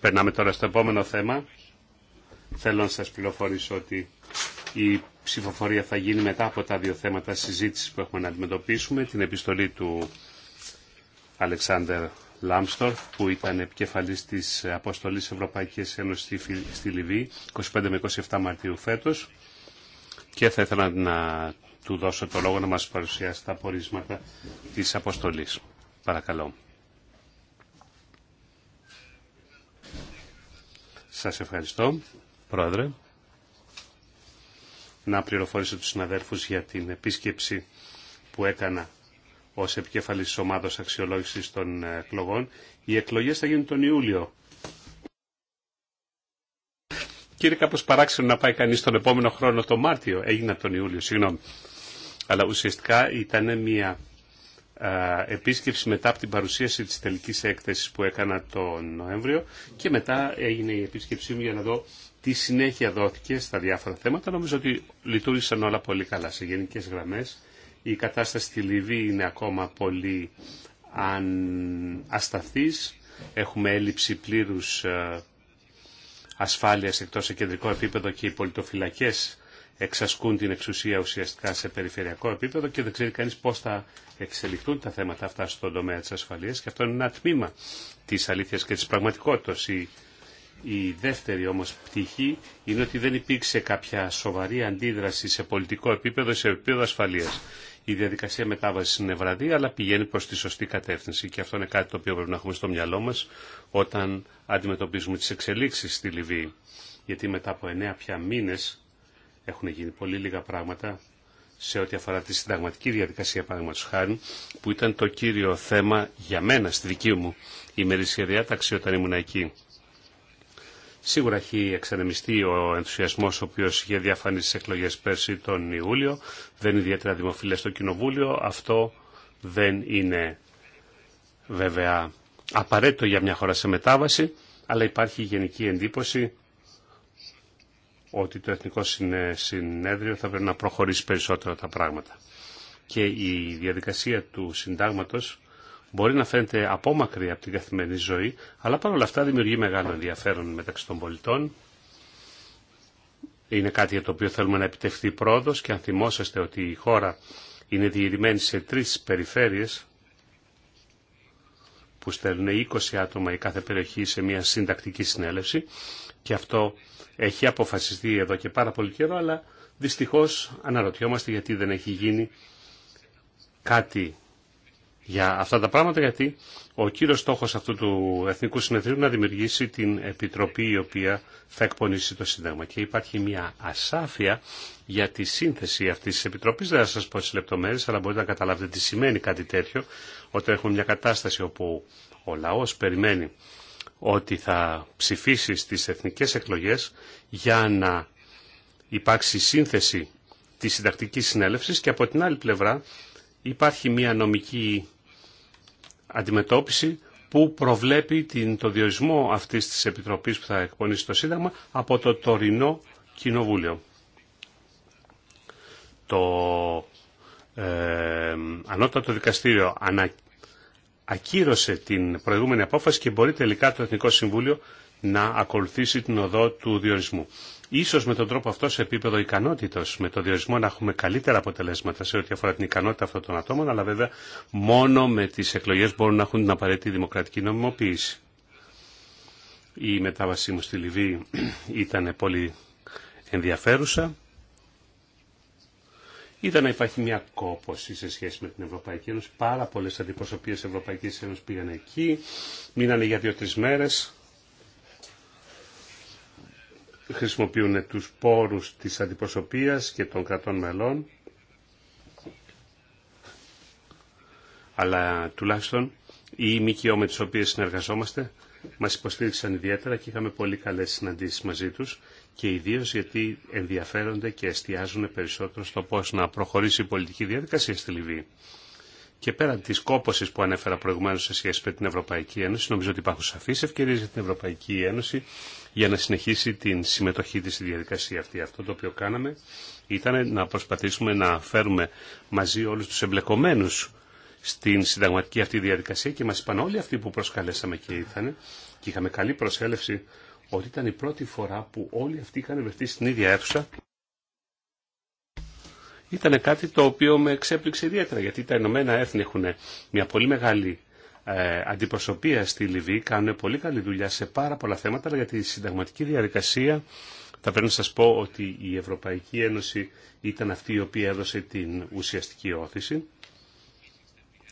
Περνάμε τώρα στο επόμενο θέμα. Θέλω να σας πληροφορήσω ότι η ψηφοφορία θα γίνει μετά από τα δύο θέματα συζήτησης που έχουμε να αντιμετωπίσουμε. Την επιστολή του Αλεξάνδερ Λάμστορ που ήταν επικεφαλής της Αποστολής Ευρωπαϊκής Ένωσης στη Λιβύη 25 με 27 Μαρτίου φέτος και θα ήθελα να του δώσω το λόγο να μας παρουσιάσει τα απορίσματα της αποστολής. Παρακαλώ. Σας ευχαριστώ, Πρόεδρε. Να πληροφορήσω τους συναδέλφους για την επίσκεψη που έκανα ως επικεφαλής της ομάδος αξιολόγησης των εκλογών. Οι εκλογές θα γίνουν τον Ιούλιο. Κύριε, είναι κάπως παράξενο να πάει κανείς τον επόμενο χρόνο τον Μάρτιο. Έγινα τον Ιούλιο, συγγνώμη. Αλλά ουσιαστικά ήταν μια ε, επίσκεψη μετά από την παρουσίαση της τελικής έκθεσης που έκανα τον Νοέμβριο και μετά έγινε η επίσκεψή μου για να δω τι συνέχεια δόθηκε στα διάφορα θέματα. Νομίζω ότι λειτουργήσαν όλα πολύ καλά σε γενικές γραμμές. Η κατάσταση στη Λιβύη είναι ακόμα πολύ ασταθής. Έχουμε έλλειψη πλήρους ε, ασφάλειας εκτός σε κεντρικό επίπεδο και οι πολιτοφυλακές εξασκούν την εξουσία ουσιαστικά σε περιφερειακό επίπεδο και δεν ξέρει κανείς πώς θα εξελιχθούν τα θέματα αυτά στον τομέα της ασφαλείας και αυτό είναι ένα τμήμα της αλήθειας και της πραγματικότητας. Η, δεύτερη όμως πτυχή είναι ότι δεν υπήρξε κάποια σοβαρή αντίδραση σε πολιτικό επίπεδο, Η σε επίπεδο ασφαλείας. Η διαδικασία μετάβαση είναι βραδύ, αλλά πηγαίνει προ τη σωστή κατεύθυνση. Και αυτό είναι κάτι το οποίο πρέπει να έχουμε στο μυαλό μα όταν αντιμετωπίζουμε τι εξελίξει στη Λιβύη. Γιατί μετά από εννέα πια μήνες έχουν γίνει πολύ λίγα πράγματα σε ό,τι αφορά τη συνταγματική διαδικασία, παραδείγματο χάρη, που ήταν το κύριο θέμα για μένα στη δική μου ημερήσια διάταξη όταν ήμουν εκεί. Σίγουρα έχει εξανεμιστεί ο ενθουσιασμό ο οποίο είχε διαφανεί στι εκλογέ πέρσι τον Ιούλιο. Δεν είναι ιδιαίτερα δημοφιλέ στο Κοινοβούλιο. Αυτό δεν είναι βέβαια απαραίτητο για μια χώρα σε μετάβαση, αλλά υπάρχει γενική εντύπωση ότι το Εθνικό Συνέδριο θα πρέπει να προχωρήσει περισσότερο τα πράγματα. Και η διαδικασία του συντάγματος μπορεί να φαίνεται απόμακρη από την καθημερινή ζωή, αλλά παρόλα αυτά δημιουργεί μεγάλο ενδιαφέρον μεταξύ των πολιτών. Είναι κάτι για το οποίο θέλουμε να επιτευχθεί πρόοδος και αν θυμόσαστε ότι η χώρα είναι διηρημένη σε τρεις περιφέρειες που στέλνουν 20 άτομα η κάθε περιοχή σε μια συντακτική συνέλευση και αυτό έχει αποφασιστεί εδώ και πάρα πολύ καιρό, αλλά δυστυχώς αναρωτιόμαστε γιατί δεν έχει γίνει κάτι για αυτά τα πράγματα, γιατί ο κύριος στόχος αυτού του Εθνικού Συνεδρίου να δημιουργήσει την επιτροπή η οποία θα εκπονήσει το Σύνταγμα. Και υπάρχει μια ασάφεια για τη σύνθεση αυτής της επιτροπής. Δεν θα σας πω τις λεπτομέρειες, αλλά μπορείτε να καταλάβετε τι σημαίνει κάτι τέτοιο, όταν έχουμε μια κατάσταση όπου ο λαός περιμένει ότι θα ψηφίσει στις εθνικές εκλογές για να υπάρξει σύνθεση της συντακτικής συνέλευσης και από την άλλη πλευρά υπάρχει μια νομική αντιμετώπιση που προβλέπει την, το διορισμό αυτής της Επιτροπής που θα εκπονήσει το Σύνταγμα από το τωρινό Κοινοβούλιο. Το ε, Ανώτατο Δικαστήριο ακύρωσε την προηγούμενη απόφαση και μπορεί τελικά το Εθνικό Συμβούλιο να ακολουθήσει την οδό του διορισμού. Ίσως με τον τρόπο αυτό σε επίπεδο ικανότητος, με το διορισμό να έχουμε καλύτερα αποτελέσματα σε ό,τι αφορά την ικανότητα αυτών των ατόμων, αλλά βέβαια μόνο με τις εκλογές μπορούν να έχουν την απαραίτητη δημοκρατική νομιμοποίηση. Η μετάβασή μου στη Λιβύη ήταν πολύ ενδιαφέρουσα. Ήταν να υπάρχει μια κόπωση σε σχέση με την Ευρωπαϊκή Ένωση. Πάρα πολλέ αντιπροσωπείε τη Ευρωπαϊκή Ένωση πήγαν εκεί, μείνανε για δύο-τρει μέρε. Χρησιμοποιούν του πόρου τη αντιπροσωπεία και των κρατών μελών. Αλλά τουλάχιστον οι ΜΚΟ με τι οποίε συνεργαζόμαστε μα υποστήριξαν ιδιαίτερα και είχαμε πολύ καλέ συναντήσει μαζί του και ιδίως γιατί ενδιαφέρονται και εστιάζουν περισσότερο στο πώς να προχωρήσει η πολιτική διαδικασία στη Λιβύη. Και πέραν τη κόπωση που ανέφερα προηγουμένω σε σχέση με την Ευρωπαϊκή Ένωση, νομίζω ότι υπάρχουν σαφεί ευκαιρίε για την Ευρωπαϊκή Ένωση για να συνεχίσει την συμμετοχή τη στη διαδικασία αυτή. Αυτό το οποίο κάναμε ήταν να προσπαθήσουμε να φέρουμε μαζί όλου του εμπλεκομένου στην συνταγματική αυτή διαδικασία και μα είπαν όλοι αυτοί που προσκαλέσαμε και ήρθαν και είχαμε καλή προσέλευση ότι ήταν η πρώτη φορά που όλοι αυτοί είχαν βρεθεί στην ίδια αίθουσα. Ήταν κάτι το οποίο με εξέπληξε ιδιαίτερα, γιατί τα Ηνωμένα Έθνη έχουν μια πολύ μεγάλη ε, αντιπροσωπεία στη Λιβύη, κάνουν πολύ καλή δουλειά σε πάρα πολλά θέματα, αλλά για τη συνταγματική διαδικασία θα πρέπει να σας πω ότι η Ευρωπαϊκή Ένωση ήταν αυτή η οποία έδωσε την ουσιαστική όθηση.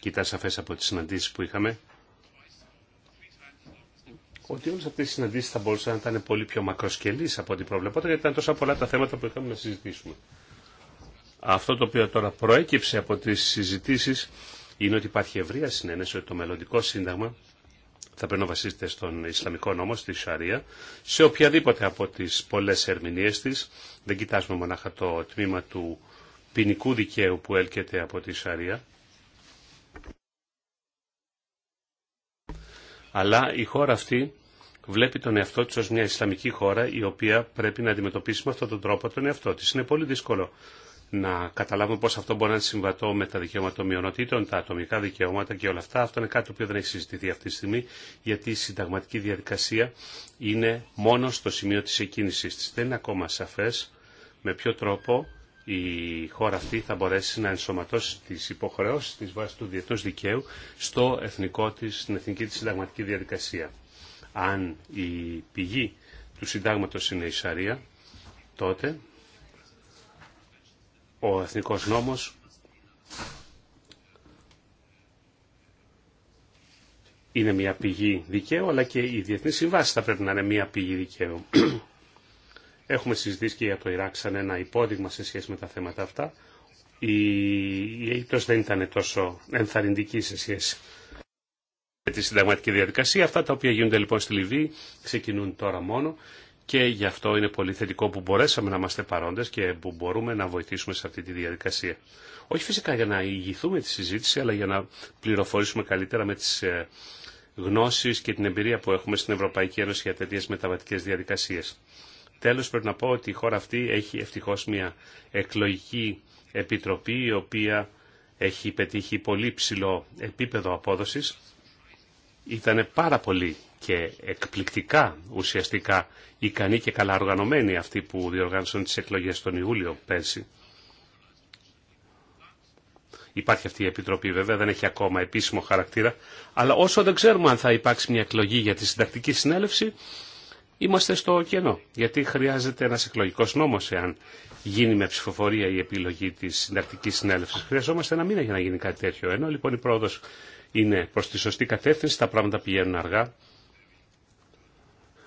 Και ήταν από τις συναντήσεις που είχαμε ότι όλε αυτέ οι συναντήσει θα μπορούσαν να ήταν πολύ πιο μακροσκελεί από ό,τι προβλεπόταν, γιατί ήταν τόσα πολλά τα θέματα που είχαμε να συζητήσουμε. Αυτό το οποίο τώρα προέκυψε από τι συζητήσει είναι ότι υπάρχει ευρεία συνένεση ότι το μελλοντικό σύνταγμα θα πρέπει να βασίζεται στον Ισλαμικό νόμο, στη Σαρία, σε οποιαδήποτε από τι πολλέ ερμηνείε τη. Δεν κοιτάζουμε μονάχα το τμήμα του ποινικού δικαίου που έλκεται από τη Σαρία. Αλλά η χώρα αυτή βλέπει τον εαυτό της ως μια Ισλαμική χώρα η οποία πρέπει να αντιμετωπίσει με αυτόν τον τρόπο τον εαυτό της. Είναι πολύ δύσκολο να καταλάβουμε πώς αυτό μπορεί να είναι συμβατό με τα δικαιώματα των μειονοτήτων, τα ατομικά δικαιώματα και όλα αυτά. Αυτό είναι κάτι το δεν έχει συζητηθεί αυτή τη στιγμή, γιατί η συνταγματική διαδικασία είναι μόνο στο σημείο της εκκίνησής της. Δεν είναι ακόμα σαφές με ποιο τρόπο η χώρα αυτή θα μπορέσει να ενσωματώσει τις υποχρεώσεις της βάσης του διεθνούς δικαίου στο εθνικό της, στην εθνική της συνταγματική διαδικασία αν η πηγή του συντάγματος είναι η Σαρία, τότε ο εθνικός νόμος είναι μια πηγή δικαίου, αλλά και οι διεθνείς συμβάσεις θα πρέπει να είναι μια πηγή δικαίου. Έχουμε συζητήσει και για το Ιράκ σαν ένα υπόδειγμα σε σχέση με τα θέματα αυτά. Η, η Αίγυπτος δεν ήταν τόσο ενθαρρυντική σε σχέση τη συνταγματική διαδικασία. Αυτά τα οποία γίνονται λοιπόν στη Λιβύη ξεκινούν τώρα μόνο και γι' αυτό είναι πολύ θετικό που μπορέσαμε να είμαστε παρόντες και που μπορούμε να βοηθήσουμε σε αυτή τη διαδικασία. Όχι φυσικά για να ηγηθούμε τη συζήτηση, αλλά για να πληροφορήσουμε καλύτερα με τις ε, γνώσεις και την εμπειρία που έχουμε στην Ευρωπαϊκή Ένωση για τέτοιες μεταβατικές διαδικασίες. Τέλος πρέπει να πω ότι η χώρα αυτή έχει ευτυχώς μια εκλογική επιτροπή η οποία έχει πετύχει πολύ ψηλό επίπεδο απόδοσης ήταν πάρα πολύ και εκπληκτικά ουσιαστικά ικανοί και καλά οργανωμένοι αυτοί που διοργάνωσαν τις εκλογές τον Ιούλιο πέρσι. Υπάρχει αυτή η Επιτροπή βέβαια, δεν έχει ακόμα επίσημο χαρακτήρα, αλλά όσο δεν ξέρουμε αν θα υπάρξει μια εκλογή για τη συντακτική συνέλευση, είμαστε στο κενό. Γιατί χρειάζεται ένας εκλογικός νόμος εάν γίνει με ψηφοφορία η επιλογή της συντακτικής συνέλευσης. Χρειαζόμαστε ένα μήνα για να γίνει κάτι τέτοιο. Ενώ λοιπόν η πρόοδος είναι προς τη σωστή κατεύθυνση, τα πράγματα πηγαίνουν αργά.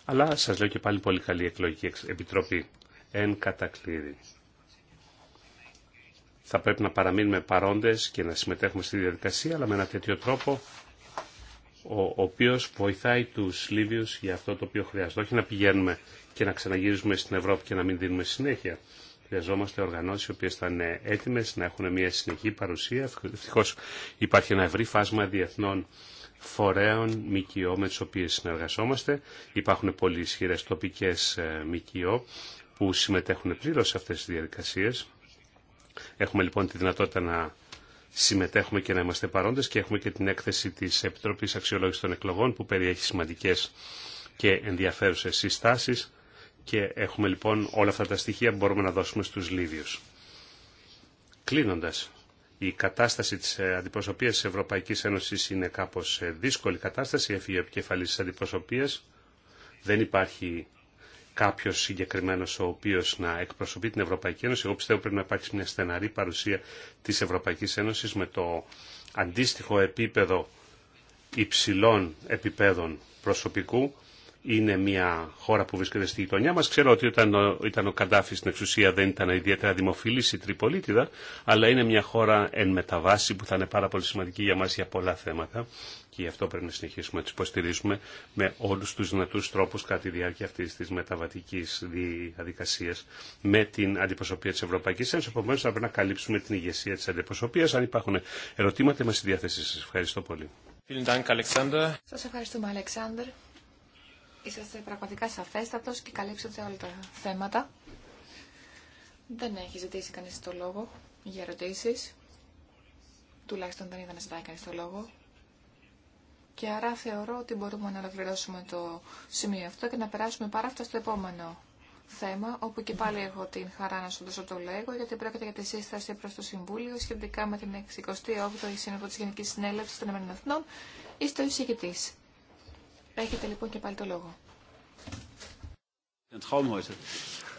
Αλλά σας λέω και πάλι πολύ καλή εκλογική επιτροπή. Εν κατακλείδη. Θα πρέπει να παραμείνουμε παρόντες και να συμμετέχουμε στη διαδικασία, αλλά με ένα τέτοιο τρόπο, ο οποίος βοηθάει τους Λίβιους για αυτό το οποίο χρειάζεται. Όχι να πηγαίνουμε και να ξαναγυρίζουμε στην Ευρώπη και να μην δίνουμε συνέχεια. Χρειαζόμαστε οργανώσει οι οποίε θα είναι έτοιμε να έχουν μια συνεχή παρουσία. Ευτυχώ υπάρχει ένα ευρύ φάσμα διεθνών φορέων ΜΚΟ με τι οποίε συνεργαζόμαστε. Υπάρχουν πολύ ισχυρέ τοπικέ ε, ΜΚΟ που συμμετέχουν πλήρω σε αυτέ τι διαδικασίε. Έχουμε λοιπόν τη δυνατότητα να συμμετέχουμε και να είμαστε παρόντες και έχουμε και την έκθεση της Επιτροπής αξιολόγηση των Εκλογών που περιέχει σημαντικές και ενδιαφέρουσες συστάσεις και έχουμε λοιπόν όλα αυτά τα στοιχεία που μπορούμε να δώσουμε στους Λίβιους. Κλείνοντας, η κατάσταση της ε, αντιπροσωπείας της Ευρωπαϊκής Ένωσης είναι κάπως ε, δύσκολη κατάσταση, έφυγε ο επικεφαλής της αντιπροσωπείας. Δεν υπάρχει κάποιο συγκεκριμένο ο οποίο να εκπροσωπεί την Ευρωπαϊκή Ένωση. Εγώ πιστεύω πρέπει να υπάρξει μια στεναρή παρουσία τη Ευρωπαϊκή Ένωση με το αντίστοιχο επίπεδο υψηλών επιπέδων προσωπικού είναι μια χώρα που βρίσκεται στη γειτονιά μας. Ξέρω ότι όταν ο, ήταν ο Καντάφης στην εξουσία δεν ήταν ιδιαίτερα δημοφιλής η Τριπολίτιδα, αλλά είναι μια χώρα εν μεταβάση που θα είναι πάρα πολύ σημαντική για μας για πολλά θέματα και γι' αυτό πρέπει να συνεχίσουμε να τι υποστηρίζουμε με όλους τους δυνατούς τρόπους κατά τη διάρκεια αυτής της μεταβατικής διαδικασίας με την αντιπροσωπεία της Ευρωπαϊκής Ένωσης. Επομένως θα πρέπει να καλύψουμε την ηγεσία της αντιπροσωπείας. Αν υπάρχουν ερωτήματα, είμαστε στη διάθεσή σας. Ευχαριστώ πολύ. Σας ευχαριστούμε, είσαστε πραγματικά σαφέστατο και καλύψατε όλα τα θέματα. Δεν έχει ζητήσει κανεί το λόγο για ερωτήσει. Τουλάχιστον δεν είδα να ζητάει κανείς το λόγο. Και άρα θεωρώ ότι μπορούμε να ολοκληρώσουμε το σημείο αυτό και να περάσουμε πάρα αυτό στο επόμενο θέμα, όπου και πάλι έχω την χαρά να σου δώσω το λέγω, γιατί πρόκειται για τη σύσταση προ το Συμβούλιο σχετικά με την 68η Σύνοδο τη Γενική Συνέλευση των ΗΠΑ. ή στο εισηγητή. Έχετε λοιπόν και πάλι το λόγο.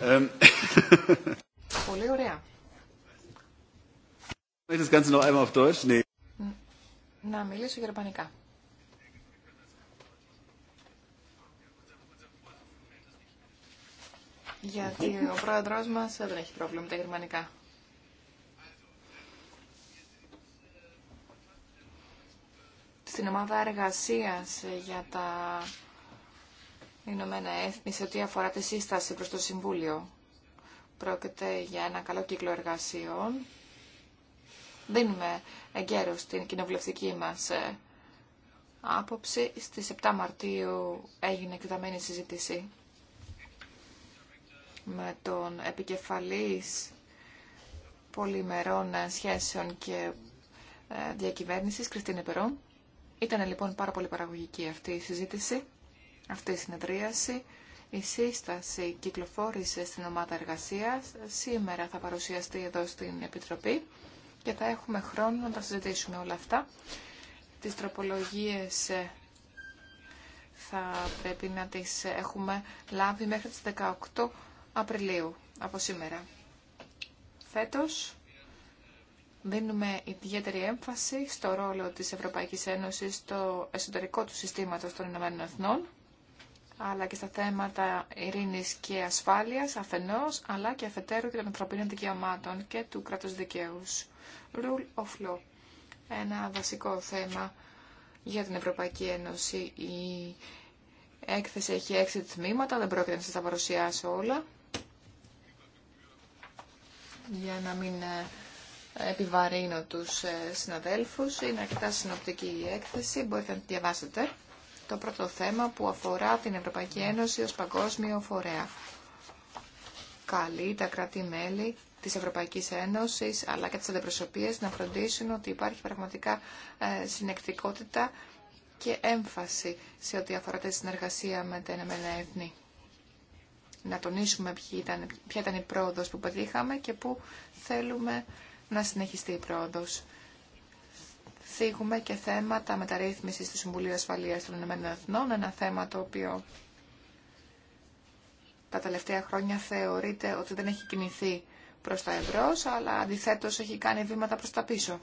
Ähm, Πολύ ωραία. Να μιλήσω γερμανικά. Γιατί ο πρόεδρος μας δεν έχει πρόβλημα με τα γερμανικά. στην ομάδα εργασίας για τα Ηνωμένα Έθνη σε ό,τι αφορά τη σύσταση προς το Συμβούλιο. Πρόκειται για ένα καλό κύκλο εργασιών. Δίνουμε εγκαίρως την κοινοβουλευτική μας ε, άποψη. Στις 7 Μαρτίου έγινε εκτεταμένη συζήτηση με τον επικεφαλής πολυμερών σχέσεων και ε, διακυβέρνησης, Κριστίνε Περόν. Ήταν λοιπόν πάρα πολύ παραγωγική αυτή η συζήτηση, αυτή η συνεδρίαση. Η σύσταση κυκλοφόρησε στην ομάδα εργασίας. Σήμερα θα παρουσιαστεί εδώ στην Επιτροπή και θα έχουμε χρόνο να τα συζητήσουμε όλα αυτά. Τις τροπολογίες ε, θα πρέπει να τις ε, έχουμε λάβει μέχρι τις 18 Απριλίου από σήμερα. Φέτος δίνουμε ιδιαίτερη έμφαση στο ρόλο της Ευρωπαϊκής Ένωσης στο εσωτερικό του συστήματος των Ηνωμένων Εθνών, αλλά και στα θέματα ειρήνης και ασφάλειας αφενός, αλλά και αφετέρου και των ανθρωπίνων δικαιωμάτων και του κράτους δικαίου. Rule of law. Ένα βασικό θέμα για την Ευρωπαϊκή Ένωση. Η έκθεση έχει έξι τμήματα, δεν πρόκειται να σας τα παρουσιάσω όλα. Για να μην ε, επιβαρύνω τους ε, συναδέλφους. Είναι αρκετά συνοπτική η έκθεση, μπορείτε να τη διαβάσετε. Το πρώτο θέμα που αφορά την Ευρωπαϊκή Ένωση ως παγκόσμιο φορέα. Καλεί τα κράτη-μέλη της Ευρωπαϊκής Ένωσης αλλά και τις αντιπροσωπείες να φροντίσουν ότι υπάρχει πραγματικά ε, συνεκτικότητα και έμφαση σε ό,τι αφορά τη συνεργασία με τα Ηνωμένα Έθνη. Να τονίσουμε ποια ήταν, η πρόοδος που πετύχαμε και πού θέλουμε να συνεχιστεί η πρόοδος. Θίγουμε και θέματα μεταρρύθμισης του Συμβουλίου Ασφαλείας των Ηνωμένων Εθνών, ένα θέμα το οποίο τα τελευταία χρόνια θεωρείται ότι δεν έχει κινηθεί προς τα εμπρός, αλλά αντιθέτως έχει κάνει βήματα προς τα πίσω.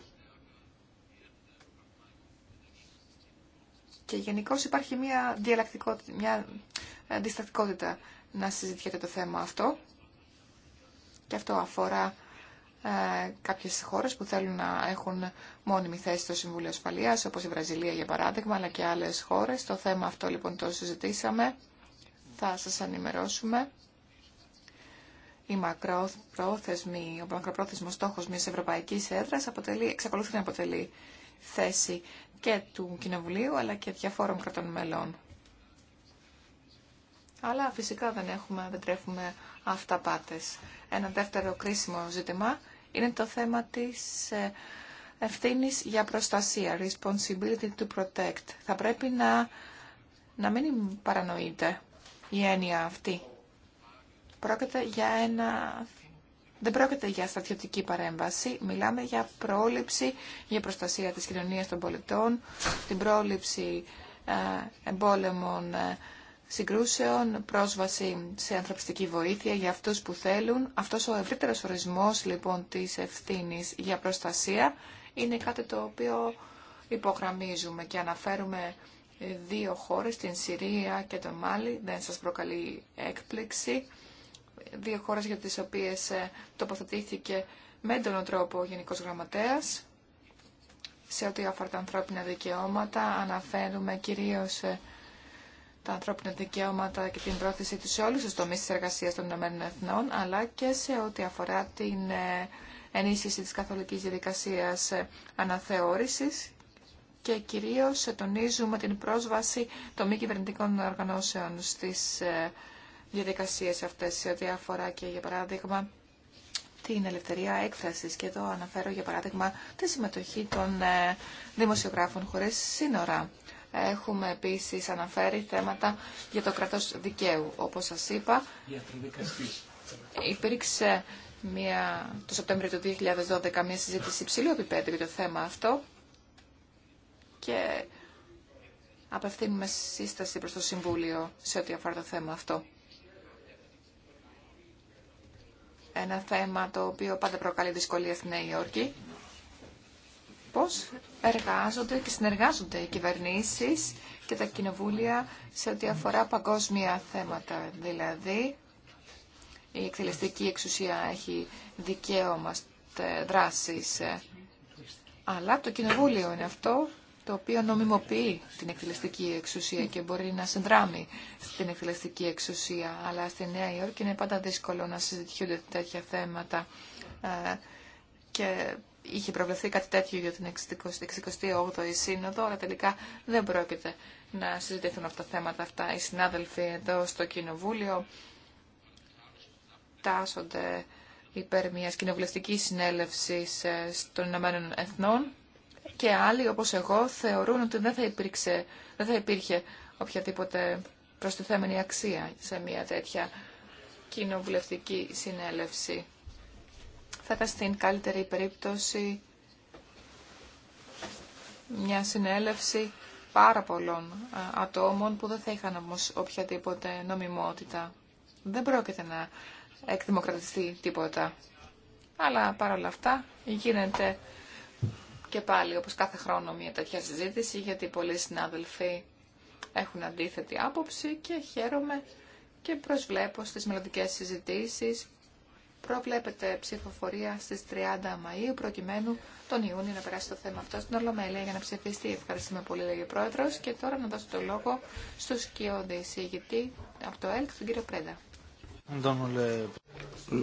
Και γενικώ υπάρχει μια, μια αντιστατικότητα να συζητιέται το θέμα αυτό. Και αυτό αφορά ε, κάποιες χώρες που θέλουν να έχουν μόνιμη θέση στο Συμβούλιο Ασφαλείας, όπω η Βραζιλία για παράδειγμα, αλλά και άλλε χώρε. Το θέμα αυτό λοιπόν το συζητήσαμε. Θα σα ενημερώσουμε. Η μακροπρόθεσμη, ο μακροπρόθεσμο στόχο μια Ευρωπαϊκή έδρα εξακολουθεί να αποτελεί θέση και του Κοινοβουλίου αλλά και διαφόρων κρατών μελών. Αλλά φυσικά δεν έχουμε, δεν τρέφουμε αυταπάτες. Ένα δεύτερο κρίσιμο ζήτημα είναι το θέμα της ε, ευθύνη για προστασία, responsibility to protect. Θα πρέπει να, να μην παρανοείται η έννοια αυτή. Πρόκειται για ένα... Δεν πρόκειται για στρατιωτική παρέμβαση, μιλάμε για πρόληψη, για προστασία της κοινωνίας των πολιτών, την πρόληψη ε, εμπόλεμων ε, συγκρούσεων, πρόσβαση σε ανθρωπιστική βοήθεια για αυτούς που θέλουν. Αυτός ο ευρύτερος ορισμός λοιπόν της ευθύνης για προστασία είναι κάτι το οποίο υπογραμμίζουμε και αναφέρουμε δύο χώρες, την Συρία και το Μάλι, δεν σας προκαλεί έκπληξη. Δύο χώρες για τις οποίες ε, τοποθετήθηκε με έντονο τρόπο ο Γενικός Γραμματέας. Σε ό,τι αφορά τα ανθρώπινα δικαιώματα αναφέρουμε κυρίως ε, τα ανθρώπινα δικαιώματα και την πρόθεσή του σε όλους τους τομείς της εργασίας των Ηνωμένων Εθνών, αλλά και σε ό,τι αφορά την ε, ενίσχυση της καθολικής διαδικασίας ε, αναθεώρησης και κυρίως ε, τονίζουμε την πρόσβαση των μη κυβερνητικών οργανώσεων στις διαδικασίες αυτές σε ό,τι αφορά και για παράδειγμα την ελευθερία έκφρασης και εδώ αναφέρω για παράδειγμα τη συμμετοχή των δημοσιογράφων χωρίς σύνορα. Έχουμε επίσης αναφέρει θέματα για το κρατός δικαίου. Όπως σας είπα, υπήρξε μια, το Σεπτέμβριο του 2012 μια συζήτηση υψηλού επίπεδου για το θέμα αυτό και απευθύνουμε σύσταση προς το Συμβούλιο σε ό,τι αφορά το θέμα αυτό. Ένα θέμα το οποίο πάντα προκαλεί δυσκολία στη Νέα Υόρκη πώς εργάζονται και συνεργάζονται οι κυβερνήσεις και τα κοινοβούλια σε ό,τι αφορά παγκόσμια θέματα. Δηλαδή, η εκτελεστική εξουσία έχει δικαίωμα δράσης, ε, αλλά το κοινοβούλιο είναι αυτό το οποίο νομιμοποιεί την εκτελεστική εξουσία και μπορεί να συνδράμει στην εκτελεστική εξουσία. Αλλά στη Νέα Υόρκη είναι πάντα δύσκολο να συζητιούνται τέτοια θέματα ε, και είχε προβλεφθεί κάτι τέτοιο για την 68η Σύνοδο, αλλά τελικά δεν πρόκειται να συζητηθούν αυτά τα θέματα αυτά. Οι συνάδελφοι εδώ στο Κοινοβούλιο τάσσονται υπέρ μια κοινοβουλευτική συνέλευση ε, των Ηνωμένων Εθνών και άλλοι, όπως εγώ, θεωρούν ότι δεν θα, υπήρξε, δεν θα υπήρχε οποιαδήποτε προστιθέμενη αξία σε μια τέτοια κοινοβουλευτική συνέλευση. Θα ήταν στην καλύτερη περίπτωση μια συνέλευση πάρα πολλών ε, ατόμων που δεν θα είχαν όμως οποιαδήποτε νομιμότητα. Δεν πρόκειται να εκδημοκρατιστεί τίποτα. Αλλά παρόλα αυτά γίνεται και πάλι όπως κάθε χρόνο μια τέτοια συζήτηση γιατί πολλοί συνάδελφοι έχουν αντίθετη άποψη και χαίρομαι και προσβλέπω στις μελλοντικέ συζητήσεις προβλέπεται ψηφοφορία στις 30 Μαου προκειμένου τον Ιούνιο να περάσει το θέμα αυτό στην Ολομέλεια για να ψηφιστεί. Ευχαριστούμε πολύ, λέγει ο Πρόεδρος. Και τώρα να δώσω το λόγο στο σκιώδη ηγητή από το ΕΛΚ, τον κύριο Πρέντα.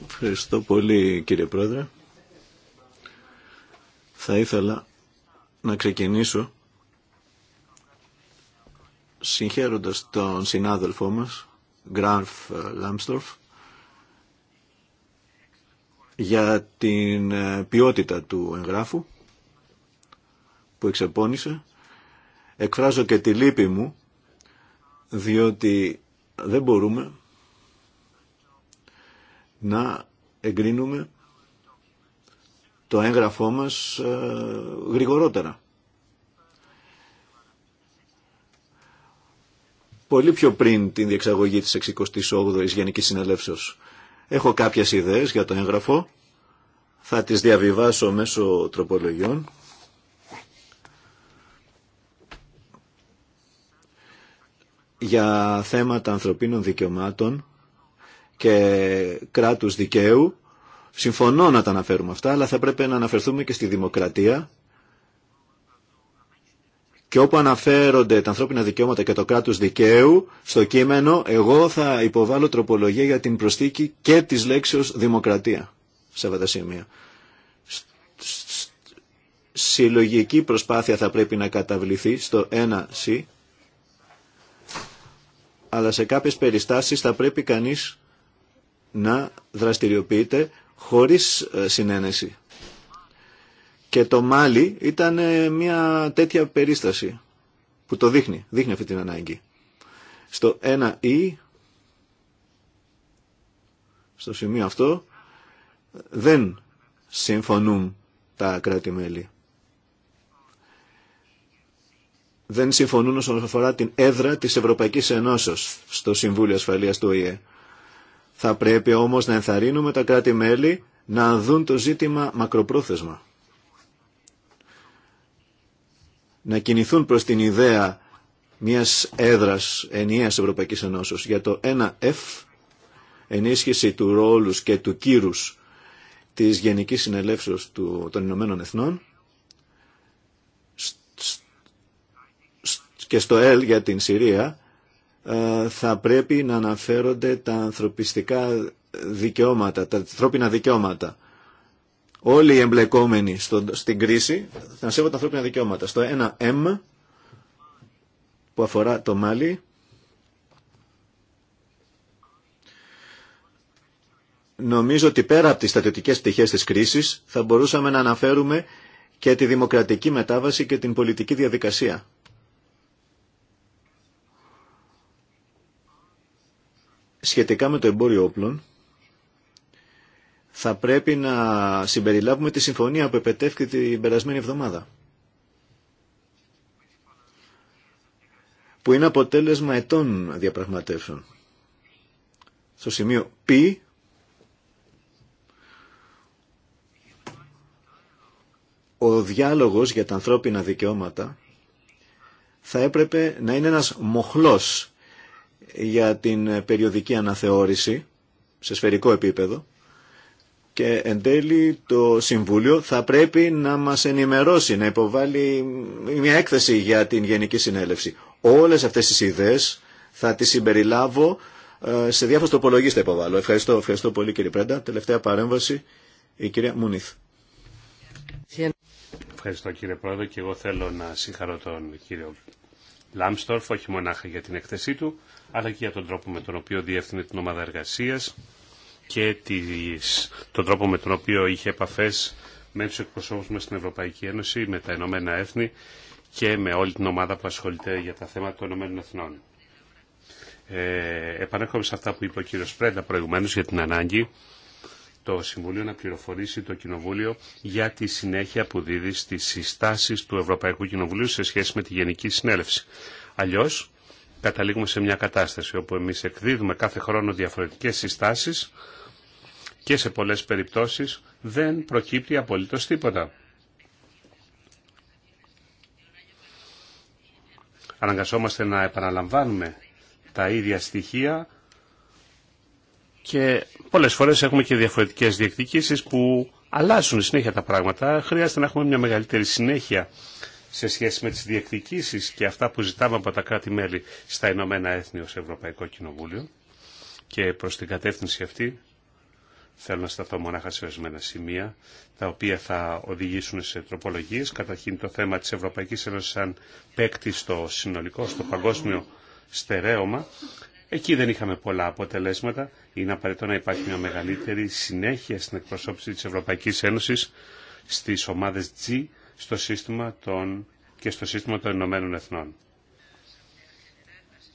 Ευχαριστώ πολύ, κύριε Πρόεδρε. Θα ήθελα να ξεκινήσω συγχαίροντας τον συνάδελφό μας, Γκρανφ Λάμστορφ, για την ε, ποιότητα του εγγράφου που εξεπώνησε. Εκφράζω και τη λύπη μου, διότι δεν μπορούμε να εγκρίνουμε το έγγραφό μας ε, γρηγορότερα. Πολύ πιο πριν την διεξαγωγή της 68ης Γενικής Συνελεύσεως. Έχω κάποιες ιδέες για το έγγραφο. Θα τις διαβιβάσω μέσω τροπολογιών. για θέματα ανθρωπίνων δικαιωμάτων και κράτους δικαίου. Συμφωνώ να τα αναφέρουμε αυτά, αλλά θα πρέπει να αναφερθούμε και στη δημοκρατία και όπου αναφέρονται τα ανθρώπινα δικαιώματα και το κράτος δικαίου, στο κείμενο εγώ θα υποβάλω τροπολογία για την προσθήκη και της λέξεως δημοκρατία σε αυτά τα σημεία. Συλλογική προσπάθεια θα πρέπει να καταβληθεί στο 1C, αλλά σε κάποιες περιστάσεις θα πρέπει κανείς να δραστηριοποιείται χωρίς ε, συνένεση. Και το Μάλι ήταν ε, μια τέτοια περίσταση που το δείχνει, δείχνει αυτή την ανάγκη. Στο 1Ι, στο σημείο αυτό, δεν συμφωνούν τα κράτη-μέλη. Δεν συμφωνούν όσον αφορά την έδρα της Ευρωπαϊκής Ενώσεως στο Συμβούλιο Ασφαλείας του ΟΗΕ. Θα πρέπει όμως να ενθαρρύνουμε τα κράτη-μέλη να δουν το ζήτημα μακροπρόθεσμα. να κινηθούν προς την ιδέα μιας έδρας ενιαίας Ευρωπαϊκής Ενώσεως. Για το 1F, ενίσχυση του ρόλου και του κύρους της Γενικής Συνελεύσεως των Ηνωμένων Εθνών και στο L για την Συρία ε, θα πρέπει να αναφέρονται τα ανθρωπιστικά δικαιώματα, τα ανθρώπινα δικαιώματα όλοι οι εμπλεκόμενοι στο, στην κρίση θα σέβονται τα ανθρώπινα δικαιώματα. Στο 1M που αφορά το Μάλι νομίζω ότι πέρα από τις στατιωτικές πτυχές της κρίσης θα μπορούσαμε να αναφέρουμε και τη δημοκρατική μετάβαση και την πολιτική διαδικασία. Σχετικά με το εμπόριο όπλων, θα πρέπει να συμπεριλάβουμε τη συμφωνία που επετεύχθη την περασμένη εβδομάδα. Που είναι αποτέλεσμα ετών διαπραγματεύσεων. Στο σημείο π ο διάλογος για τα ανθρώπινα δικαιώματα θα έπρεπε να είναι ένας μοχλός για την περιοδική αναθεώρηση σε σφαιρικό επίπεδο και εν τέλει το Συμβούλιο θα πρέπει να μας ενημερώσει, να υποβάλει μια έκθεση για την Γενική Συνέλευση. Όλες αυτές τις ιδέες θα τις συμπεριλάβω ε, σε διάφορες τοπολογίες θα υποβάλω. Ευχαριστώ, ευχαριστώ πολύ κύριε Πρέντα. Τελευταία παρέμβαση η κυρία Μουνίθ. Ευχαριστώ κύριε Πρόεδρε και εγώ θέλω να συγχαρώ τον κύριο Λάμστορφ όχι μονάχα για την έκθεσή του αλλά και για τον τρόπο με τον οποίο διεύθυνε την ομάδα εργασίας και τον τρόπο με τον οποίο είχε επαφές με τους εκπροσώπους μας στην Ευρωπαϊκή Ένωση, με τα Ηνωμένα Έθνη και με όλη την ομάδα που ασχολείται για τα θέματα των Ηνωμένων Εθνών. Ε, επανέρχομαι σε αυτά που είπε ο κύριο Πρέντα προηγουμένως για την ανάγκη το Συμβούλιο να πληροφορήσει το Κοινοβούλιο για τη συνέχεια που δίδει στις συστάσεις του Ευρωπαϊκού Κοινοβουλίου σε σχέση με τη Γενική Συνέλευση. Αλλιώς, καταλήγουμε σε μια κατάσταση όπου εμείς εκδίδουμε κάθε χρόνο διαφορετικές συστάσει και σε πολλές περιπτώσεις δεν προκύπτει απολύτως τίποτα. Αναγκασόμαστε να επαναλαμβάνουμε τα ίδια στοιχεία και πολλές φορές έχουμε και διαφορετικές διεκδικήσεις που αλλάζουν συνέχεια τα πράγματα. Χρειάζεται να έχουμε μια μεγαλύτερη συνέχεια σε σχέση με τις διεκδικήσεις και αυτά που ζητάμε από τα κράτη-μέλη στα Ηνωμένα Έθνη ως Ευρωπαϊκό Κοινοβούλιο και προς την κατεύθυνση αυτή Θέλω να σταθώ μονάχα σε ορισμένα σημεία, τα οποία θα οδηγήσουν σε τροπολογίε. Καταρχήν το θέμα τη Ευρωπαϊκή Ένωση σαν παίκτη στο συνολικό, στο παγκόσμιο στερέωμα. Εκεί δεν είχαμε πολλά αποτελέσματα. Είναι απαραίτητο να υπάρχει μια μεγαλύτερη συνέχεια στην εκπροσώπηση τη Ευρωπαϊκή Ένωση στι ομάδε G στο σύστημα των, και στο σύστημα των Ηνωμένων Εθνών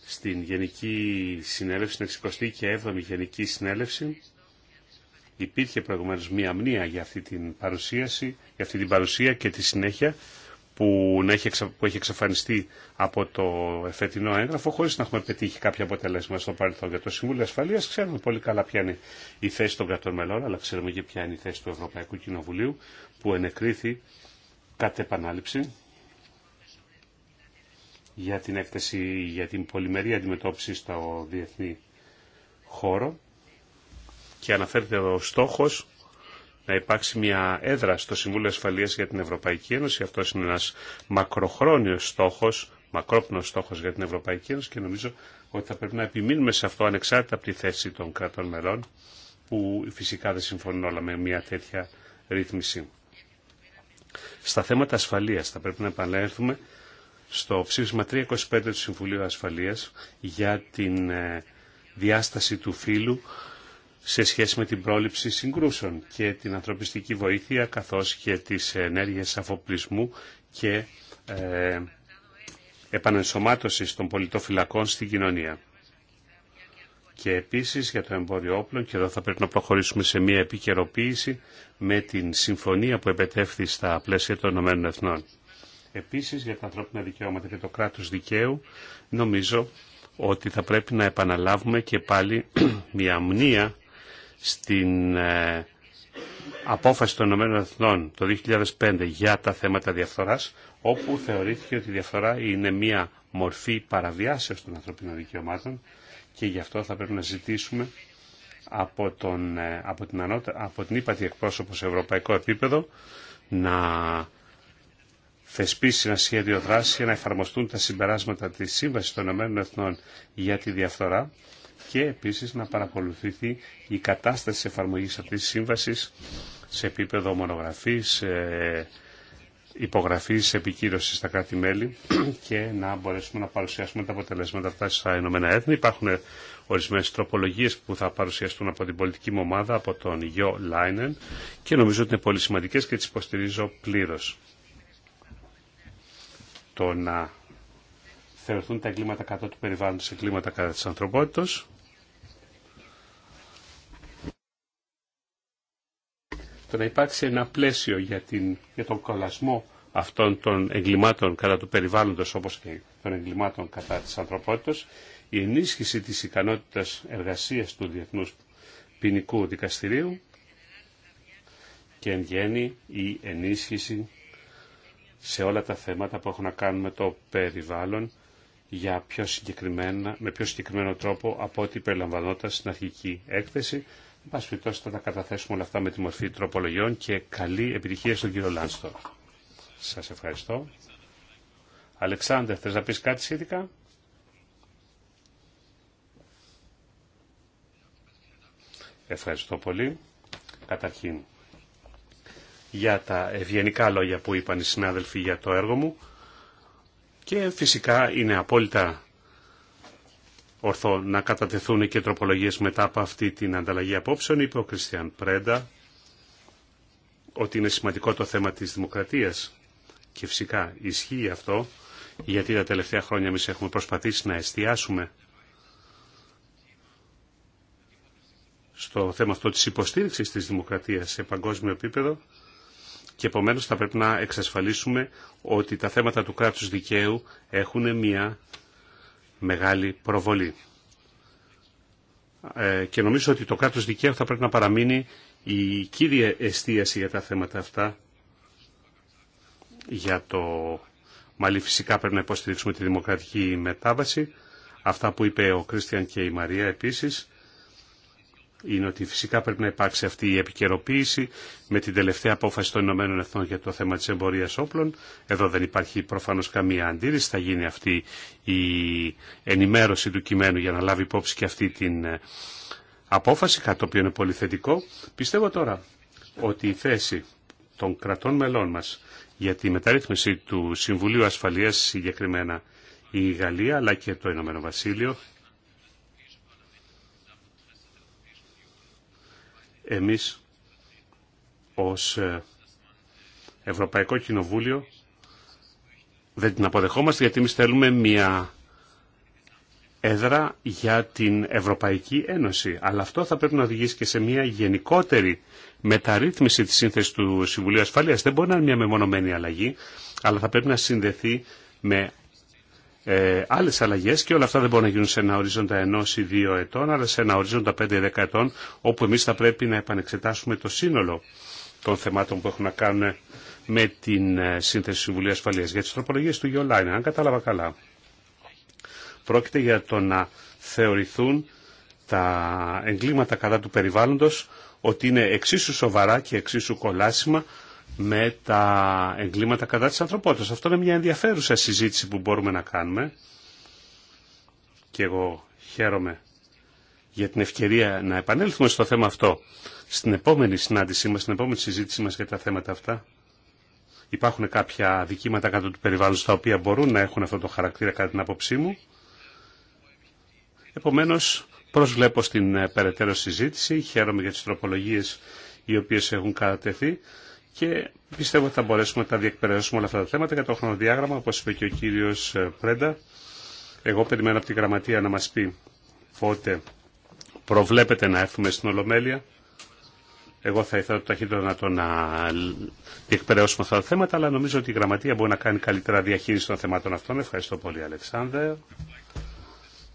στην Γενική Συνέλευση, στην 67η και 7 Γενική Συνέλευση, Υπήρχε προηγουμένως μία αμνία για αυτή την παρουσίαση, για αυτή την παρουσία και τη συνέχεια που, να έχει, που έχει εξαφανιστεί από το εφετινό έγγραφο χωρίς να έχουμε πετύχει κάποια αποτελέσματα στο παρελθόν. Για το Συμβούλιο Ασφαλείας ξέρουμε πολύ καλά ποια είναι η θέση των κρατών μελών, αλλά ξέρουμε και ποια είναι η θέση του Ευρωπαϊκού Κοινοβουλίου που ενεκρίθη κατ' επανάληψη για την έκθεση για την πολυμερή αντιμετώπιση στο διεθνή χώρο και αναφέρεται ο στόχο να υπάρξει μια έδρα στο Συμβούλιο Ασφαλείας για την Ευρωπαϊκή Ένωση. Αυτό είναι ένα μακροχρόνιο στόχο, μακρόπνο στόχο για την Ευρωπαϊκή Ένωση και νομίζω ότι θα πρέπει να επιμείνουμε σε αυτό ανεξάρτητα από τη θέση των κρατών μελών που φυσικά δεν συμφωνούν όλα με μια τέτοια ρύθμιση. Στα θέματα ασφαλείας θα πρέπει να επανέλθουμε στο ψήφισμα 325 του Συμβουλίου Ασφαλείας για την ε, διάσταση του φύλου σε σχέση με την πρόληψη συγκρούσεων και την ανθρωπιστική βοήθεια καθώς και τις ενέργειες αφοπλισμού και ε, επανενσωμάτωσης των πολιτοφυλακών στην κοινωνία. Και επίσης για το εμπόριο όπλων, και εδώ θα πρέπει να προχωρήσουμε σε μια επικαιροποίηση με την συμφωνία που επετεύχθη στα πλαίσια των Ηνωμένων Εθνών. Επίσης για τα ανθρώπινα δικαιώματα και το κράτος δικαίου, νομίζω ότι θα πρέπει να επαναλάβουμε και πάλι μια αμνία στην ε, απόφαση των ΗΠΑ το 2005 για τα θέματα διαφθοράς, όπου θεωρήθηκε ότι η διαφθορά είναι μία μορφή παραβιάσεως των ανθρωπίνων δικαιωμάτων και γι' αυτό θα πρέπει να ζητήσουμε από, τον, ε, από την, από την ύπατη εκπρόσωπο σε ευρωπαϊκό επίπεδο να θεσπίσει ένα σχέδιο δράση για να εφαρμοστούν τα συμπεράσματα της Σύμβασης των για τη διαφθορά και επίσης να παρακολουθηθεί η κατάσταση της εφαρμογής αυτής της σύμβασης σε επίπεδο μονογραφής, υπογραφής, επικύρωσης στα κράτη-μέλη και να μπορέσουμε να παρουσιάσουμε τα αποτελέσματα αυτά στα Ηνωμένα Έθνη. Υπάρχουν ορισμένες τροπολογίες που θα παρουσιαστούν από την πολιτική μου ομάδα, από τον Γιώ Λάινεν και νομίζω ότι είναι πολύ σημαντικές και τις υποστηρίζω πλήρως. Το να θεωρηθούν τα εγκλήματα κατά του περιβάλλοντος εγκλήματα κατά της ανθρωπότητας το να υπάρξει ένα πλαίσιο για, τον κολλασμό αυτών των εγκλημάτων κατά του περιβάλλοντος όπως και των εγκλημάτων κατά της ανθρωπότητας, η ενίσχυση της ικανότητας εργασίας του Διεθνούς Ποινικού Δικαστηρίου και εν γέννη η ενίσχυση σε όλα τα θέματα που έχουν να κάνουν με το περιβάλλον για πιο με πιο συγκεκριμένο τρόπο από ό,τι περιλαμβανόταν στην αρχική έκθεση πάση περιπτώσει θα τα καταθέσουμε όλα αυτά με τη μορφή τροπολογιών και καλή επιτυχία στον κύριο Λάνστορ. Σας ευχαριστώ. Αλεξάνδρε, θες να πεις κάτι σχετικά? Ευχαριστώ πολύ. Καταρχήν, για τα ευγενικά λόγια που είπαν οι συνάδελφοι για το έργο μου και φυσικά είναι απόλυτα ορθό να κατατεθούν και τροπολογίες μετά από αυτή την ανταλλαγή απόψεων. Είπε ο Κριστιαν Πρέντα ότι είναι σημαντικό το θέμα της δημοκρατίας και φυσικά ισχύει αυτό γιατί τα τελευταία χρόνια εμεί έχουμε προσπαθήσει να εστιάσουμε στο θέμα αυτό της υποστήριξης της δημοκρατίας σε παγκόσμιο επίπεδο και επομένω θα πρέπει να εξασφαλίσουμε ότι τα θέματα του κράτους δικαίου έχουν μια μεγάλη προβολή. Ε, και νομίζω ότι το κράτος δικαίου θα πρέπει να παραμείνει η κύρια εστίαση για τα θέματα αυτά. Για το Μαλή φυσικά πρέπει να υποστηρίξουμε τη δημοκρατική μετάβαση. Αυτά που είπε ο Κρίστιαν και η Μαρία επίσης είναι ότι φυσικά πρέπει να υπάρξει αυτή η επικαιροποίηση με την τελευταία απόφαση των Ηνωμένων Εθνών για το θέμα της εμπορίας όπλων. Εδώ δεν υπάρχει προφανώς καμία αντίρρηση. Θα γίνει αυτή η ενημέρωση του κειμένου για να λάβει υπόψη και αυτή την ε, απόφαση, κάτι το οποίο είναι πολύ θετικό. Πιστεύω τώρα ότι η θέση των κρατών μελών μας για τη μεταρρύθμιση του Συμβουλίου Ασφαλείας συγκεκριμένα η Γαλλία αλλά και το Ηνωμένο Βασίλειο εμείς ως ε, Ευρωπαϊκό Κοινοβούλιο δεν την αποδεχόμαστε γιατί εμεί θέλουμε μια έδρα για την Ευρωπαϊκή Ένωση. Αλλά αυτό θα πρέπει να οδηγήσει και σε μια γενικότερη μεταρρύθμιση της σύνθεσης του Συμβουλίου Ασφαλείας. Δεν μπορεί να είναι μια μεμονωμένη αλλαγή, αλλά θα πρέπει να συνδεθεί με ε, άλλες αλλαγές και όλα αυτά δεν μπορούν να γίνουν σε ένα ορίζοντα ενό ή δύο ετών αλλά σε ένα ορίζοντα 5-10 ετών όπου εμεί θα πρέπει να επανεξετάσουμε το σύνολο των θεμάτων που έχουν να κάνουν με την ε, σύνθεση του Συμβουλίου Ασφαλείας. Για τι τροπολογίε του Γιολάιν, αν κατάλαβα καλά, πρόκειται για το να θεωρηθούν τα εγκλήματα κατά του περιβάλλοντος ότι είναι εξίσου σοβαρά και εξίσου κολάσιμα με τα εγκλήματα κατά της ανθρωπότητας. Αυτό είναι μια ενδιαφέρουσα συζήτηση που μπορούμε να κάνουμε και εγώ χαίρομαι για την ευκαιρία να επανέλθουμε στο θέμα αυτό στην επόμενη συνάντησή μας, στην επόμενη συζήτησή μας για τα θέματα αυτά. Υπάρχουν κάποια δικήματα κάτω του περιβάλλοντος τα οποία μπορούν να έχουν αυτό το χαρακτήρα κατά την άποψή μου. Επομένως, προσβλέπω στην ε, περαιτέρω συζήτηση, χαίρομαι για τις τροπολογίες οι οποίες έχουν κατατεθεί και πιστεύω ότι θα μπορέσουμε να τα διεκπαιρεώσουμε όλα αυτά τα θέματα για το χρονοδιάγραμμα, όπως είπε και ο κύριος ε, Πρέντα. Εγώ περιμένω από τη γραμματεία να μας πει πότε προβλέπετε να έρθουμε στην Ολομέλεια. Εγώ θα ήθελα το ταχύτερο να το να διεκπαιρεώσουμε αυτά τα θέματα, αλλά νομίζω ότι η γραμματεία μπορεί να κάνει καλύτερα διαχείριση των θεμάτων αυτών. Ευχαριστώ πολύ, Αλεξάνδρε.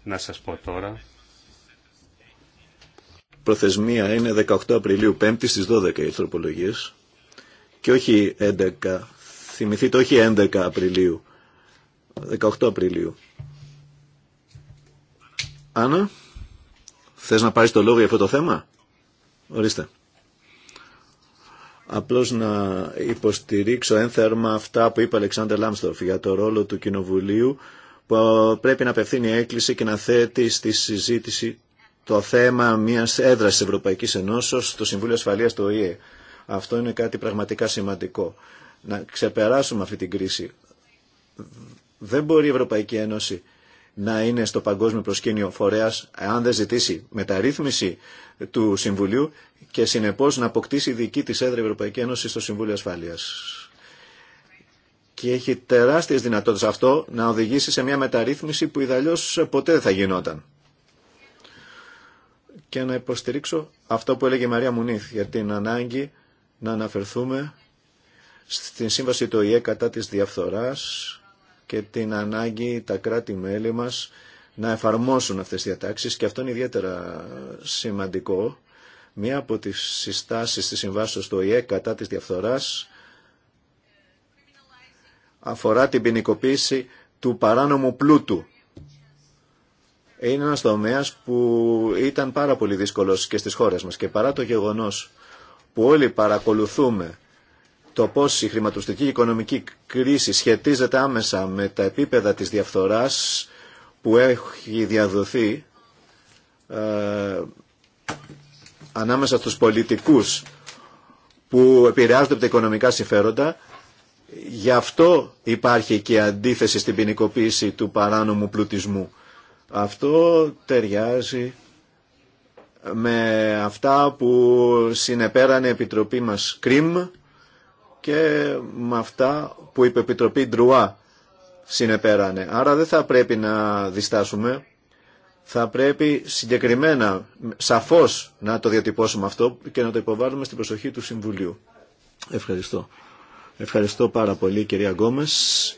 Να σας πω τώρα. Προθεσμία είναι 18 Απριλίου, 5η στις 12 οι και όχι 11. Θυμηθείτε όχι 11 Απριλίου. 18 Απριλίου. Άννα, θες να πάρεις το λόγο για αυτό το θέμα. Ορίστε. Απλώς να υποστηρίξω ένθερμα αυτά που είπε ο Αλεξάνδρ Λάμστορφ για το ρόλο του Κοινοβουλίου που πρέπει να απευθύνει έκκληση και να θέτει στη συζήτηση το θέμα μιας έδρασης Ευρωπαϊκής Ενώσεως στο Συμβούλιο Ασφαλείας του ΟΗΕ. Αυτό είναι κάτι πραγματικά σημαντικό. Να ξεπεράσουμε αυτή την κρίση. Δεν μπορεί η Ευρωπαϊκή Ένωση να είναι στο παγκόσμιο προσκήνιο φορέας αν δεν ζητήσει μεταρρύθμιση του Συμβουλίου και συνεπώς να αποκτήσει δική της έδρα Ευρωπαϊκή Ένωση στο Συμβούλιο Ασφαλείας. Και έχει τεράστιες δυνατότητες αυτό να οδηγήσει σε μια μεταρρύθμιση που ιδαλλιώς ποτέ δεν θα γινόταν. Και να υποστηρίξω αυτό που έλεγε η Μαρία Μουνίθ για την ανάγκη να αναφερθούμε στην σύμβαση του ΙΕ κατά της διαφθοράς και την ανάγκη τα κράτη-μέλη μας να εφαρμόσουν αυτές τις διατάξεις και αυτό είναι ιδιαίτερα σημαντικό. Μία από τις συστάσεις της συμβάσεως του ΙΕ κατά της διαφθοράς αφορά την ποινικοποίηση του παράνομου πλούτου. Είναι ένας τομέας που ήταν πάρα πολύ δύσκολος και στις χώρες μας και παρά το γεγονός που όλοι παρακολουθούμε το πώς η χρηματοστική και οικονομική κρίση σχετίζεται άμεσα με τα επίπεδα της διαφθοράς που έχει διαδοθεί ε, ανάμεσα στους πολιτικούς που επηρεάζονται από τα οικονομικά συμφέροντα, γι' αυτό υπάρχει και αντίθεση στην ποινικοποίηση του παράνομου πλουτισμού. Αυτό ταιριάζει με αυτά που συνεπέρανε η Επιτροπή μας ΚΡΙΜ και με αυτά που η Επιτροπή Ντρουά συνεπέρανε. Άρα δεν θα πρέπει να διστάσουμε, θα πρέπει συγκεκριμένα, σαφώς να το διατυπώσουμε αυτό και να το υποβάλουμε στην προσοχή του Συμβουλίου. Ευχαριστώ. Ευχαριστώ πάρα πολύ κυρία Γκόμες.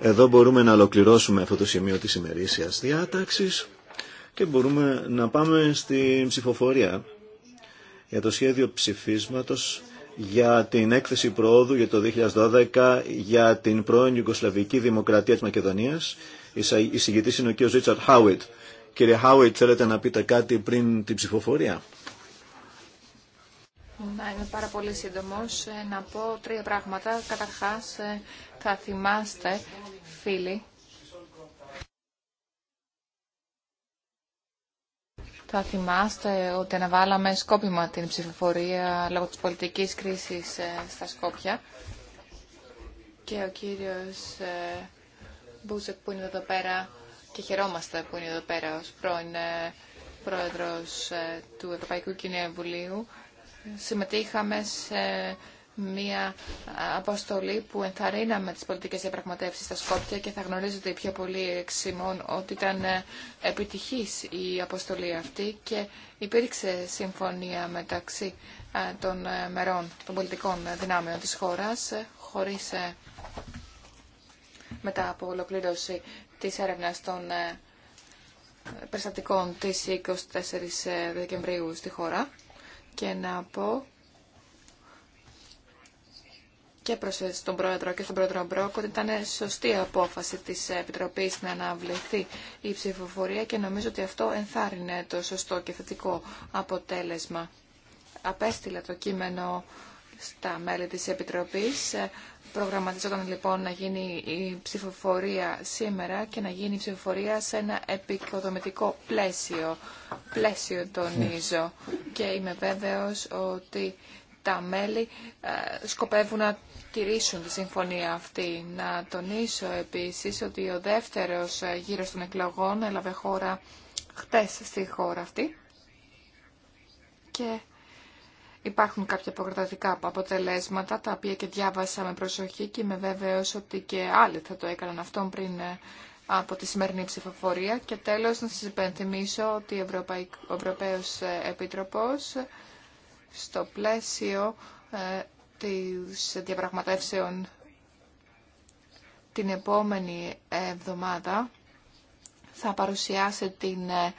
Εδώ μπορούμε να ολοκληρώσουμε αυτό το σημείο της ημερήσιας διάταξης και μπορούμε να πάμε στη ψηφοφορία για το σχέδιο ψηφίσματος για την έκθεση προόδου για το 2012 για την πρώην Ιουγκοσλαβική Δημοκρατία της Μακεδονίας. Η συγκητής είναι ο κ. Ρίτσαρτ Χάουιτ. Κύριε Χάουιτ, θέλετε να πείτε κάτι πριν την ψηφοφορία. Να είμαι πάρα πολύ σύντομο. Ε, να πω τρία πράγματα. Καταρχάς, ε, θα θυμάστε, φίλοι, Θα θυμάστε ότι αναβάλαμε σκόπιμα την ψηφοφορία λόγω της πολιτικής κρίσης ε, στα Σκόπια. Και ο κύριος ε, Μπούζεκ που είναι εδώ πέρα και χαιρόμαστε που είναι εδώ πέρα ως πρώην ε, πρόεδρος του Ευρωπαϊκού Κοινοβουλίου συμμετείχαμε σε μια αποστολή που ενθαρρύναμε τις πολιτικές διαπραγματεύσεις στα Σκόπια και θα γνωρίζετε πιο πολύ εξ ότι ήταν ε, επιτυχής η αποστολή αυτή και υπήρξε συμφωνία μεταξύ ε, των ε, μερών, των πολιτικών δυνάμεων της χώρας χωρίς μετά από ολοκλήρωση της έρευνας των περιστατικών της 24 Δεκεμβρίου στη χώρα και να πω και προς τον Πρόεδρο και στον Πρόεδρο Μπρόκ ότι ήταν σωστή απόφαση της Επιτροπής να αναβληθεί η ψηφοφορία και νομίζω ότι αυτό ενθάρρυνε το σωστό και θετικό αποτέλεσμα. Απέστειλα το κείμενο στα μέλη της Επιτροπής. Προγραμματιζόταν λοιπόν να γίνει η ψηφοφορία σήμερα και να γίνει η ψηφοφορία σε ένα επικοδομητικό πλαίσιο. Πλαίσιο τονίζω. Και είμαι βέβαιος ότι τα μέλη ε, σκοπεύουν να τηρήσουν τη συμφωνία αυτή. Να τονίσω επίσης ότι ο δεύτερος ε, γύρος των εκλογών έλαβε χώρα χτες στη χώρα αυτή και υπάρχουν κάποια αποκρατατικά αποτελέσματα τα οποία και διάβασα με προσοχή και είμαι βέβαιος ότι και άλλοι θα το έκαναν αυτό πριν ε, από τη σημερινή ψηφοφορία. Και τέλος να σας υπενθυμίσω ότι ο Ευρωπαίος Επίτροπος στο πλαίσιο ε, της διαπραγματεύσεων την επόμενη εβδομάδα θα παρουσιάσει την ε,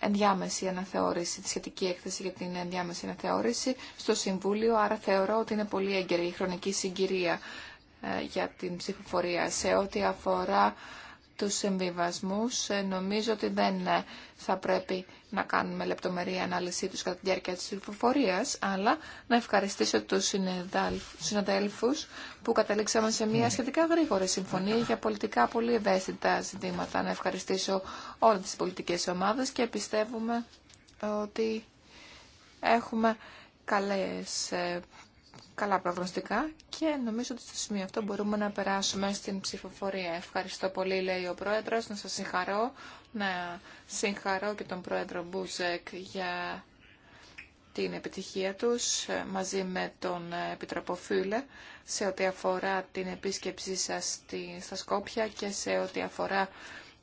ενδιάμεση αναθεώρηση, τη σχετική έκθεση για την ενδιάμεση αναθεώρηση στο Συμβούλιο, άρα θεωρώ ότι είναι πολύ έγκαιρη η χρονική συγκυρία ε, για την ψηφοφορία. Σε ό,τι αφορά τους εμβιβασμούς, ε, νομίζω ότι δεν θα πρέπει να κάνουμε λεπτομερή ανάλυση τους κατά τη διάρκεια της ψηφοφορίας, αλλά να ευχαριστήσω τους συναδέλφους που καταλήξαμε σε μια ναι. σχετικά γρήγορη συμφωνία για πολιτικά πολύ ευαίσθητα ζητήματα. Να ευχαριστήσω όλες τις πολιτικές ομάδες και πιστεύουμε ότι έχουμε ε, καλά προγνωστικά και νομίζω ότι στο σημείο αυτό μπορούμε να περάσουμε στην ψηφοφορία. Ευχαριστώ πολύ, λέει ο Πρόεδρος, να σας συγχαρώ να συγχαρώ και τον πρόεδρο Μπούζεκ για την επιτυχία τους ε, μαζί με τον ε, Επιτροπό σε ό,τι αφορά την επίσκεψή σας στα Σκόπια και σε ό,τι αφορά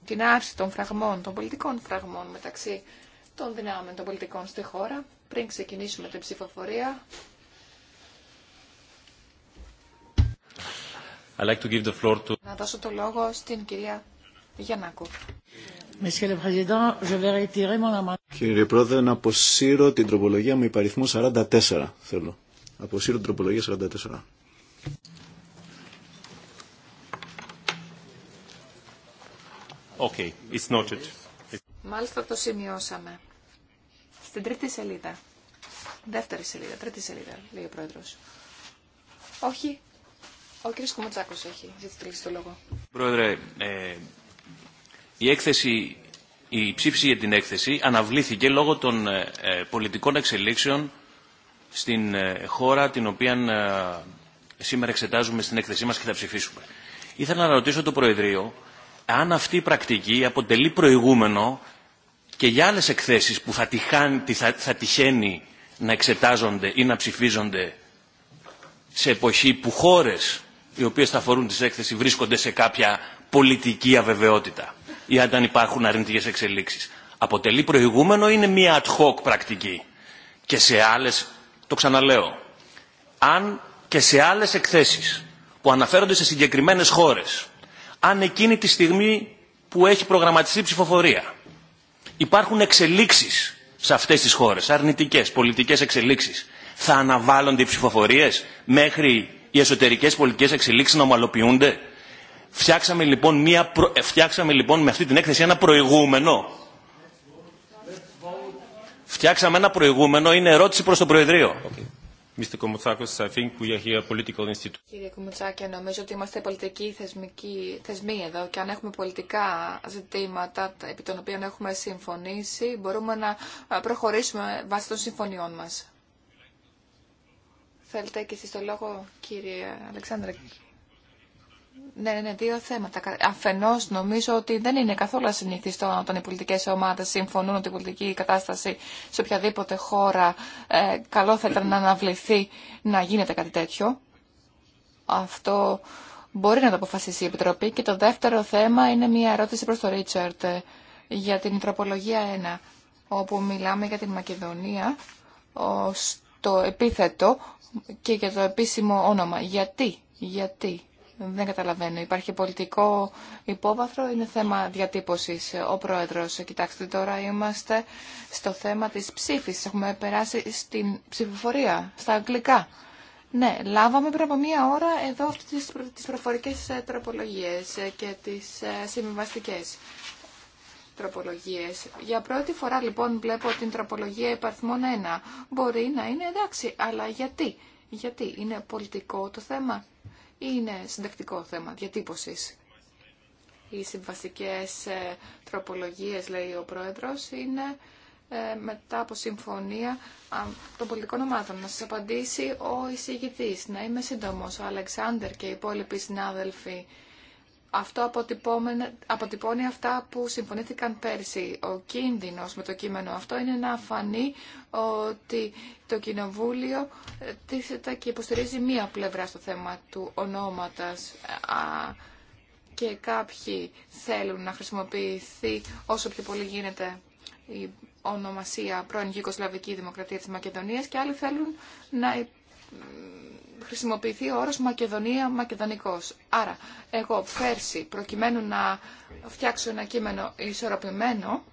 την άρση των φραγμών, των πολιτικών φραγμών μεταξύ των δυνάμεων των πολιτικών στη χώρα. Πριν ξεκινήσουμε την ψηφοφορία... Να δώσω το λόγο στην κυρία Γιαννάκου. Κύριε Πρόεδρε, να αποσύρω την τροπολογία με υπαριθμό 44. Θέλω. Αποσύρω την τροπολογία 44. Okay, it's noted. Μάλιστα το σημειώσαμε. Στην τρίτη σελίδα. Δεύτερη σελίδα, τρίτη σελίδα, λέει ο πρόεδρο. Όχι. Ο κ. Κουματσάκο, έχει ζητήσει το λόγο. Πρόεδρε, ε, η, έκθεση, η ψήφιση για την έκθεση αναβλήθηκε λόγω των ε, ε, πολιτικών εξελίξεων στην ε, χώρα την οποία σήμερα εξετάζουμε στην έκθεσή μας και θα ψηφίσουμε. Ήθελα να ρωτήσω το Προεδρείο αν αυτή η πρακτική αποτελεί προηγούμενο και για άλλες εκθέσεις που θα, τυχαίνει να εξετάζονται ή να ψηφίζονται σε εποχή που χώρες οι οποίες θα αφορούν τις έκθεση βρίσκονται σε κάποια πολιτική αβεβαιότητα ή αν υπάρχουν αρνητικές εξελίξεις. Αποτελεί προηγούμενο, είναι μια ad hoc πρακτική. Και σε άλλες, το ξαναλέω, αν και σε άλλες εκθέσεις που αναφέρονται σε συγκεκριμένες χώρες, αν εκείνη τη στιγμή που έχει προγραμματιστεί ψηφοφορία, υπάρχουν εξελίξεις σε αυτές τις χώρες, αρνητικές, πολιτικές εξελίξεις, θα αναβάλλονται οι ψηφοφορίες μέχρι οι εσωτερικές πολιτικές εξελίξεις να ομαλοποιούνται. Φτιάξαμε λοιπόν, μια προ... Ε, λοιπόν με αυτή την έκθεση ένα προηγούμενο. Φτιάξαμε ένα προηγούμενο, είναι ερώτηση προς το Προεδρείο. Κύριε Κουμουτσάκη, νομίζω ότι είμαστε πολιτικοί θεσμικοί, θεσμοί εδώ και αν έχουμε πολιτικά ζητήματα επί των οποίων έχουμε συμφωνήσει, μπορούμε να προχωρήσουμε βάσει των συμφωνιών μας. Θέλετε και εσείς το λόγο, κύριε Αλεξάνδρα ναι, ναι, ναι, δύο θέματα. Αφενό, νομίζω ότι δεν είναι καθόλου ασυνήθιστο όταν οι πολιτικέ ομάδε συμφωνούν ότι η πολιτική κατάσταση σε οποιαδήποτε χώρα ε, καλό θα ήταν να αναβληθεί να γίνεται κάτι τέτοιο. Αυτό μπορεί να το αποφασίσει η Επιτροπή. Και το δεύτερο θέμα είναι μια ερώτηση προ τον Ρίτσαρτ ε, για την τροπολογία 1, όπου μιλάμε για την Μακεδονία ω το επίθετο και για το επίσημο όνομα. Γιατί, γιατί δεν καταλαβαίνω. Υπάρχει πολιτικό υπόβαθρο, είναι θέμα διατύπωσης. Ο Πρόεδρος, κοιτάξτε τώρα, είμαστε στο θέμα της ψήφης. Έχουμε περάσει στην ψηφοφορία, στα αγγλικά. Ναι, λάβαμε πριν από μία ώρα εδώ τι τις προφορικές ε, τροπολογίες ε, και τις ε, συμβιβαστικές τροπολογίες. Για πρώτη φορά λοιπόν βλέπω την τροπολογία υπαρθμών 1. Μπορεί να είναι εντάξει, αλλά γιατί. Γιατί είναι πολιτικό το θέμα είναι συντακτικό θέμα διατύπωσης. Οι συμβαστικές ε, τροπολογίες, λέει ο Πρόεδρος, είναι ε, μετά από συμφωνία των πολιτικών ομάδων. Να σας απαντήσει ο εισηγητής. Να είμαι σύντομος. Ο Αλεξάνδερ και οι υπόλοιποι συνάδελφοι αυτό αποτυπώνει αυτά που συμφωνήθηκαν πέρσι. Ο κίνδυνος με το κείμενο αυτό είναι να φανεί ότι το Κοινοβούλιο τίθεται και υποστηρίζει μία πλευρά στο θέμα του ονόματας και κάποιοι θέλουν να χρησιμοποιηθεί όσο πιο πολύ γίνεται η ονομασία πρώην Γηκοσλαβική Δημοκρατία της Μακεδονίας και άλλοι θέλουν να χρησιμοποιηθεί ο όρος Μακεδονία Μακεδονικός. Άρα, εγώ πέρσι, προκειμένου να φτιάξω ένα κείμενο ισορροπημένο,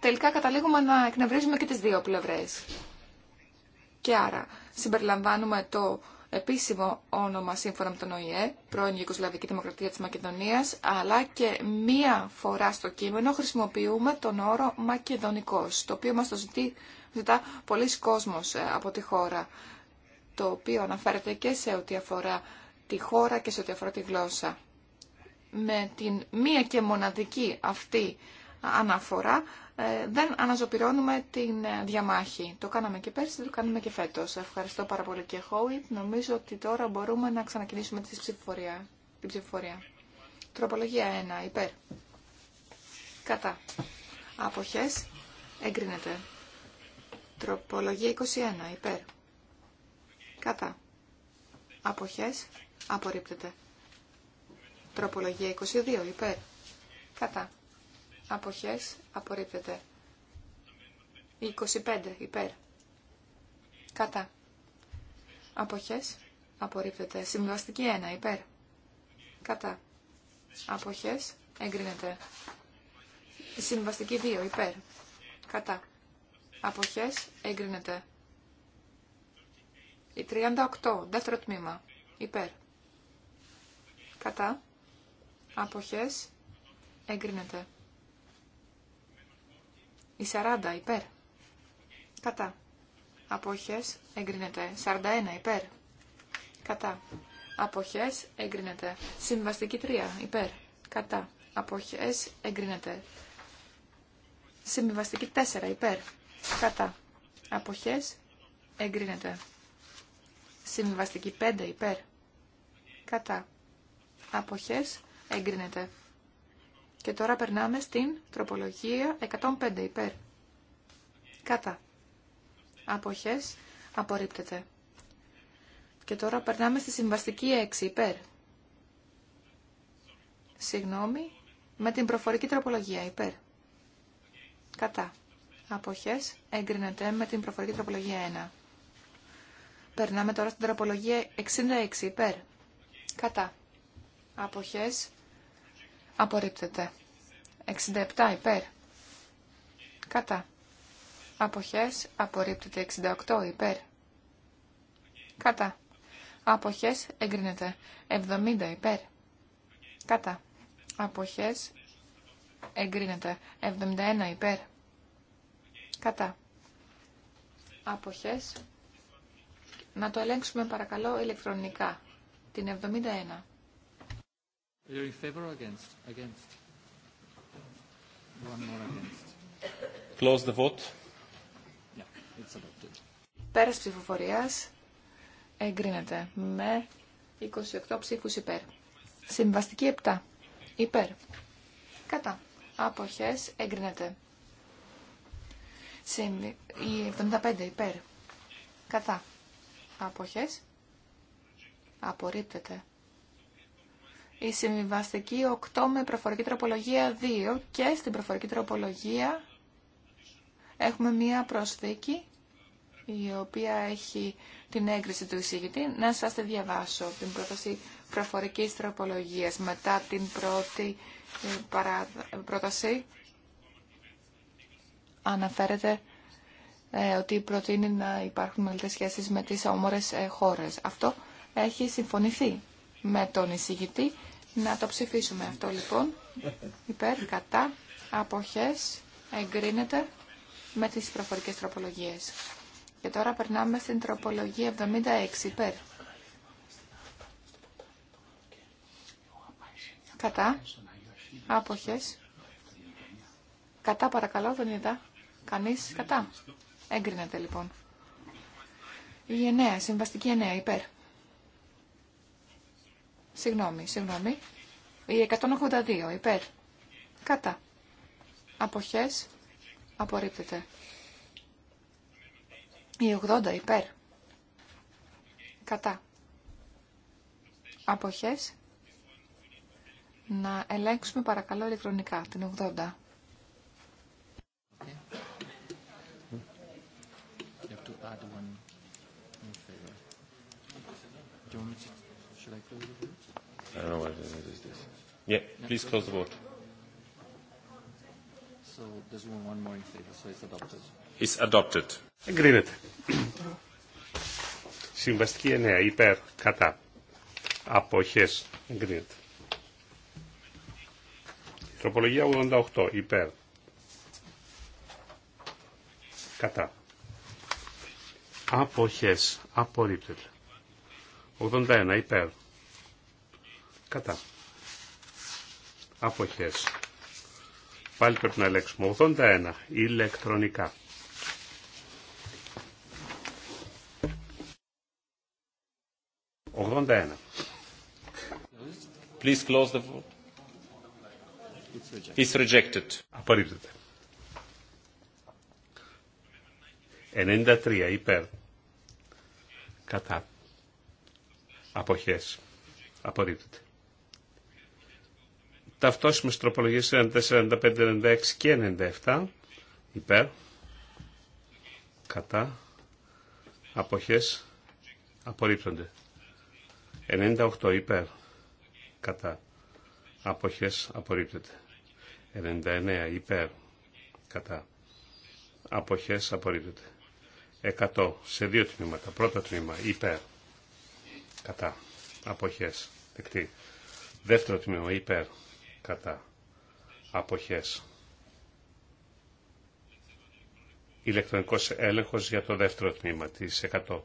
τελικά καταλήγουμε να εκνευρίζουμε και τις δύο πλευρές. Και άρα, συμπεριλαμβάνουμε το επίσημο όνομα σύμφωνα με τον ΟΗΕ, πρώην Ιουκοσλαβική Δημοκρατία της Μακεδονίας, αλλά και μία φορά στο κείμενο χρησιμοποιούμε τον όρο Μακεδονικός, το οποίο μα το ζητεί, ζητά πολλοί κόσμος ε, από τη χώρα το οποίο αναφέρεται και σε ό,τι αφορά τη χώρα και σε ό,τι αφορά τη γλώσσα. Με την μία και μοναδική αυτή αναφορά ε, δεν αναζωπυρώνουμε την ε, διαμάχη. Το κάναμε και πέρσι, το κάνουμε και φέτος. Ευχαριστώ πάρα πολύ και Χόιτ. Νομίζω ότι τώρα μπορούμε να ξανακινήσουμε τη ψηφοφορία. την ψηφοφορία. Τροπολογία 1. Υπέρ. Κατά. Αποχές. Εγκρίνεται. Τροπολογία 21. Υπέρ. Κατά. Αποχές. Απορρίπτεται. Τροπολογία 22. Υπέρ. Κατά. Αποχές. Απορρίπτεται. 25. Υπέρ. Κατά. Αποχές. Απορρίπτεται. Συμβαστική 1. Υπέρ. Κατά. Αποχές. Εγκρίνεται. Συμβαστική 2. Υπέρ. Κατά. Αποχές. Εγκρίνεται. Η 38, δεύτερο τμήμα, υπέρ. Κατά. Αποχές. Εγκρίνεται. Η 40, υπέρ. Κατά. Αποχές. Εγκρίνεται. 41, υπέρ. Κατά. Αποχές. Εγκρίνεται. Συμβαστική 3, υπέρ. Κατά. Αποχές. Εγκρίνεται. Συμβαστική 4, υπέρ. Κατά. Αποχές. Εγκρίνεται. Συμβαστική 5 υπέρ. Κατά. Αποχές εγκρίνεται. Και τώρα περνάμε στην τροπολογία 105 υπέρ. Κατά. Αποχές απορρίπτεται. Και τώρα περνάμε στη συμβαστική 6 υπέρ. Συγγνώμη, με την προφορική τροπολογία υπέρ. Κατά. Αποχές εγκρίνεται με την προφορική τροπολογία 1. Περνάμε τώρα στην τροπολογία 66 υπέρ. Κατά. Αποχές. Απορρίπτεται. 67 υπέρ. Κατά. Αποχές. Απορρίπτεται. 68 υπέρ. Κατά. Αποχές. Εγκρίνεται. 70 υπέρ. Κατά. Αποχές. Εγκρίνεται. 71 υπέρ. Κατά. Αποχές. Να το ελέγξουμε παρακαλώ ηλεκτρονικά. Την 71. You're in favor against? Against. One more against. Close the vote. Yeah, it's adopted. Πέρας ψηφοφορίας εγκρίνεται με 28 ψήφους υπέρ. Συμβαστική 7. Υπέρ. Κατά. Αποχές εγκρίνεται. Η 75 υπέρ. Κατά αποχές απορρίπτεται. Η συμβιβαστική 8 με προφορική τροπολογία 2 και στην προφορική τροπολογία έχουμε μία προσθήκη η οποία έχει την έγκριση του εισηγητή. Να σας τη διαβάσω την πρόταση προφορικής τροπολογίας μετά την πρώτη ε, ε, πρόταση αναφέρεται ε, ότι προτείνει να υπάρχουν μελετές σχέσεις με τις όμορε ε, χώρες. Αυτό έχει συμφωνηθεί με τον εισηγητή. Να το ψηφίσουμε αυτό λοιπόν. Υπέρ, κατά, αποχές, εγκρίνεται με τις προφορικές τροπολογίες. Και τώρα περνάμε στην τροπολογία 76 υπέρ. Κατά, άποχες. Κατά παρακαλώ, δεν είδα. Κανείς κατά. Έγκρινεται λοιπόν. Η 9, συμβαστική 9, υπέρ. Συγγνώμη, συγγνώμη. Η 182, υπέρ. Κατά. Αποχές. Απορρίπτεται. Η 80, υπέρ. Κατά. Αποχές. Να ελέγξουμε παρακαλώ ηλεκτρονικά την 80. one Εγκρίνεται. Συμβαστική εννέα, Υπέρ. Κατά. Αποχές. Εγκρίνεται. Τροπολογία 88. Υπέρ. Κατά. Αποχές. Απορρίπτεται. 81 υπέρ. Κατά. Αποχές. Πάλι πρέπει να ελέγξουμε. 81 ηλεκτρονικά. Please close the vote. It's rejected. Απορρίπτεται. 93 υπέρ. Κατά. Αποχές. Απορρίπτεται. Ταυτόσιμες τροπολογίες 94, 95, 96 και 97 υπέρ. Κατά. Αποχές. Απορρίπτονται. 98 υπέρ. Κατά. Αποχές. Απορρίπτεται. 99 υπέρ. Κατά. Αποχές. Απορρίπτεται. 100 σε δύο τμήματα. Πρώτο τμήμα υπέρ κατά αποχές δεκτή. Δεύτερο τμήμα υπέρ κατά αποχές. Ηλεκτρονικός έλεγχος για το δεύτερο τμήμα της 100.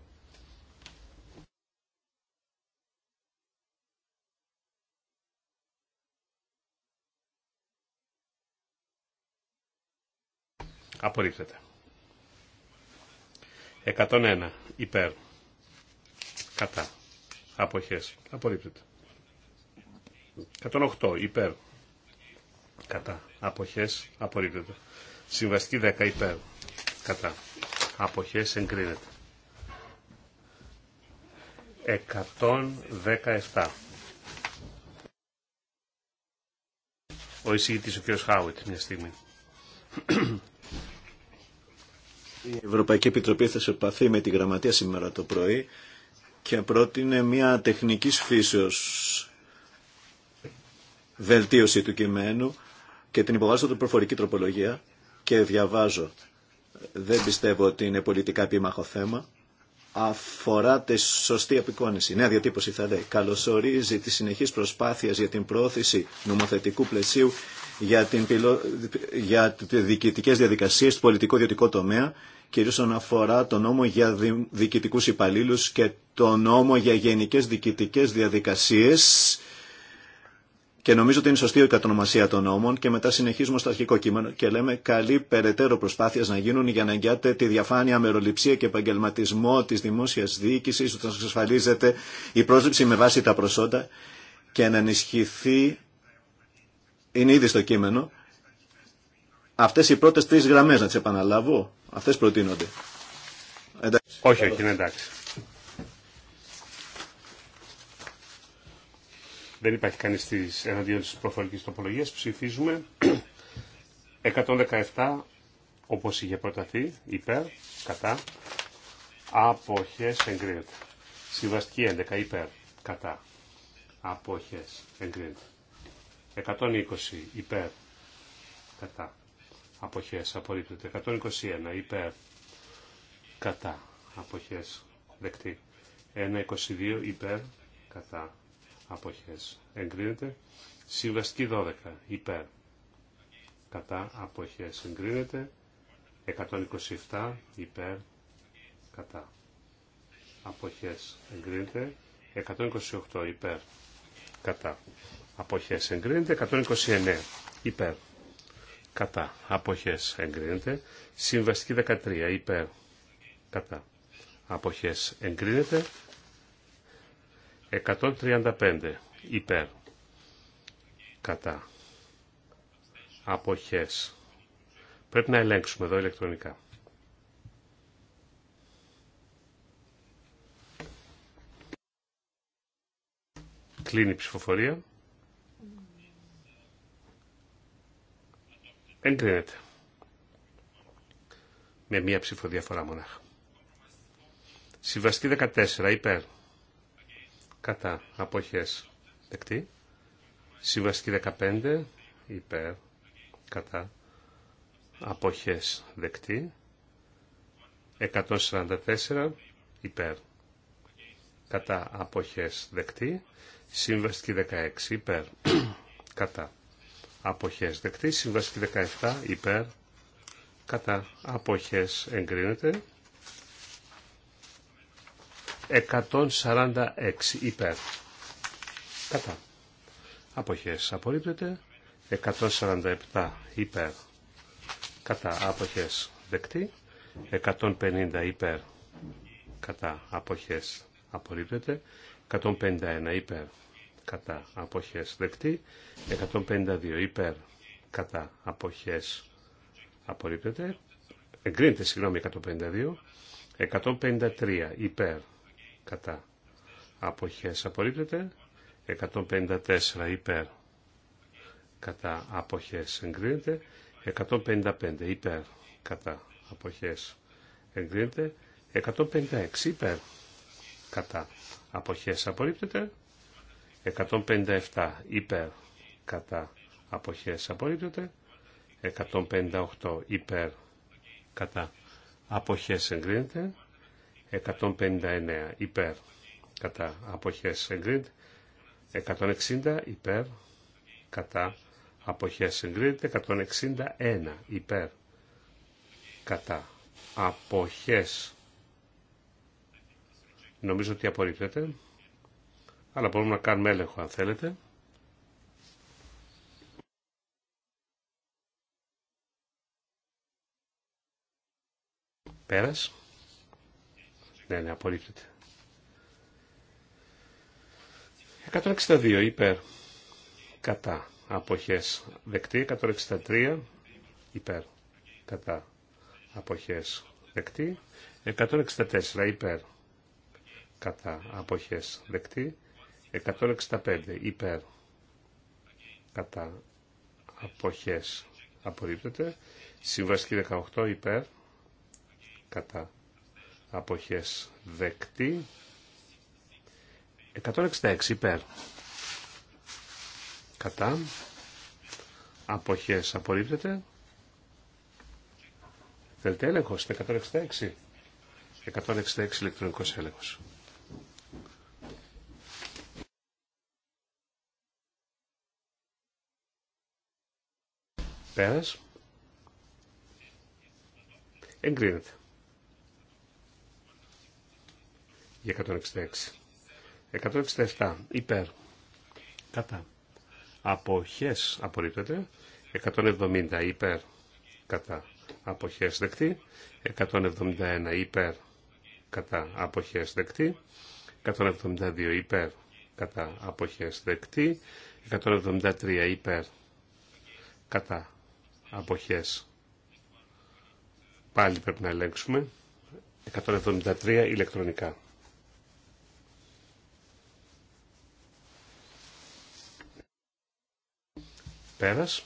Απορρίπτεται. 101 υπέρ κατά αποχές απορρίπτεται 108 υπέρ κατά αποχές απορρίπτεται συμβαστική 10 υπέρ κατά αποχές εγκρίνεται 117 ο εισηγητής ο κ. Χάουιτ μια στιγμή η Ευρωπαϊκή Επιτροπή θα σε επαφή με τη Γραμματεία σήμερα το πρωί και πρότεινε μια τεχνικής φύσεως βελτίωση του κειμένου και την υποβάζω του προφορική τροπολογία και διαβάζω. Δεν πιστεύω ότι είναι πολιτικά επίμαχο θέμα. Αφορά τη σωστή απεικόνηση. νέα διατύπωση θα λέει. Καλωσορίζει τη συνεχής προσπάθειας για την πρόθεση νομοθετικού πλαισίου για, την πιλο... για τις διοικητικές διαδικασίες του πολιτικού ιδιωτικού τομέα, κυρίως όσον αφορά το νόμο για διοικητικούς υπαλλήλους και το νόμο για γενικές διοικητικές διαδικασίες. Και νομίζω ότι είναι σωστή η κατονομασία των νόμων και μετά συνεχίζουμε στο αρχικό κείμενο και λέμε καλή περαιτέρω προσπάθεια να γίνουν για να εγγυάται τη διαφάνεια, μεροληψία και επαγγελματισμό τη δημόσια διοίκηση, όταν να εξασφαλίζεται η πρόσληψη με βάση τα προσόντα και να ενισχυθεί είναι ήδη στο κείμενο. Αυτές οι πρώτες τρεις γραμμές να τις επαναλάβω, αυτές προτείνονται. Εντάξει. Όχι, όχι, είναι εντάξει. Δεν υπάρχει κανείς στις εναντίον της προφορικής τοπολογίας. Ψηφίζουμε 117 όπως είχε προταθεί, υπέρ, κατά, αποχές εγκρίνεται. Συμβαστική 11, υπέρ, κατά, αποχές εγκρίνεται. 120 υπέρ κατά αποχές απορρίπτεται 121 υπέρ κατά αποχές δεκτή 1.22 υπέρ κατά αποχές εγκρίνεται συμβαστική 12 υπέρ κατά αποχές εγκρίνεται 127 υπέρ κατά αποχές εγκρίνεται 128 υπέρ κατά αποχές εγκρίνεται. 129 υπέρ κατά αποχές εγκρίνεται. Συμβαστική 13 υπέρ κατά αποχές εγκρίνεται. 135 υπέρ κατά αποχές. Πρέπει να ελέγξουμε εδώ ηλεκτρονικά. Κλείνει η ψηφοφορία. Εγκρίνεται. Με μία ψηφοδιαφορά μονάχα. Συμβαστή 14 υπέρ. Κατά. Αποχές. Δεκτή. Συμβαστή 15 υπέρ. Κατά. Αποχές. Δεκτή. 144 υπέρ. Κατά. Αποχές. Δεκτή. Σύμβαστη 16 υπέρ. Κατά αποχές δεκτή. Συμβαστική 17 υπέρ κατά αποχές εγκρίνεται. 146 υπέρ κατά αποχές απορρίπτεται. 147 υπέρ κατά αποχές δεκτή. 150 υπέρ κατά αποχές απορρίπτεται. 151 υπέρ κατά αποχές δεκτή, 152 υπέρ κατά αποχές απορρίπτεται, εγκρίνεται συγγνώμη 152, 153 υπέρ κατά αποχές απορρίπτεται, 154 υπέρ κατά αποχές εγκρίνεται, 155 υπέρ κατά αποχές εγκρίνεται, 156 υπέρ κατά αποχές απορρίπτεται, 157 υπέρ κατά αποχές απορρίπτεται. 158 υπέρ κατά αποχές εγκρίνεται. 159 υπέρ κατά αποχές εγκρίνεται. 160 υπέρ κατά αποχές εγκρίνεται. 161 υπέρ κατά αποχές νομίζω ότι απορρίπτεται αλλά μπορούμε να κάνουμε έλεγχο αν θέλετε. Πέρας. Ναι, ναι, απορρίπτεται. 162 υπέρ. Κατά. Αποχές. Δεκτή. 163 υπέρ. Κατά. Αποχές. Δεκτή. 164 υπέρ. Κατά. Αποχές. Δεκτή. 165 υπέρ κατά αποχές απορρίπτεται. Συμβαστική 18 υπέρ κατά αποχές δεκτή. 166 υπέρ κατά αποχές απορρίπτεται. Θέλετε έλεγχο, 166. 166 ηλεκτρονικός έλεγχος. Πέρας. Εγκρίνεται. Για 166. 167. Υπέρ. Κατά. Αποχές απορρίπτεται. 170 υπέρ. Κατά. Αποχές δεκτή. 171 υπέρ. Κατά. Αποχές δεκτή. 172 υπέρ. Κατά. Αποχές δεκτή. 173 υπέρ. Κατά αποχές. Πάλι πρέπει να ελέγξουμε. 173 ηλεκτρονικά. Πέρας.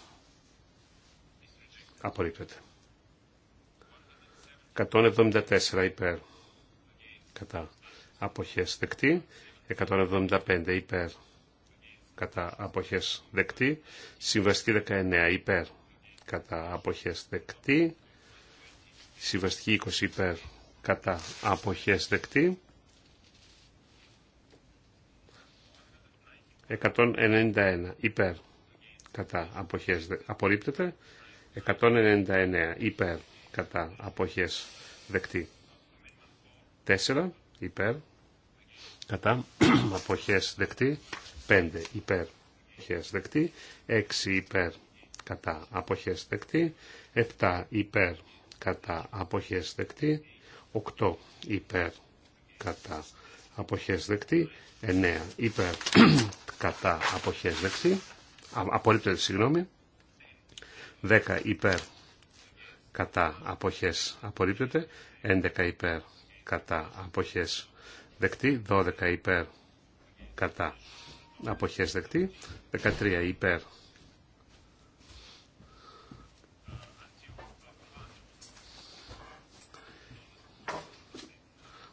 Απορρίπτεται. 174 υπέρ. Κατά. Αποχές δεκτή. 175 υπέρ. Κατά. Αποχές δεκτή. Συμβαστική 19 υπέρ κατά αποχές δεκτή. Συμβαστική 20 υπέρ κατά αποχές δεκτή. 191 υπέρ κατά αποχές απορρίπτεται. 199 υπέρ κατά αποχές δεκτή. 4 υπέρ κατά αποχές δεκτή. 5 υπέρ αποχές δεκτή. 6 υπέρ κατά αποχές δεκτή, 7 υπέρ κατά αποχές δεκτή, 8 υπέρ κατά αποχές δεκτή, 9 υπέρ κατά αποχές δεκτή, Απολύτω, συγγνώμη, 10 υπέρ κατά αποχές απορρίπτεται, 11 υπέρ κατά αποχές δεκτή, 12 υπέρ κατά αποχές δεκτή, 13 υπέρ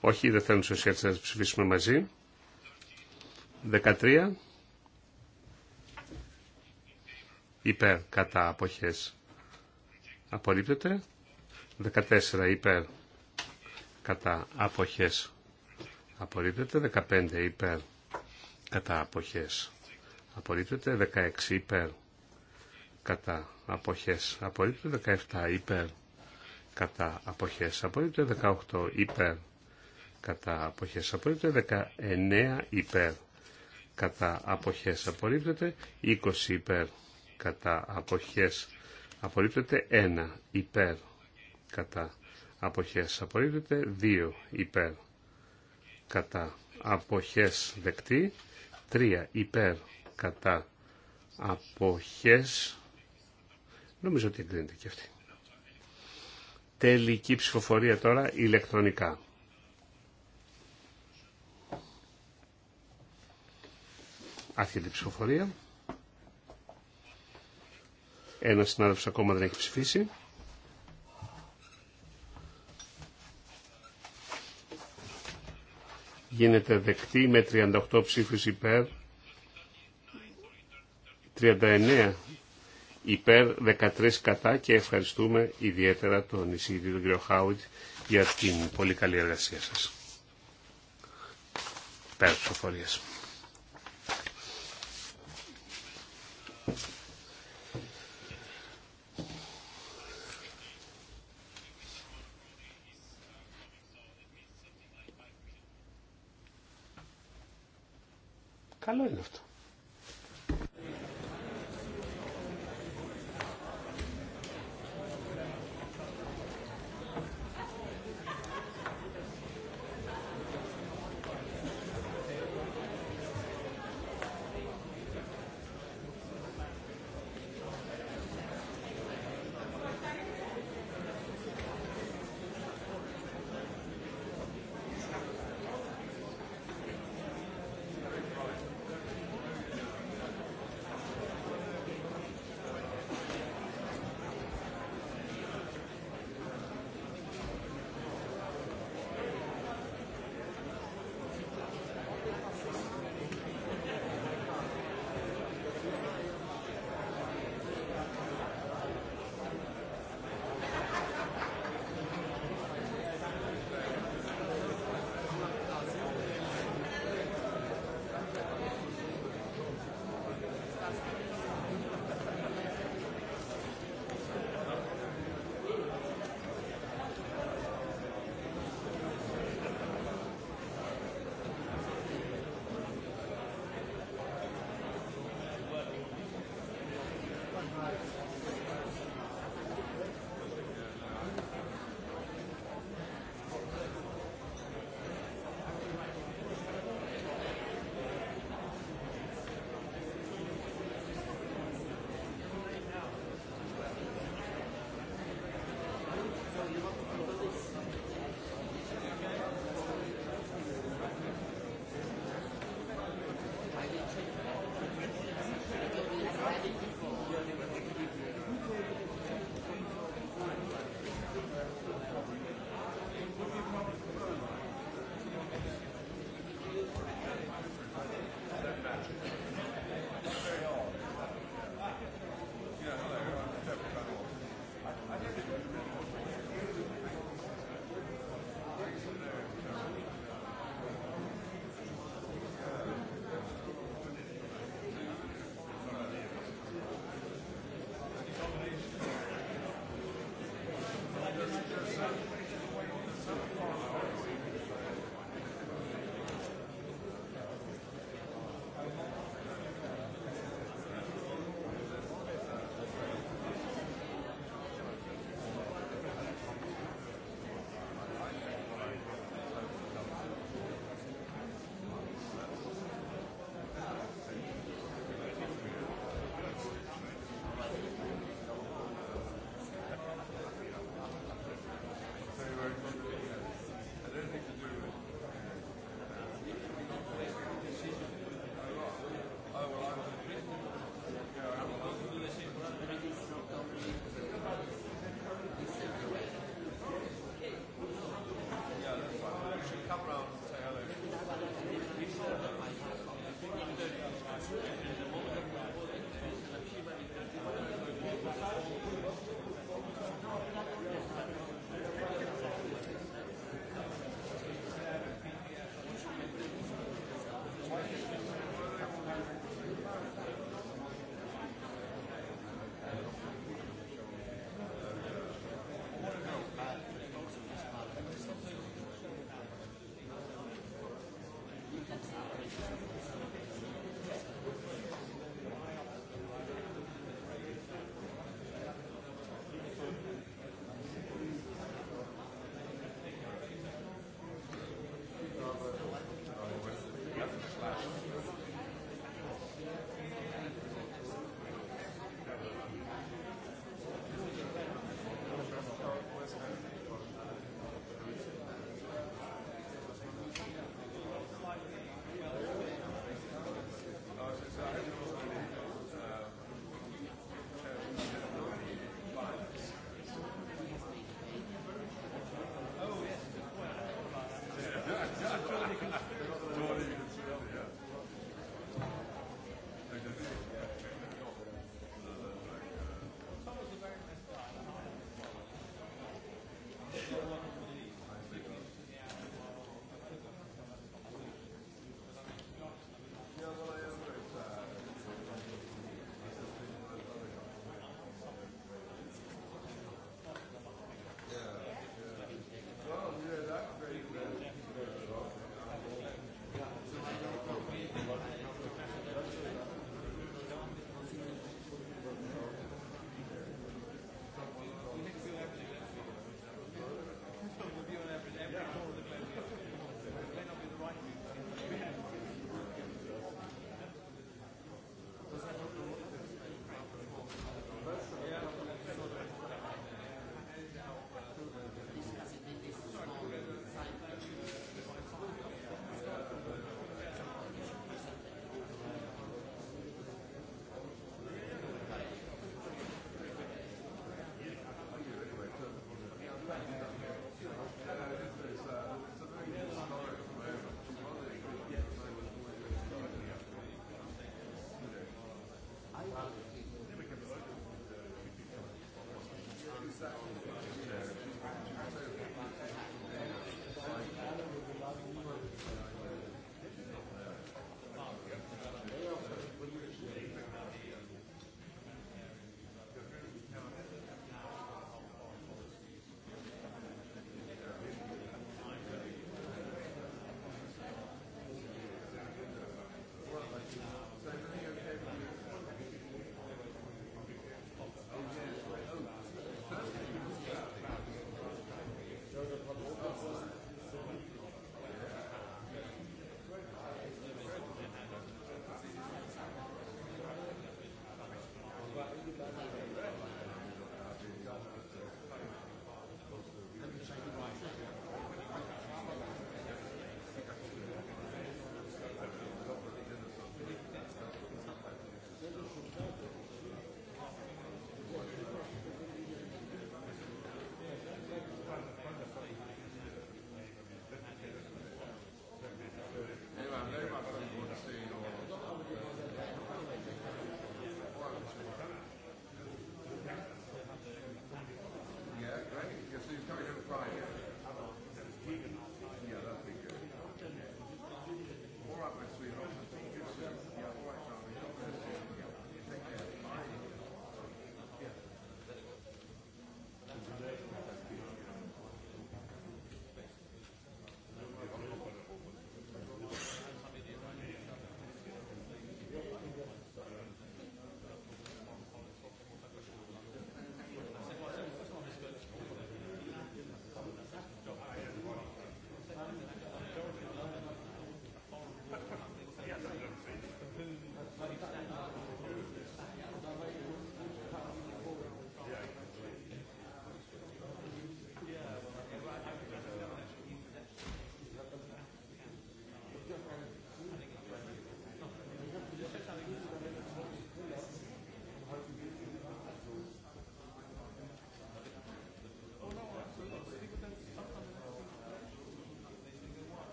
Όχι, δεν θέλουν οι σοσιαλιστές να ψηφίσουμε μαζί. 13. Υπέρ κατά αποχές. Απορρίπτεται. 14 υπέρ κατά αποχές. Απορρίπτεται. 15 υπέρ κατά αποχές. Απορρίπτεται. 16 υπέρ κατά αποχές. Απορρίπτεται. 17 υπέρ κατά αποχές. Απορρίπτεται. 18 υπέρ κατά αποχές απορρίπτεται, 19 υπέρ κατά αποχές απορρίπτεται, 20 υπέρ κατά αποχές απορρίπτεται, 1 υπέρ κατά αποχές απορρίπτεται, 2 υπέρ κατά αποχές δεκτή, 3 υπέρ κατά αποχές νομίζω ότι εγκρίνεται και αυτή. Τελική ψηφοφορία τώρα ηλεκτρονικά. Άρχεται ψηφοφορία. Ένα συνάδελφο ακόμα δεν έχει ψηφίσει. Γίνεται δεκτή με 38 ψήφους υπέρ, 39 υπέρ, 13 κατά και ευχαριστούμε ιδιαίτερα τον εισηγητή τον κύριο Χάουιτ για την πολύ καλή εργασία σας. Πέρα ψηφοφορίας. είναι αυτό.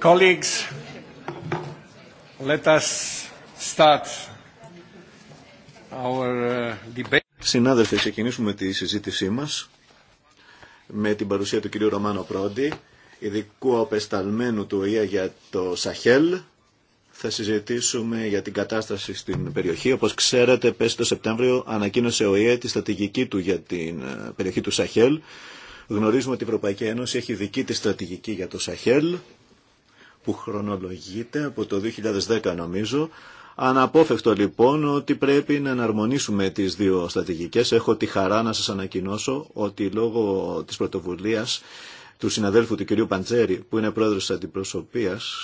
Colleagues, let us start our uh, debate. Συνάδελφοι, ξεκινήσουμε τη συζήτησή μας με την παρουσία του κυρίου Ρωμάνο Πρόντι, ειδικού απεσταλμένου του ΟΗΑ για το Σαχέλ. Θα συζητήσουμε για την κατάσταση στην περιοχή. Όπως ξέρετε, πέσει το Σεπτέμβριο ανακοίνωσε ο ΟΗΑ τη στρατηγική του για την ε, περιοχή του Σαχέλ. Γνωρίζουμε ότι η Ευρωπαϊκή Ένωση έχει δική τη στρατηγική για το Σαχέλ που χρονολογείται από το 2010 νομίζω. Αναπόφευκτο λοιπόν ότι πρέπει να εναρμονίσουμε τις δύο στρατηγικές. Έχω τη χαρά να σας ανακοινώσω ότι λόγω της πρωτοβουλίας του συναδέλφου του κυρίου Παντζέρη που είναι πρόεδρος της αντιπροσωπείας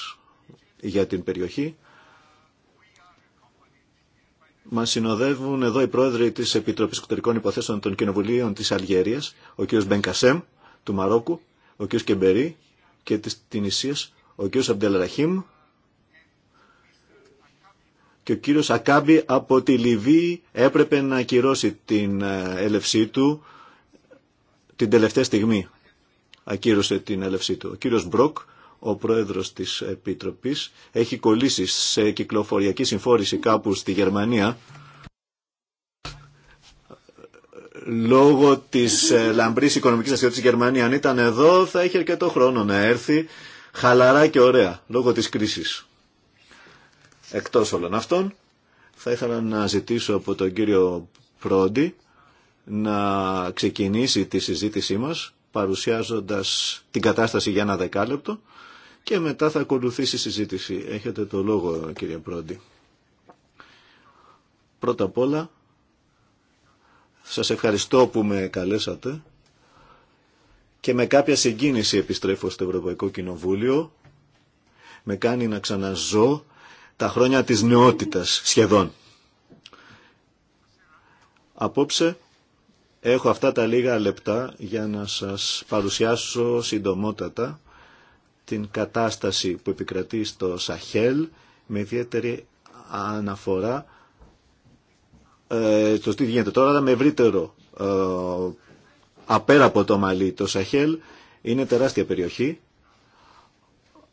για την περιοχή μας συνοδεύουν εδώ οι πρόεδροι της Επιτροπής Εξωτερικών Υποθέσεων των Κοινοβουλίων της Αλγερίας, ο κ. Μπενκασέμ του Μαρόκου, ο κ. Κεμπερί και της Τινησίας ο κύριος Αμπτελραχήμ και ο κύριος Ακάμπη από τη Λιβύη έπρεπε να ακυρώσει την ε, έλευσή του την τελευταία στιγμή. Ακύρωσε την έλευσή του. Ο κύριος Μπροκ, ο πρόεδρος της Επιτροπής, έχει κολλήσει σε κυκλοφοριακή συμφόρηση κάπου στη Γερμανία λόγω της ε, λαμπρής οικονομικής αστιότητας της Γερμανία. Αν ήταν εδώ θα είχε αρκετό χρόνο να έρθει χαλαρά και ωραία λόγω της κρίσης. Εκτός όλων αυτών, θα ήθελα να ζητήσω από τον κύριο Πρόντι να ξεκινήσει τη συζήτησή μας παρουσιάζοντας την κατάσταση για ένα δεκάλεπτο και μετά θα ακολουθήσει η συζήτηση. Έχετε το λόγο κύριε Πρόντι. Πρώτα απ' όλα σας ευχαριστώ που με καλέσατε και με κάποια συγκίνηση επιστρέφω στο Ευρωπαϊκό Κοινοβούλιο. Με κάνει να ξαναζώ τα χρόνια της νεότητας σχεδόν. Απόψε έχω αυτά τα λίγα λεπτά για να σας παρουσιάσω συντομότατα την κατάσταση που επικρατεί στο Σαχέλ με ιδιαίτερη αναφορά ε, στο τι γίνεται τώρα, με ευρύτερο ε, απέρα από το Μαλί. Το Σαχέλ είναι τεράστια περιοχή,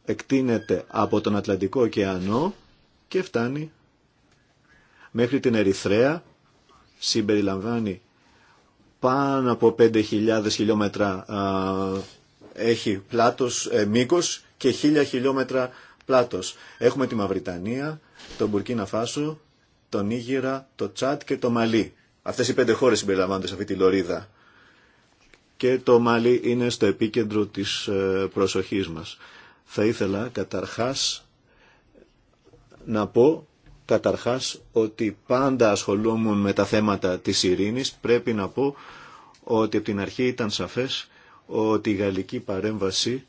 εκτείνεται από τον Ατλαντικό ωκεανό και φτάνει μέχρι την Ερυθρέα, συμπεριλαμβάνει πάνω από 5.000 χιλιόμετρα έχει πλάτος, ε, μήκος και 1.000 χιλιόμετρα πλάτος. Έχουμε τη Μαυριτανία, τον Μπουρκίνα Φάσο, τον Ήγυρα, το Τσάτ και το Μαλί. Αυτές οι πέντε χώρες συμπεριλαμβάνονται σε αυτή τη λωρίδα και το Μαλί είναι στο επίκεντρο της ε, προσοχής μας. Θα ήθελα καταρχάς να πω καταρχάς ότι πάντα ασχολούμουν με τα θέματα της ειρήνης. Πρέπει να πω ότι από την αρχή ήταν σαφές ότι η γαλλική παρέμβαση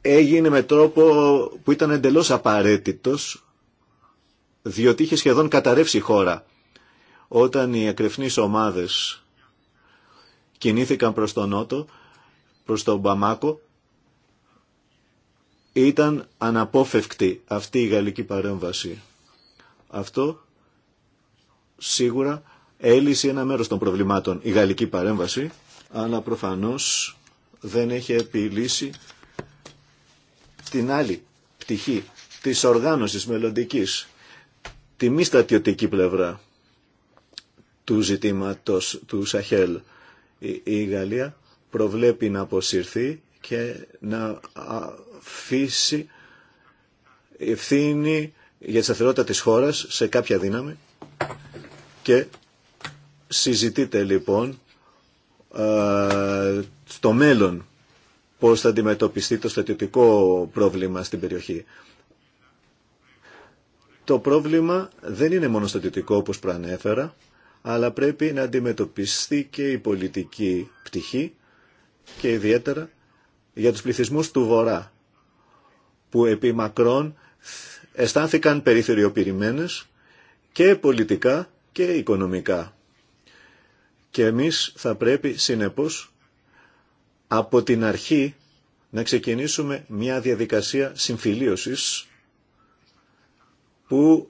έγινε με τρόπο που ήταν εντελώς απαραίτητος διότι είχε σχεδόν καταρρεύσει η χώρα όταν οι ακρεφνείς ομάδες κινήθηκαν προς τον Νότο, προς τον Μπαμάκο, ήταν αναπόφευκτη αυτή η γαλλική παρέμβαση. Αυτό σίγουρα έλυσε ένα μέρος των προβλημάτων η γαλλική παρέμβαση, αλλά προφανώς δεν έχει επιλύσει την άλλη πτυχή της οργάνωσης μελλοντικής τη μη στρατιωτική πλευρά του ζητήματος του Σαχέλ. Η Γαλλία προβλέπει να αποσυρθεί και να αφήσει ευθύνη για τη σταθερότητα της χώρας σε κάποια δύναμη και συζητείται λοιπόν στο μέλλον πώς θα αντιμετωπιστεί το στρατιωτικό πρόβλημα στην περιοχή. Το πρόβλημα δεν είναι μόνο στατιωτικό όπως προανέφερα, αλλά πρέπει να αντιμετωπιστεί και η πολιτική πτυχή και ιδιαίτερα για τους πληθυσμούς του Βορρά, που επί μακρόν αισθάνθηκαν περιθωριοποιημένες και πολιτικά και οικονομικά. Και εμείς θα πρέπει συνεπώς από την αρχή να ξεκινήσουμε μια διαδικασία συμφιλίωσης που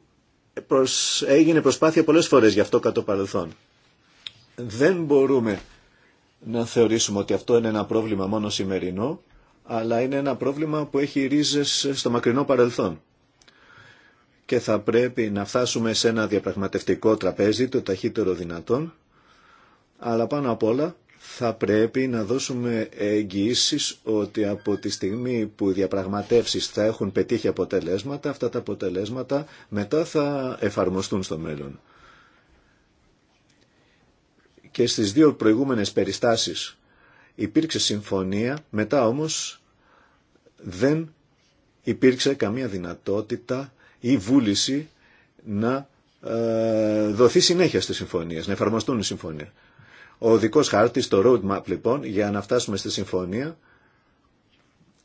έγινε προσπάθεια πολλές φορές γι' αυτό κατά το παρελθόν. Δεν μπορούμε να θεωρήσουμε ότι αυτό είναι ένα πρόβλημα μόνο σημερινό, αλλά είναι ένα πρόβλημα που έχει ρίζες στο μακρινό παρελθόν. Και θα πρέπει να φτάσουμε σε ένα διαπραγματευτικό τραπέζι το ταχύτερο δυνατόν, αλλά πάνω απ' όλα θα πρέπει να δώσουμε εγγυήσει ότι από τη στιγμή που οι διαπραγματεύσεις θα έχουν πετύχει αποτελέσματα, αυτά τα αποτελέσματα μετά θα εφαρμοστούν στο μέλλον. Και στις δύο προηγούμενες περιστάσεις υπήρξε συμφωνία, μετά όμως δεν υπήρξε καμία δυνατότητα ή βούληση να ε, δοθεί συνέχεια στις συμφωνίες, να εφαρμοστούν οι συμφωνίες. Ο οδικός χάρτης, το roadmap λοιπόν, για να φτάσουμε στη συμφωνία,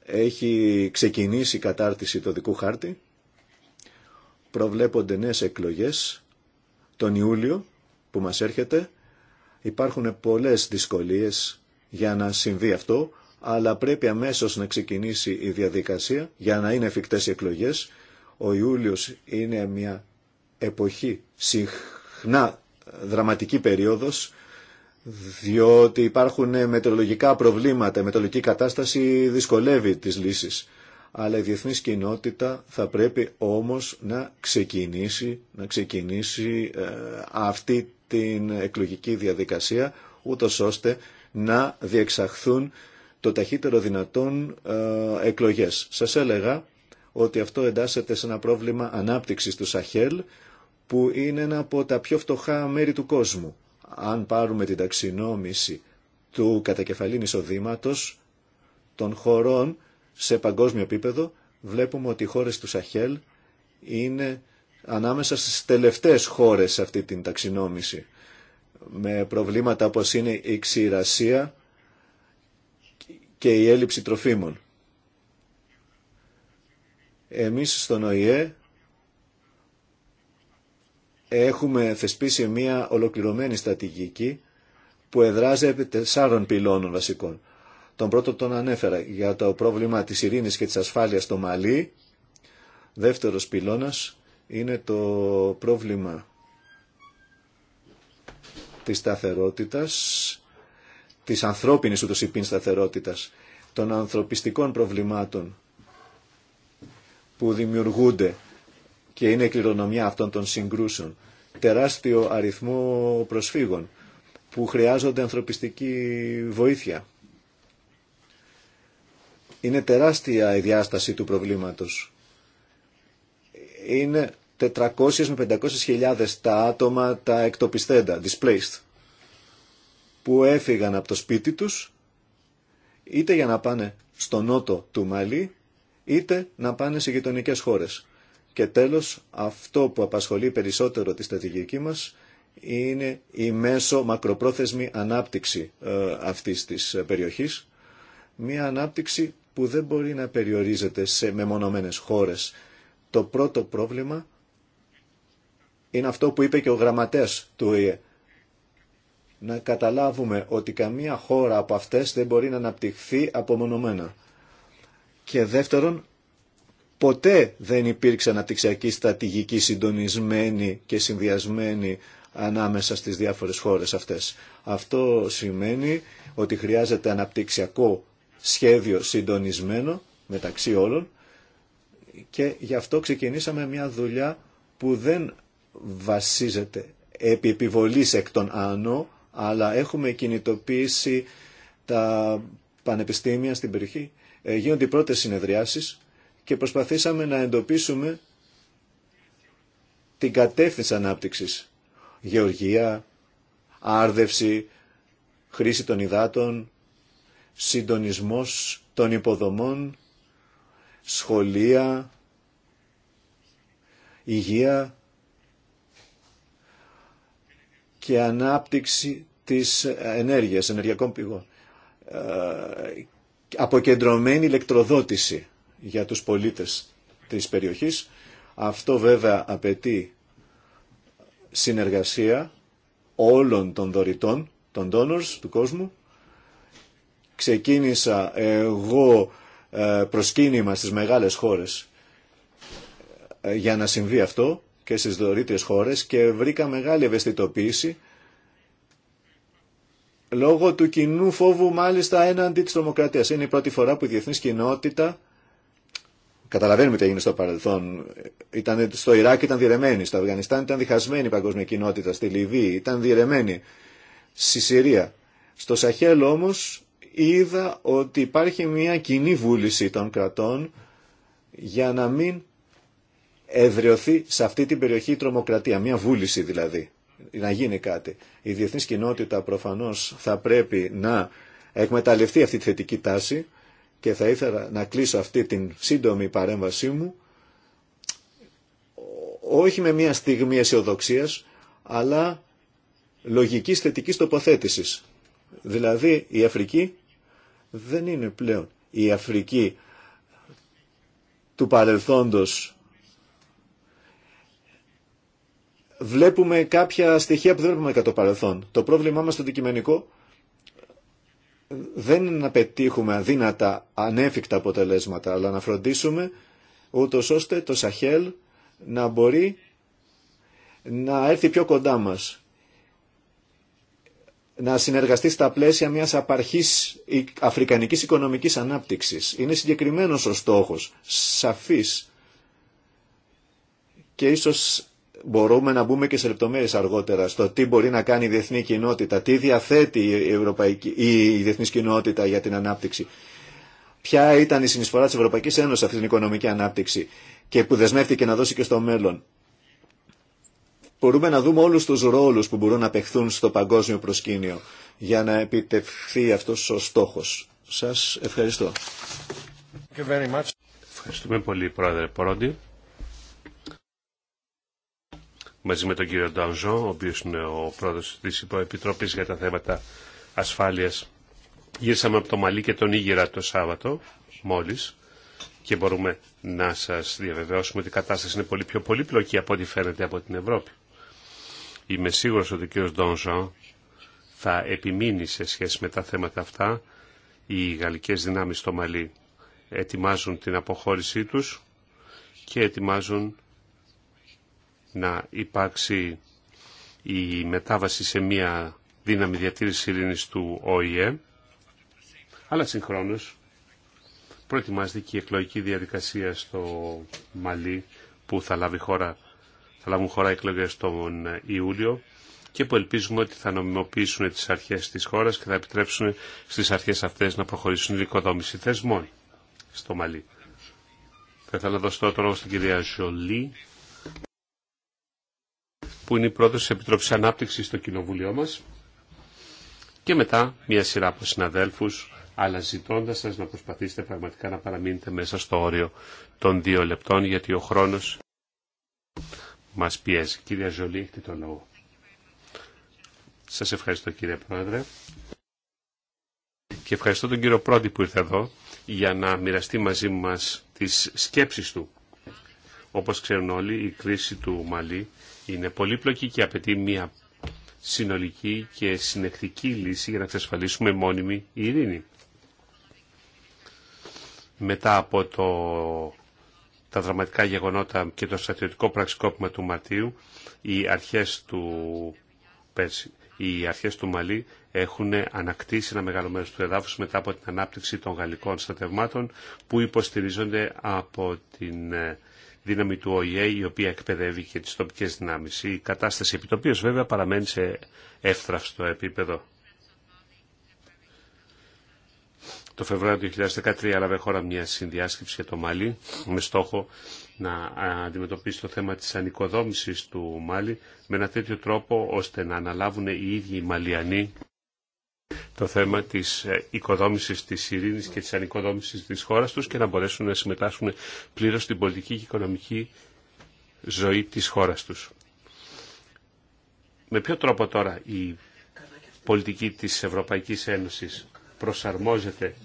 έχει ξεκινήσει η κατάρτιση του οδικού χάρτη. Προβλέπονται νέες εκλογές τον Ιούλιο που μας έρχεται. Υπάρχουν πολλές δυσκολίες για να συμβεί αυτό, αλλά πρέπει αμέσως να ξεκινήσει η διαδικασία για να είναι εφικτές οι εκλογές. Ο Ιούλιος είναι μια εποχή συχνά δραματική περίοδος διότι υπάρχουν μετεωρολογικά προβλήματα, η μετεωρολογική κατάσταση δυσκολεύει τις λύσεις. Αλλά η διεθνής κοινότητα θα πρέπει όμως να ξεκινήσει, να ξεκινήσει ε, αυτή την εκλογική διαδικασία, ούτως ώστε να διεξαχθούν το ταχύτερο δυνατόν ε, εκλογές. Σας έλεγα ότι αυτό εντάσσεται σε ένα πρόβλημα ανάπτυξης του Σαχέλ, που είναι ένα από τα πιο φτωχά μέρη του κόσμου αν πάρουμε την ταξινόμηση του κατακεφαλήν εισοδήματο των χωρών σε παγκόσμιο επίπεδο, βλέπουμε ότι οι χώρες του Σαχέλ είναι ανάμεσα στις τελευταίες χώρες σε αυτή την ταξινόμηση, με προβλήματα όπως είναι η ξηρασία και η έλλειψη τροφίμων. Εμείς στον ΟΗΕ έχουμε θεσπίσει μια ολοκληρωμένη στρατηγική που εδράζεται τεσσάρων πυλώνων βασικών. Τον πρώτο τον ανέφερα για το πρόβλημα της ειρήνης και της ασφάλειας στο Μαλί. Δεύτερος πυλώνας είναι το πρόβλημα της σταθερότητας, της ανθρώπινης ούτως υπήν σταθερότητας, των ανθρωπιστικών προβλημάτων που δημιουργούνται και είναι η κληρονομιά αυτών των συγκρούσεων. Τεράστιο αριθμό προσφύγων που χρειάζονται ανθρωπιστική βοήθεια. Είναι τεράστια η διάσταση του προβλήματος. Είναι 400 με 500 χιλιάδες τα άτομα τα εκτοπιστέντα, displaced, που έφυγαν από το σπίτι τους, είτε για να πάνε στο νότο του Μαλή, είτε να πάνε σε γειτονικές χώρες. Και τέλος, αυτό που απασχολεί περισσότερο τη στρατηγική μας είναι η μέσο μακροπρόθεσμη ανάπτυξη ε, αυτής της περιοχής. Μία ανάπτυξη που δεν μπορεί να περιορίζεται σε μεμονωμένες χώρες. Το πρώτο πρόβλημα είναι αυτό που είπε και ο γραμματέας του ΟΗΕ. Να καταλάβουμε ότι καμία χώρα από αυτές δεν μπορεί να αναπτυχθεί απομονωμένα. Και δεύτερον, Ποτέ δεν υπήρξε αναπτυξιακή στρατηγική συντονισμένη και συνδυασμένη ανάμεσα στις διάφορες χώρες αυτές. Αυτό σημαίνει ότι χρειάζεται αναπτυξιακό σχέδιο συντονισμένο μεταξύ όλων και γι' αυτό ξεκινήσαμε μια δουλειά που δεν βασίζεται επί επιβολής εκ των άνω, αλλά έχουμε κινητοποιήσει τα πανεπιστήμια στην περιοχή. Ε, γίνονται οι πρώτες συνεδριάσεις και προσπαθήσαμε να εντοπίσουμε την κατεύθυνση ανάπτυξης. Γεωργία, άρδευση, χρήση των υδάτων, συντονισμός των υποδομών, σχολεία, υγεία και ανάπτυξη της ενέργειας, ενεργειακών πηγών. Ε, αποκεντρωμένη ηλεκτροδότηση για τους πολίτες της περιοχής. Αυτό βέβαια απαιτεί συνεργασία όλων των δωρητών, των donors του κόσμου. Ξεκίνησα εγώ ε, προσκύνημα στις μεγάλες χώρες ε, για να συμβεί αυτό και στις δωρητές χώρες και βρήκα μεγάλη ευαισθητοποίηση λόγω του κοινού φόβου μάλιστα έναντι της τρομοκρατίας. Είναι η πρώτη φορά που η διεθνής κοινότητα Καταλαβαίνουμε τι έγινε στο παρελθόν. Ήταν, στο Ιράκ ήταν διερεμένη, στο Αφγανιστάν ήταν διχασμένη η παγκόσμια κοινότητα, στη Λιβύη ήταν διερεμένη, στη Συρία. Στο Σαχέλ όμως είδα ότι υπάρχει μια κοινή βούληση των κρατών για να μην εδραιωθεί σε αυτή την περιοχή η τρομοκρατία, μια βούληση δηλαδή, να γίνει κάτι. Η διεθνής κοινότητα προφανώς θα πρέπει να εκμεταλλευτεί αυτή τη θετική τάση και θα ήθελα να κλείσω αυτή την σύντομη παρέμβασή μου όχι με μια στιγμή αισιοδοξία, αλλά λογική θετική τοποθέτηση. Δηλαδή η Αφρική δεν είναι πλέον η Αφρική του παρελθόντος. Βλέπουμε κάποια στοιχεία που δεν βλέπουμε κατά το παρελθόν. Το πρόβλημά μας στο αντικειμενικό δεν είναι να πετύχουμε αδύνατα, ανέφικτα αποτελέσματα, αλλά να φροντίσουμε ούτω ώστε το Σαχέλ να μπορεί να έρθει πιο κοντά μας. Να συνεργαστεί στα πλαίσια μιας απαρχής αφρικανικής οικονομικής ανάπτυξης. Είναι συγκεκριμένος ο στόχος, σαφής και ίσως μπορούμε να μπούμε και σε λεπτομέρειες αργότερα στο τι μπορεί να κάνει η διεθνή κοινότητα, τι διαθέτει η, Ευρωπαϊκή, η διεθνής κοινότητα για την ανάπτυξη. Ποια ήταν η συνεισφορά της Ευρωπαϊκής Ένωσης σε αυτή την οικονομική ανάπτυξη και που δεσμεύτηκε να δώσει και στο μέλλον. Μπορούμε να δούμε όλους τους ρόλους που μπορούν να παιχθούν στο παγκόσμιο προσκήνιο για να επιτευχθεί αυτός ο στόχος. Σας ευχαριστώ. Ευχαριστούμε πολύ, Πρόεδρε Πορόντι μαζί με τον κύριο Ντανζό, ο οποίο είναι ο πρόεδρος τη Υποεπιτροπή για τα θέματα ασφάλειας. Γύρισαμε από το Μαλί και τον Ήγηρα το Σάββατο μόλι και μπορούμε να σα διαβεβαιώσουμε ότι η κατάσταση είναι πολύ πιο πολύπλοκη από ό,τι φαίνεται από την Ευρώπη. Είμαι σίγουρο ότι ο κύριο Ντόνζο θα επιμείνει σε σχέση με τα θέματα αυτά. Οι γαλλικέ δυνάμει στο Μαλί ετοιμάζουν την αποχώρησή του και ετοιμάζουν να υπάρξει η μετάβαση σε μια δύναμη διατήρηση ειρήνης του ΟΗΕ, αλλά συγχρόνως προετοιμάζεται και η εκλογική διαδικασία στο Μαλί που θα, λάβει χώρα, θα λάβουν χώρα εκλογές τον Ιούλιο και που ελπίζουμε ότι θα νομιμοποιήσουν τις αρχές της χώρας και θα επιτρέψουν στις αρχές αυτές να προχωρήσουν η δικοδόμηση θεσμών στο Μαλί. Θα ήθελα να δώσω τώρα το λόγο στην κυρία Ζολή που είναι η πρόεδρος της Επιτροπής Ανάπτυξης στο Κοινοβουλίο μας και μετά μια σειρά από συναδέλφους αλλά ζητώντα σα να προσπαθήσετε πραγματικά να παραμείνετε μέσα στο όριο των δύο λεπτών, γιατί ο χρόνος μας πιέζει. Κύριε Ζωλή, έχετε το λόγο. Σα ευχαριστώ, κύριε Πρόεδρε. Και ευχαριστώ τον κύριο Πρόντι που ήρθε εδώ για να μοιραστεί μαζί μας τις σκέψεις του. Όπως ξέρουν όλοι, η κρίση του Μαλή είναι πολύπλοκη και απαιτεί μια συνολική και συνεκτική λύση για να εξασφαλίσουμε μόνιμη ειρήνη. Μετά από το, τα δραματικά γεγονότα και το στρατιωτικό πραξικόπημα του Μαρτίου, οι αρχές του οι αρχές του Μαλή έχουν ανακτήσει ένα μεγάλο μέρος του εδάφους μετά από την ανάπτυξη των γαλλικών στρατευμάτων που υποστηρίζονται από την ε, δύναμη του ΟΗΕ η οποία εκπαιδεύει και τις τοπικές δυνάμεις. Η κατάσταση το βέβαια παραμένει σε εύθραυστο επίπεδο. Το Φεβρουάριο του 2013 έλαβε χώρα μια συνδιάσκεψη για το Μάλι με στόχο να αντιμετωπίσει το θέμα της ανοικοδόμησης του Μάλι με ένα τέτοιο τρόπο ώστε να αναλάβουν οι ίδιοι οι Μαλιανοί το θέμα της ε, οικοδόμησης της ειρήνης και της ανοικοδόμησης της χώρας τους και να μπορέσουν να συμμετάσχουν πλήρως στην πολιτική και οικονομική ζωή της χώρας τους. Με ποιο τρόπο τώρα η πολιτική της Ευρωπαϊκής Ένωσης προσαρμόζεται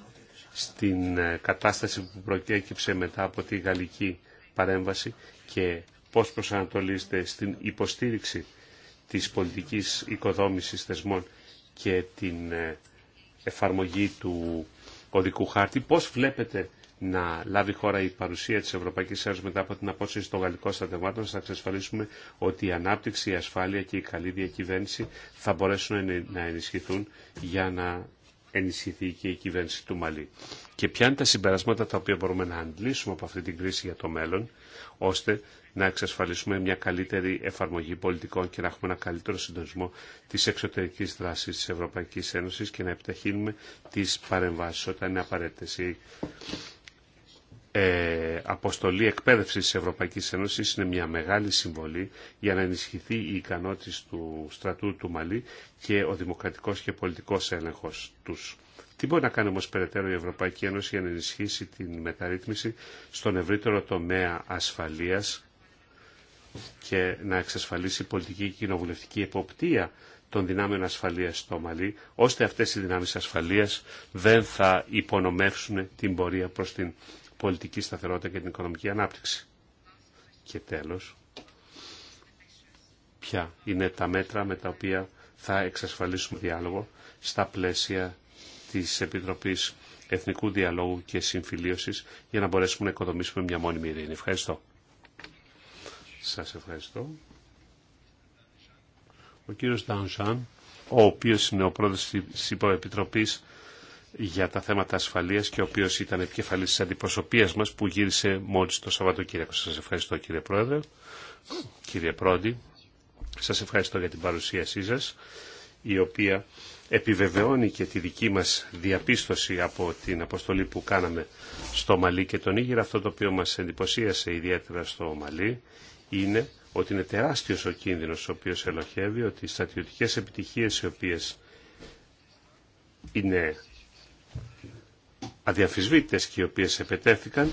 στην ε, κατάσταση που προκέκυψε μετά από τη γαλλική παρέμβαση και πώς προσανατολίζεται στην υποστήριξη της πολιτικής οικοδόμησης θεσμών και την ε, εφαρμογή του οδικού χάρτη. Πώς βλέπετε να λάβει χώρα η παρουσία της Ευρωπαϊκής Ένωσης μετά από την απόσυρση των γαλλικών στρατευμάτων, θα εξασφαλίσουμε ότι η ανάπτυξη, η ασφάλεια και η καλή διακυβέρνηση θα μπορέσουν να ενισχυθούν για να ενισχυθεί και η κυβέρνηση του Μαλή. Και ποια είναι τα συμπεράσματα τα οποία μπορούμε να αντλήσουμε από αυτή την κρίση για το μέλλον ώστε να εξασφαλίσουμε μια καλύτερη εφαρμογή πολιτικών και να έχουμε ένα καλύτερο συντονισμό της εξωτερικής δράσης της Ευρωπαϊκής Ένωσης και να επιταχύνουμε τις παρεμβάσεις όταν είναι απαραίτητες. Η ε, αποστολή εκπαίδευση της Ευρωπαϊκής Ένωσης είναι μια μεγάλη συμβολή για να ενισχυθεί η ικανότητα του στρατού του Μαλή και ο δημοκρατικός και πολιτικός έλεγχος τους. Τι μπορεί να κάνει όμω περαιτέρω η Ευρωπαϊκή Ένωση για να ενισχύσει την μεταρρύθμιση στον ευρύτερο τομέα ασφαλεία και να εξασφαλίσει πολιτική και κοινοβουλευτική εποπτεία των δυνάμεων ασφαλείας στο Μαλί, ώστε αυτές οι δυνάμεις ασφαλείας δεν θα υπονομεύσουν την πορεία προς την πολιτική σταθερότητα και την οικονομική ανάπτυξη. Και τέλος, ποια είναι τα μέτρα με τα οποία θα εξασφαλίσουμε διάλογο στα πλαίσια της Επιτροπής Εθνικού Διαλόγου και Συμφιλίωσης για να μπορέσουμε να οικοδομήσουμε μια μόνιμη ειρήνη. Ευχαριστώ. Σας ευχαριστώ. Ο κύριος Ντανζάν, ο οποίος είναι ο πρόεδρος της Υποεπιτροπής για τα θέματα ασφαλείας και ο οποίος ήταν επικεφαλής της αντιπροσωπείας μας που γύρισε μόλις το Σαββατοκύριακο. Σας ευχαριστώ κύριε Πρόεδρε, κύριε Πρόντι, σας ευχαριστώ για την παρουσίασή σας η οποία επιβεβαιώνει και τη δική μας διαπίστωση από την αποστολή που κάναμε στο Μαλί και τον Ήγηρα. Αυτό το οποίο μας εντυπωσίασε ιδιαίτερα στο Μαλί είναι ότι είναι τεράστιος ο κίνδυνος ο οποίος ελοχεύει, ότι οι στατιωτικέ επιτυχίες οι οποίες είναι αδιαφυσβήτητες και οι οποίες επετέθηκαν,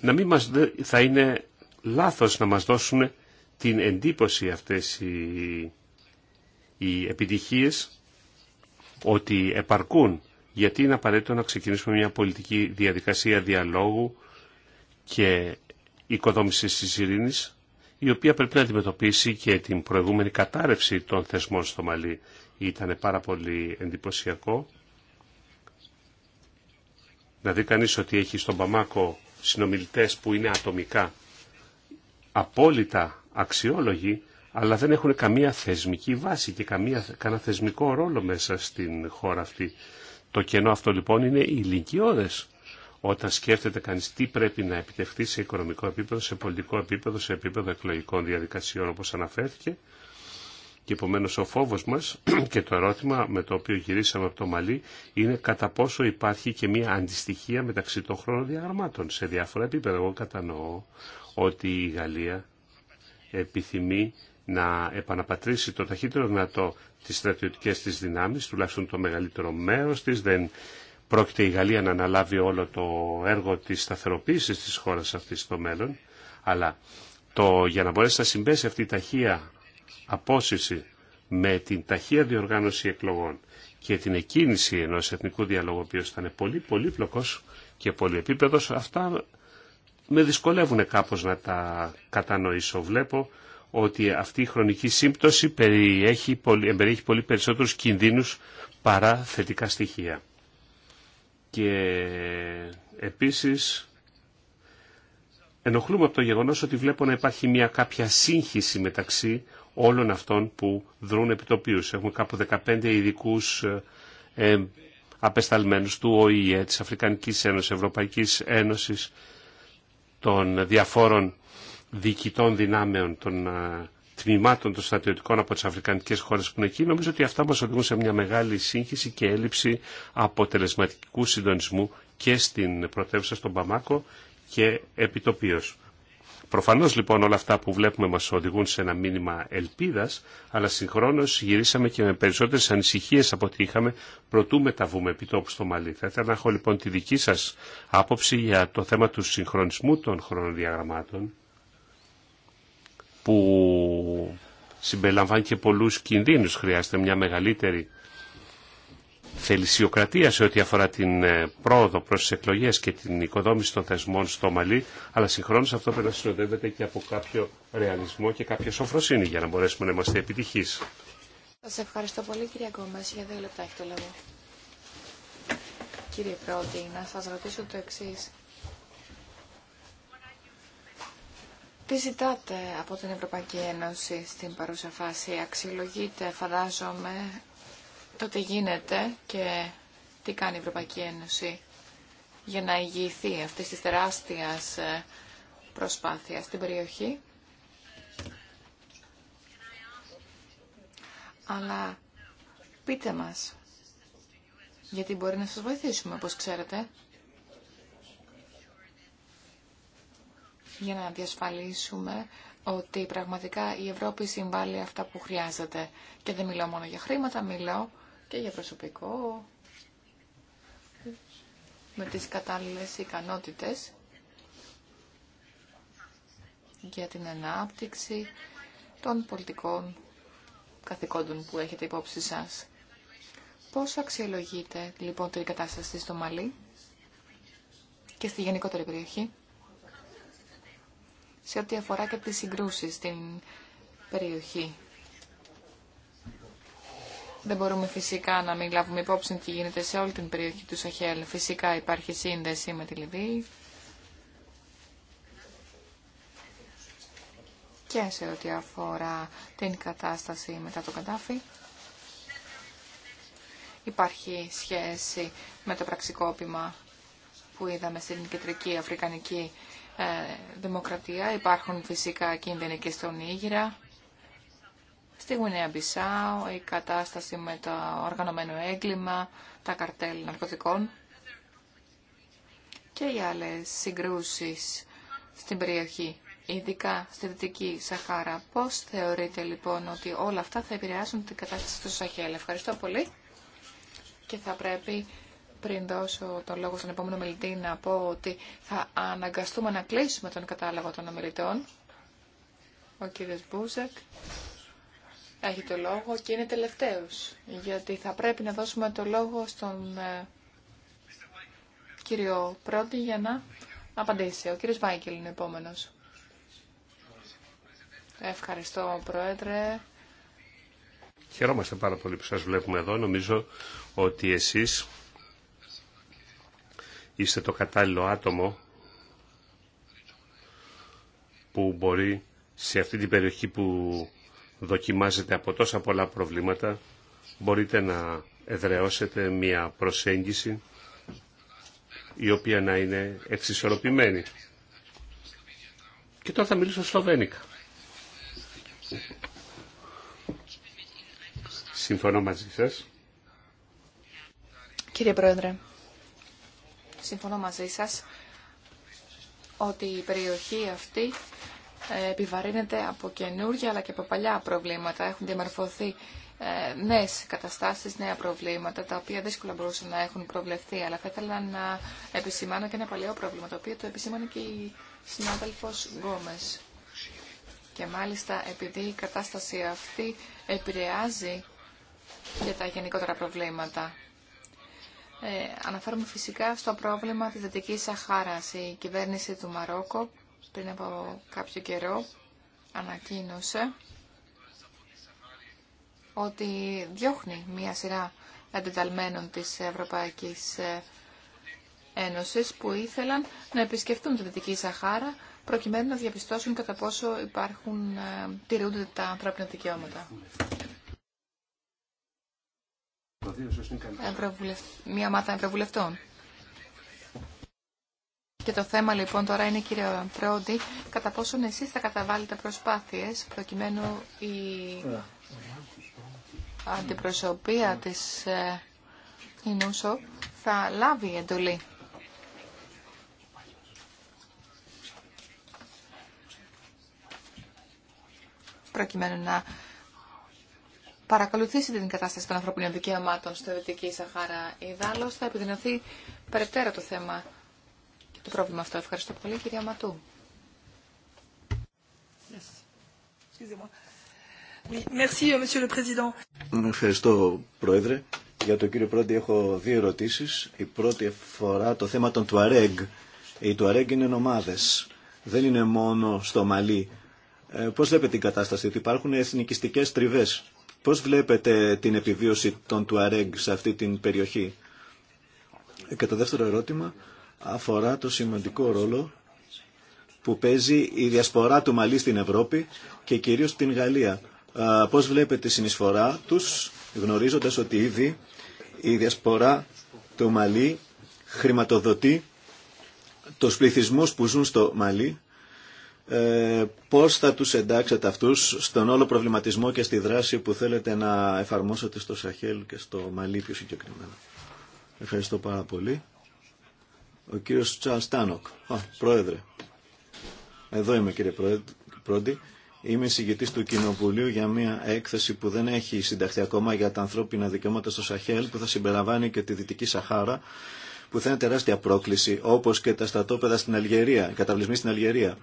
να μην μας, θα είναι λάθος να μας δώσουν την εντύπωση αυτές οι, οι επιτυχίες ότι επαρκούν γιατί είναι απαραίτητο να ξεκινήσουμε μια πολιτική διαδικασία διαλόγου και οικοδομηση τη ειρήνης, η οποία πρέπει να αντιμετωπίσει και την προηγούμενη κατάρρευση των θεσμών στο Μαλί. Ήταν πάρα πολύ εντυπωσιακό να δει κανεί ότι έχει στον Παμάκο συνομιλητέ που είναι ατομικά απόλυτα αξιόλογοι αλλά δεν έχουν καμία θεσμική βάση και καμία, κανένα θεσμικό ρόλο μέσα στην χώρα αυτή. Το κενό αυτό λοιπόν είναι ηλικιώδες όταν σκέφτεται κανείς τι πρέπει να επιτευχθεί σε οικονομικό επίπεδο, σε πολιτικό επίπεδο, σε επίπεδο εκλογικών διαδικασιών όπως αναφέρθηκε. Και επομένω ο φόβος μας και το ερώτημα με το οποίο γυρίσαμε από το Μαλί είναι κατά πόσο υπάρχει και μια αντιστοιχία μεταξύ των χρονοδιαγραμμάτων σε διάφορα επίπεδα. Εγώ κατανοώ ότι η Γαλλία επιθυμεί να επαναπατρίσει το ταχύτερο δυνατό τις στρατιωτικές της δυνάμεις, τουλάχιστον το μεγαλύτερο μέρος της. Δεν πρόκειται η Γαλλία να αναλάβει όλο το έργο της σταθεροποίησης της χώρας αυτής στο μέλλον, αλλά το, για να μπορέσει να συμπέσει αυτή η ταχεία απόσυση με την ταχεία διοργάνωση εκλογών και την εκκίνηση ενός εθνικού διαλόγου, ο οποίος ήταν πολύ πολύπλοκος και πολυεπίπεδος, αυτά με δυσκολεύουν κάπως να τα κατανοήσω. Βλέπω ότι αυτή η χρονική σύμπτωση περιέχει πολύ, περιέχει πολύ περισσότερους κινδύνους παρά θετικά στοιχεία. Και επίσης ενοχλούμε από το γεγονός ότι βλέπω να υπάρχει μια κάποια σύγχυση μεταξύ όλων αυτών που δρούν επιτοπίους. Έχουμε κάπου 15 ειδικού ε, ε, απεσταλμένους του ΟΗΕ, της Αφρικανικής Ένωσης, Ευρωπαϊκής Ένωσης, των διαφόρων διοικητών δυνάμεων των τμήματων των στρατιωτικών από τις αφρικανικές χώρες που είναι εκεί, νομίζω ότι αυτά μας οδηγούν σε μια μεγάλη σύγχυση και έλλειψη αποτελεσματικού συντονισμού και στην πρωτεύουσα στον Παμάκο και επί επιτοπίως. Προφανώς λοιπόν όλα αυτά που βλέπουμε μας οδηγούν σε ένα μήνυμα ελπίδας, αλλά συγχρόνως γυρίσαμε και με περισσότερες ανησυχίες από ό,τι είχαμε προτού μεταβούμε επιτόπου στο Μαλί. Θα ήθελα να έχω λοιπόν τη δική σας άποψη για το θέμα του συγχρονισμού των χρονοδιαγραμμάτων που συμπεριλαμβάνει και πολλούς κινδύνους. Χρειάζεται μια μεγαλύτερη θελησιοκρατία σε ό,τι αφορά την ε, πρόοδο προς τις εκλογές και την οικοδόμηση των θεσμών στο Μαλί, αλλά συγχρόνως αυτό πρέπει να συνοδεύεται και από κάποιο ρεαλισμό και κάποια σοφροσύνη για να μπορέσουμε να είμαστε επιτυχείς. Σας ευχαριστώ πολύ κυρία Για δύο λεπτά έχει λόγο. Κύριε Πρόεδρε, να σας ρωτήσω το εξής. Τι ζητάτε από την Ευρωπαϊκή Ένωση στην παρούσα φάση. Αξιολογείτε, φαντάζομαι, το τι γίνεται και τι κάνει η Ευρωπαϊκή Ένωση για να ηγηθεί αυτή τη τεράστια ε, προσπάθεια στην περιοχή. Αλλά πείτε μας, γιατί μπορεί να σας βοηθήσουμε, όπως ξέρετε. για να διασφαλίσουμε ότι πραγματικά η Ευρώπη συμβάλλει αυτά που χρειάζεται. Και δεν μιλάω μόνο για χρήματα, μιλάω και για προσωπικό, με τις κατάλληλες ικανότητες για την ανάπτυξη των πολιτικών καθηκόντων που έχετε υπόψη σας. Πώς αξιολογείτε λοιπόν την κατάσταση στο Μαλί και στη γενικότερη περιοχή σε ό,τι αφορά και τις συγκρούσεις στην περιοχή. Δεν μπορούμε φυσικά να μην λάβουμε υπόψη τι γίνεται σε όλη την περιοχή του Σαχέλ. Φυσικά υπάρχει σύνδεση με τη Λιβύη. Και σε ό,τι αφορά την κατάσταση μετά το κατάφη. Υπάρχει σχέση με το πραξικόπημα που είδαμε στην Κεντρική Αφρικανική ε, δημοκρατία. Υπάρχουν φυσικά κίνδυνοι και στον Ήγυρα, Στη Γουινέα Μπισάου, η κατάσταση με το οργανωμένο έγκλημα, τα καρτέλ ναρκωτικών και οι άλλες συγκρούσεις στην περιοχή, ειδικά στη Δυτική Σαχάρα. Πώς θεωρείτε λοιπόν ότι όλα αυτά θα επηρεάσουν την κατάσταση του Σαχέλ. Ευχαριστώ πολύ και θα πρέπει πριν δώσω το λόγο στον επόμενο μιλητή να πω ότι θα αναγκαστούμε να κλείσουμε τον κατάλογο των ομιλητών. Ο κύριος Μπούζεκ έχει το λόγο και είναι τελευταίος, γιατί θα πρέπει να δώσουμε το λόγο στον ε, κύριο Πρώτη για να απαντήσει. Ο κύριος Βάικελ είναι επόμενος. Ευχαριστώ, Πρόεδρε. Χαιρόμαστε πάρα πολύ που σας βλέπουμε εδώ. Νομίζω ότι εσείς είστε το κατάλληλο άτομο που μπορεί σε αυτή την περιοχή που δοκιμάζεται από τόσα πολλά προβλήματα μπορείτε να εδραιώσετε μια προσέγγιση η οποία να είναι εξισορροπημένη. Και τώρα θα μιλήσω στο σλοβένικα. Συμφωνώ μαζί σας. Κύριε Πρόεδρε, συμφωνώ μαζί σας ότι η περιοχή αυτή ε, επιβαρύνεται από καινούργια αλλά και από παλιά προβλήματα. Έχουν διαμορφωθεί ε, νέε καταστάσει, νέα προβλήματα, τα οποία δύσκολα μπορούσαν να έχουν προβλεφθεί. Αλλά θα ήθελα να επισημάνω και ένα παλαιό πρόβλημα, το οποίο το επισήμανε και η συνάδελφο Γκόμε. Και μάλιστα επειδή η κατάσταση αυτή επηρεάζει και τα γενικότερα προβλήματα. Ε, φυσικά στο πρόβλημα της Δυτικής Σαχάρας. Η κυβέρνηση του Μαρόκο πριν από κάποιο καιρό ανακοίνωσε ότι διώχνει μία σειρά εντεταλμένων της Ευρωπαϊκής ε, Ένωσης που ήθελαν να επισκεφτούν τη Δυτική Σαχάρα προκειμένου να διαπιστώσουν κατά πόσο υπάρχουν, ε, τηρούνται τα ανθρώπινα δικαιώματα μια ομάδα ευρωβουλευτών. Και το θέμα λοιπόν τώρα είναι κύριε Πρόντι, κατά πόσον εσείς θα καταβάλλετε προσπάθειες προκειμένου η αντιπροσωπεία της ε, Ινούσο θα λάβει εντολή. προκειμένου να παρακολουθήσει την κατάσταση των ανθρωπίνων δικαιωμάτων στη Δυτική Σαχάρα. Ιδάλω θα επιδεινωθεί περαιτέρω το θέμα και το πρόβλημα αυτό. Ευχαριστώ πολύ, κυρία Ματού. Euh, Ευχαριστώ, Πρόεδρε. Για τον κύριο Πρόεδρε έχω δύο ερωτήσεις. Η πρώτη αφορά το θέμα των Τουαρέγ. Οι Τουαρέγ είναι ομάδες. Δεν είναι μόνο στο Μαλί. Ε, πώς βλέπετε την κατάσταση, ότι υπάρχουν εθνικιστικές τριβές Πώς βλέπετε την επιβίωση των Τουαρέγ σε αυτή την περιοχή. Και το δεύτερο ερώτημα αφορά το σημαντικό ρόλο που παίζει η διασπορά του Μαλή στην Ευρώπη και κυρίως στην Γαλλία. Πώς βλέπετε τη συνεισφορά τους, γνωρίζοντας ότι ήδη η διασπορά του Μαλή χρηματοδοτεί τους πληθυσμούς που ζουν στο Μαλή ε, πώς θα τους εντάξετε αυτούς στον όλο προβληματισμό και στη δράση που θέλετε να εφαρμόσετε στο Σαχέλ και στο Μαλί πιο συγκεκριμένα. Ευχαριστώ πάρα πολύ. Ο κύριος Τσάρλς Τάνοκ. Α, πρόεδρε. Εδώ είμαι κύριε πρόεδρε. Είμαι συγκητής του Κοινοβουλίου για μια έκθεση που δεν έχει συνταχθεί ακόμα για τα ανθρώπινα δικαιώματα στο Σαχέλ που θα συμπεραβάνει και τη Δυτική Σαχάρα που θα είναι τεράστια πρόκληση όπως και τα στρατόπεδα στην Αλγερία, οι στην Αλγερία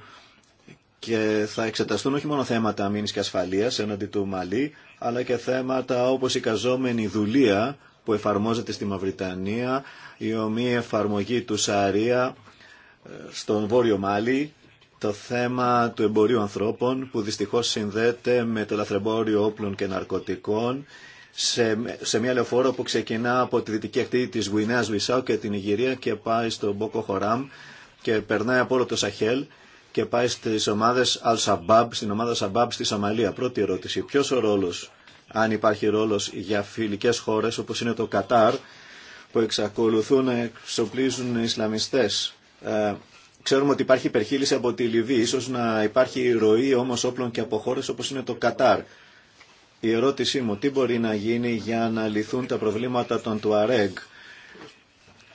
και θα εξεταστούν όχι μόνο θέματα αμήνης και ασφαλείας έναντι του Μαλή, αλλά και θέματα όπως η καζόμενη δουλεία που εφαρμόζεται στη Μαυριτανία, η ομοίη εφαρμογή του Σαρία ε, στον Βόρειο Μάλι, το θέμα του εμπορίου ανθρώπων που δυστυχώς συνδέεται με το λαθρεμπόριο όπλων και ναρκωτικών σε, μια λεωφόρο που ξεκινά από τη δυτική ακτή της Γουινέας Βυσάου και την Ιγυρία και πάει στο Μπόκο Χοράμ και περνάει από όλο το Σαχέλ και πάει στις ομάδες Al-Shabaab, στην ομάδα Shabaab στη Σαμαλία. Πρώτη ερώτηση, ποιος ο ρόλος, αν υπάρχει ρόλος για φιλικές χώρες όπως είναι το Κατάρ, που εξακολουθούν να εξοπλίζουν οι Ισλαμιστές. Ε, ξέρουμε ότι υπάρχει υπερχείληση από τη Λιβύη, ίσως να υπάρχει ροή όμως όπλων και από χώρες όπως είναι το Κατάρ. Η ερώτησή μου, τι μπορεί να γίνει για να λυθούν τα προβλήματα των του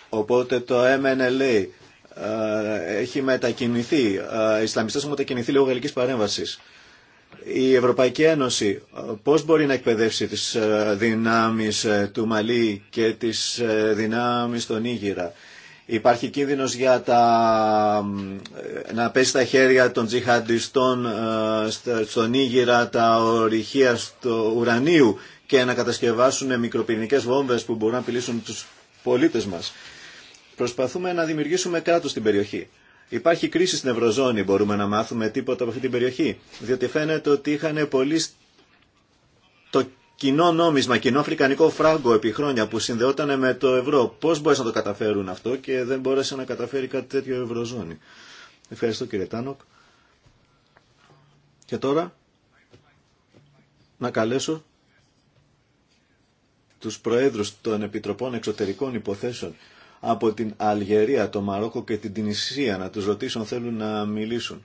Οπότε το MNLA ε, έχει μετακινηθεί. Ε, οι Ισλαμιστές έχουν μετακινηθεί λόγω γαλλικής παρέμβασης. Η Ευρωπαϊκή Ένωση ε, πώς μπορεί να εκπαιδεύσει τις δυνάμεις του Μαλή και τις δυνάμεις των Ήγυρα. Υπάρχει κίνδυνος για τα, να πέσει στα χέρια των τζιχαντιστών στον Ήγυρα τα ορυχεία του ουρανίου και να κατασκευάσουν μικροπυρηνικές βόμβες που μπορούν να απειλήσουν τους πολίτες μας. Προσπαθούμε να δημιουργήσουμε κράτο στην περιοχή. Υπάρχει κρίση στην Ευρωζώνη, μπορούμε να μάθουμε τίποτα από αυτή την περιοχή. Διότι φαίνεται ότι είχαν πολύ το κοινό νόμισμα, κοινό αφρικανικό φράγκο επί χρόνια που συνδεόταν με το ευρώ. Πώ μπορεί να το καταφέρουν αυτό και δεν μπόρεσε να καταφέρει κάτι τέτοιο η Ευρωζώνη. Ευχαριστώ κύριε Τάνοκ. Και τώρα να καλέσω τους προέδρους των Επιτροπών Εξωτερικών Υποθέσεων από την Αλγερία, το Μαρόκο και την Τινησία να τους ρωτήσουν θέλουν να μιλήσουν.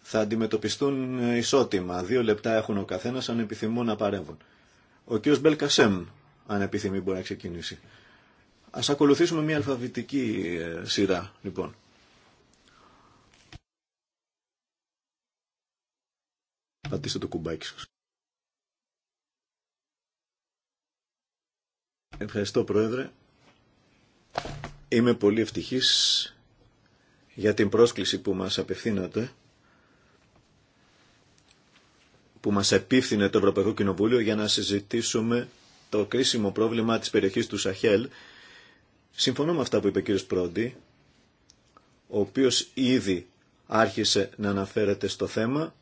Θα αντιμετωπιστούν ισότιμα. Δύο λεπτά έχουν ο καθένας αν επιθυμούν να παρέμβουν. Ο κ. Μπελκασέμ, αν επιθυμεί, μπορεί να ξεκινήσει. Ας ακολουθήσουμε μια αλφαβητική ε, σειρά, λοιπόν. Πατήστε το κουμπάκι σας. Ευχαριστώ, Πρόεδρε. Είμαι πολύ ευτυχής για την πρόσκληση που μας απευθύνατε, που μας επίφθινε το Ευρωπαϊκό Κοινοβούλιο για να συζητήσουμε το κρίσιμο πρόβλημα της περιοχής του Σαχέλ. Συμφωνώ με αυτά που είπε ο κύριος Πρόντι, ο οποίος ήδη άρχισε να αναφέρεται στο θέμα,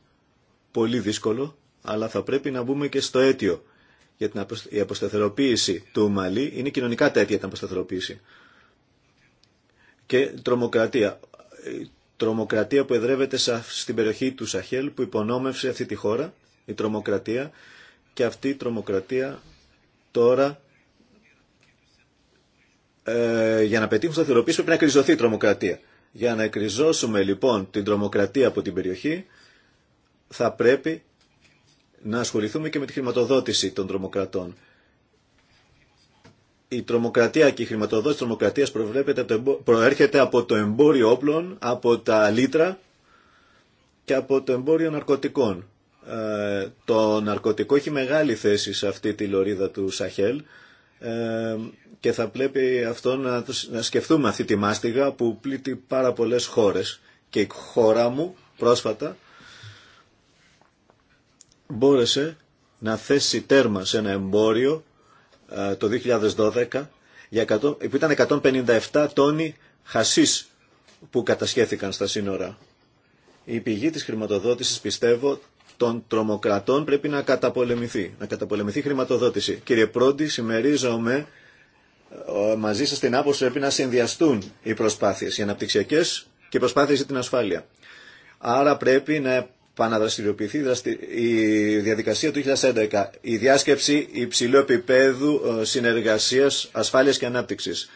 πολύ δύσκολο, αλλά θα πρέπει να μπούμε και στο αίτιο. Για την αποσταθεροποίηση του Μαλή είναι κοινωνικά τέτοια την αποσταθεροποίηση και τρομοκρατία. Η τρομοκρατία που εδρεύεται στην περιοχή του Σαχέλ που υπονόμευσε αυτή τη χώρα, η τρομοκρατία και αυτή η τρομοκρατία τώρα ε, για να πετύχουν σταθεροποίηση πρέπει να κρυζωθεί η τρομοκρατία. Για να εκριζώσουμε λοιπόν την τρομοκρατία από την περιοχή θα πρέπει να ασχοληθούμε και με τη χρηματοδότηση των τρομοκρατών η τρομοκρατία και η χρηματοδότηση τρομοκρατίας προέρχεται από το εμπόριο όπλων, από τα λίτρα και από το εμπόριο ναρκωτικών. Ε, το ναρκωτικό έχει μεγάλη θέση σε αυτή τη λωρίδα του Σαχέλ ε, και θα πρέπει αυτό να, να σκεφτούμε αυτή τη μάστιγα που πλήττει πάρα πολλές χώρες. Και η χώρα μου πρόσφατα μπόρεσε να θέσει τέρμα σε ένα εμπόριο ε, το 2012 για 100, που ήταν 157 τόνοι χασίς που κατασχέθηκαν στα σύνορα. Η πηγή της χρηματοδότησης πιστεύω των τρομοκρατών πρέπει να καταπολεμηθεί. Να καταπολεμηθεί η χρηματοδότηση. Κύριε Πρόντι, συμμερίζομαι ε, μαζί σας την άποψη πρέπει να συνδυαστούν οι προσπάθειες, οι αναπτυξιακές και οι προσπάθειες για την ασφάλεια. Άρα πρέπει να δραστηριοποιηθεί η διαδικασία του 2011, η διάσκεψη υψηλού επίπεδου ε, συνεργασίας ασφάλειας και ανάπτυξης.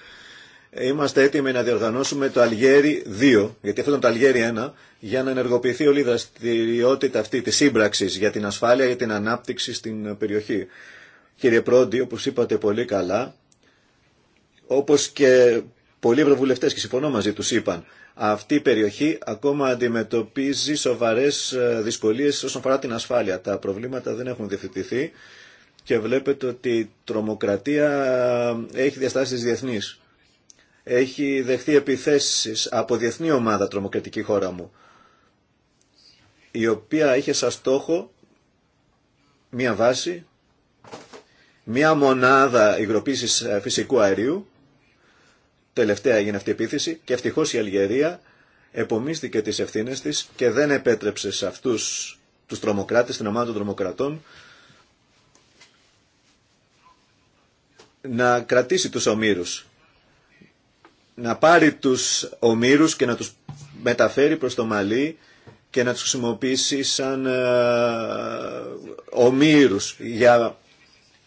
Είμαστε έτοιμοι να διοργανώσουμε το Αλγέρι 2, γιατί αυτό ήταν το Αλγέρι 1, για να ενεργοποιηθεί όλη η δραστηριότητα αυτή τη σύμπραξη για την ασφάλεια, και την ανάπτυξη στην ε, περιοχή. Κύριε Πρόντι, όπως είπατε πολύ καλά, όπως και πολλοί ευρωβουλευτές και συμφωνώ μαζί τους είπαν, αυτή η περιοχή ακόμα αντιμετωπίζει σοβαρές ε, δυσκολίες όσον αφορά την ασφάλεια. Τα προβλήματα δεν έχουν διευθυνθεί και βλέπετε ότι η τρομοκρατία ε, έχει διαστάσεις διεθνείς. Έχει δεχθεί επιθέσεις από διεθνή ομάδα τρομοκρατική χώρα μου, η οποία είχε σαν στόχο μία βάση, μία μονάδα υγροποίησης ε, φυσικού αερίου Τελευταία έγινε αυτή η επίθεση και ευτυχώ η Αλγερία επομίστηκε τι ευθύνε τη και δεν επέτρεψε σε αυτού του τρομοκράτε, την ομάδα των τρομοκρατών, να κρατήσει τους ομήρου. Να πάρει τους ομήρου και να τους μεταφέρει προς το Μαλί και να του χρησιμοποιήσει σαν ε, ομήρου για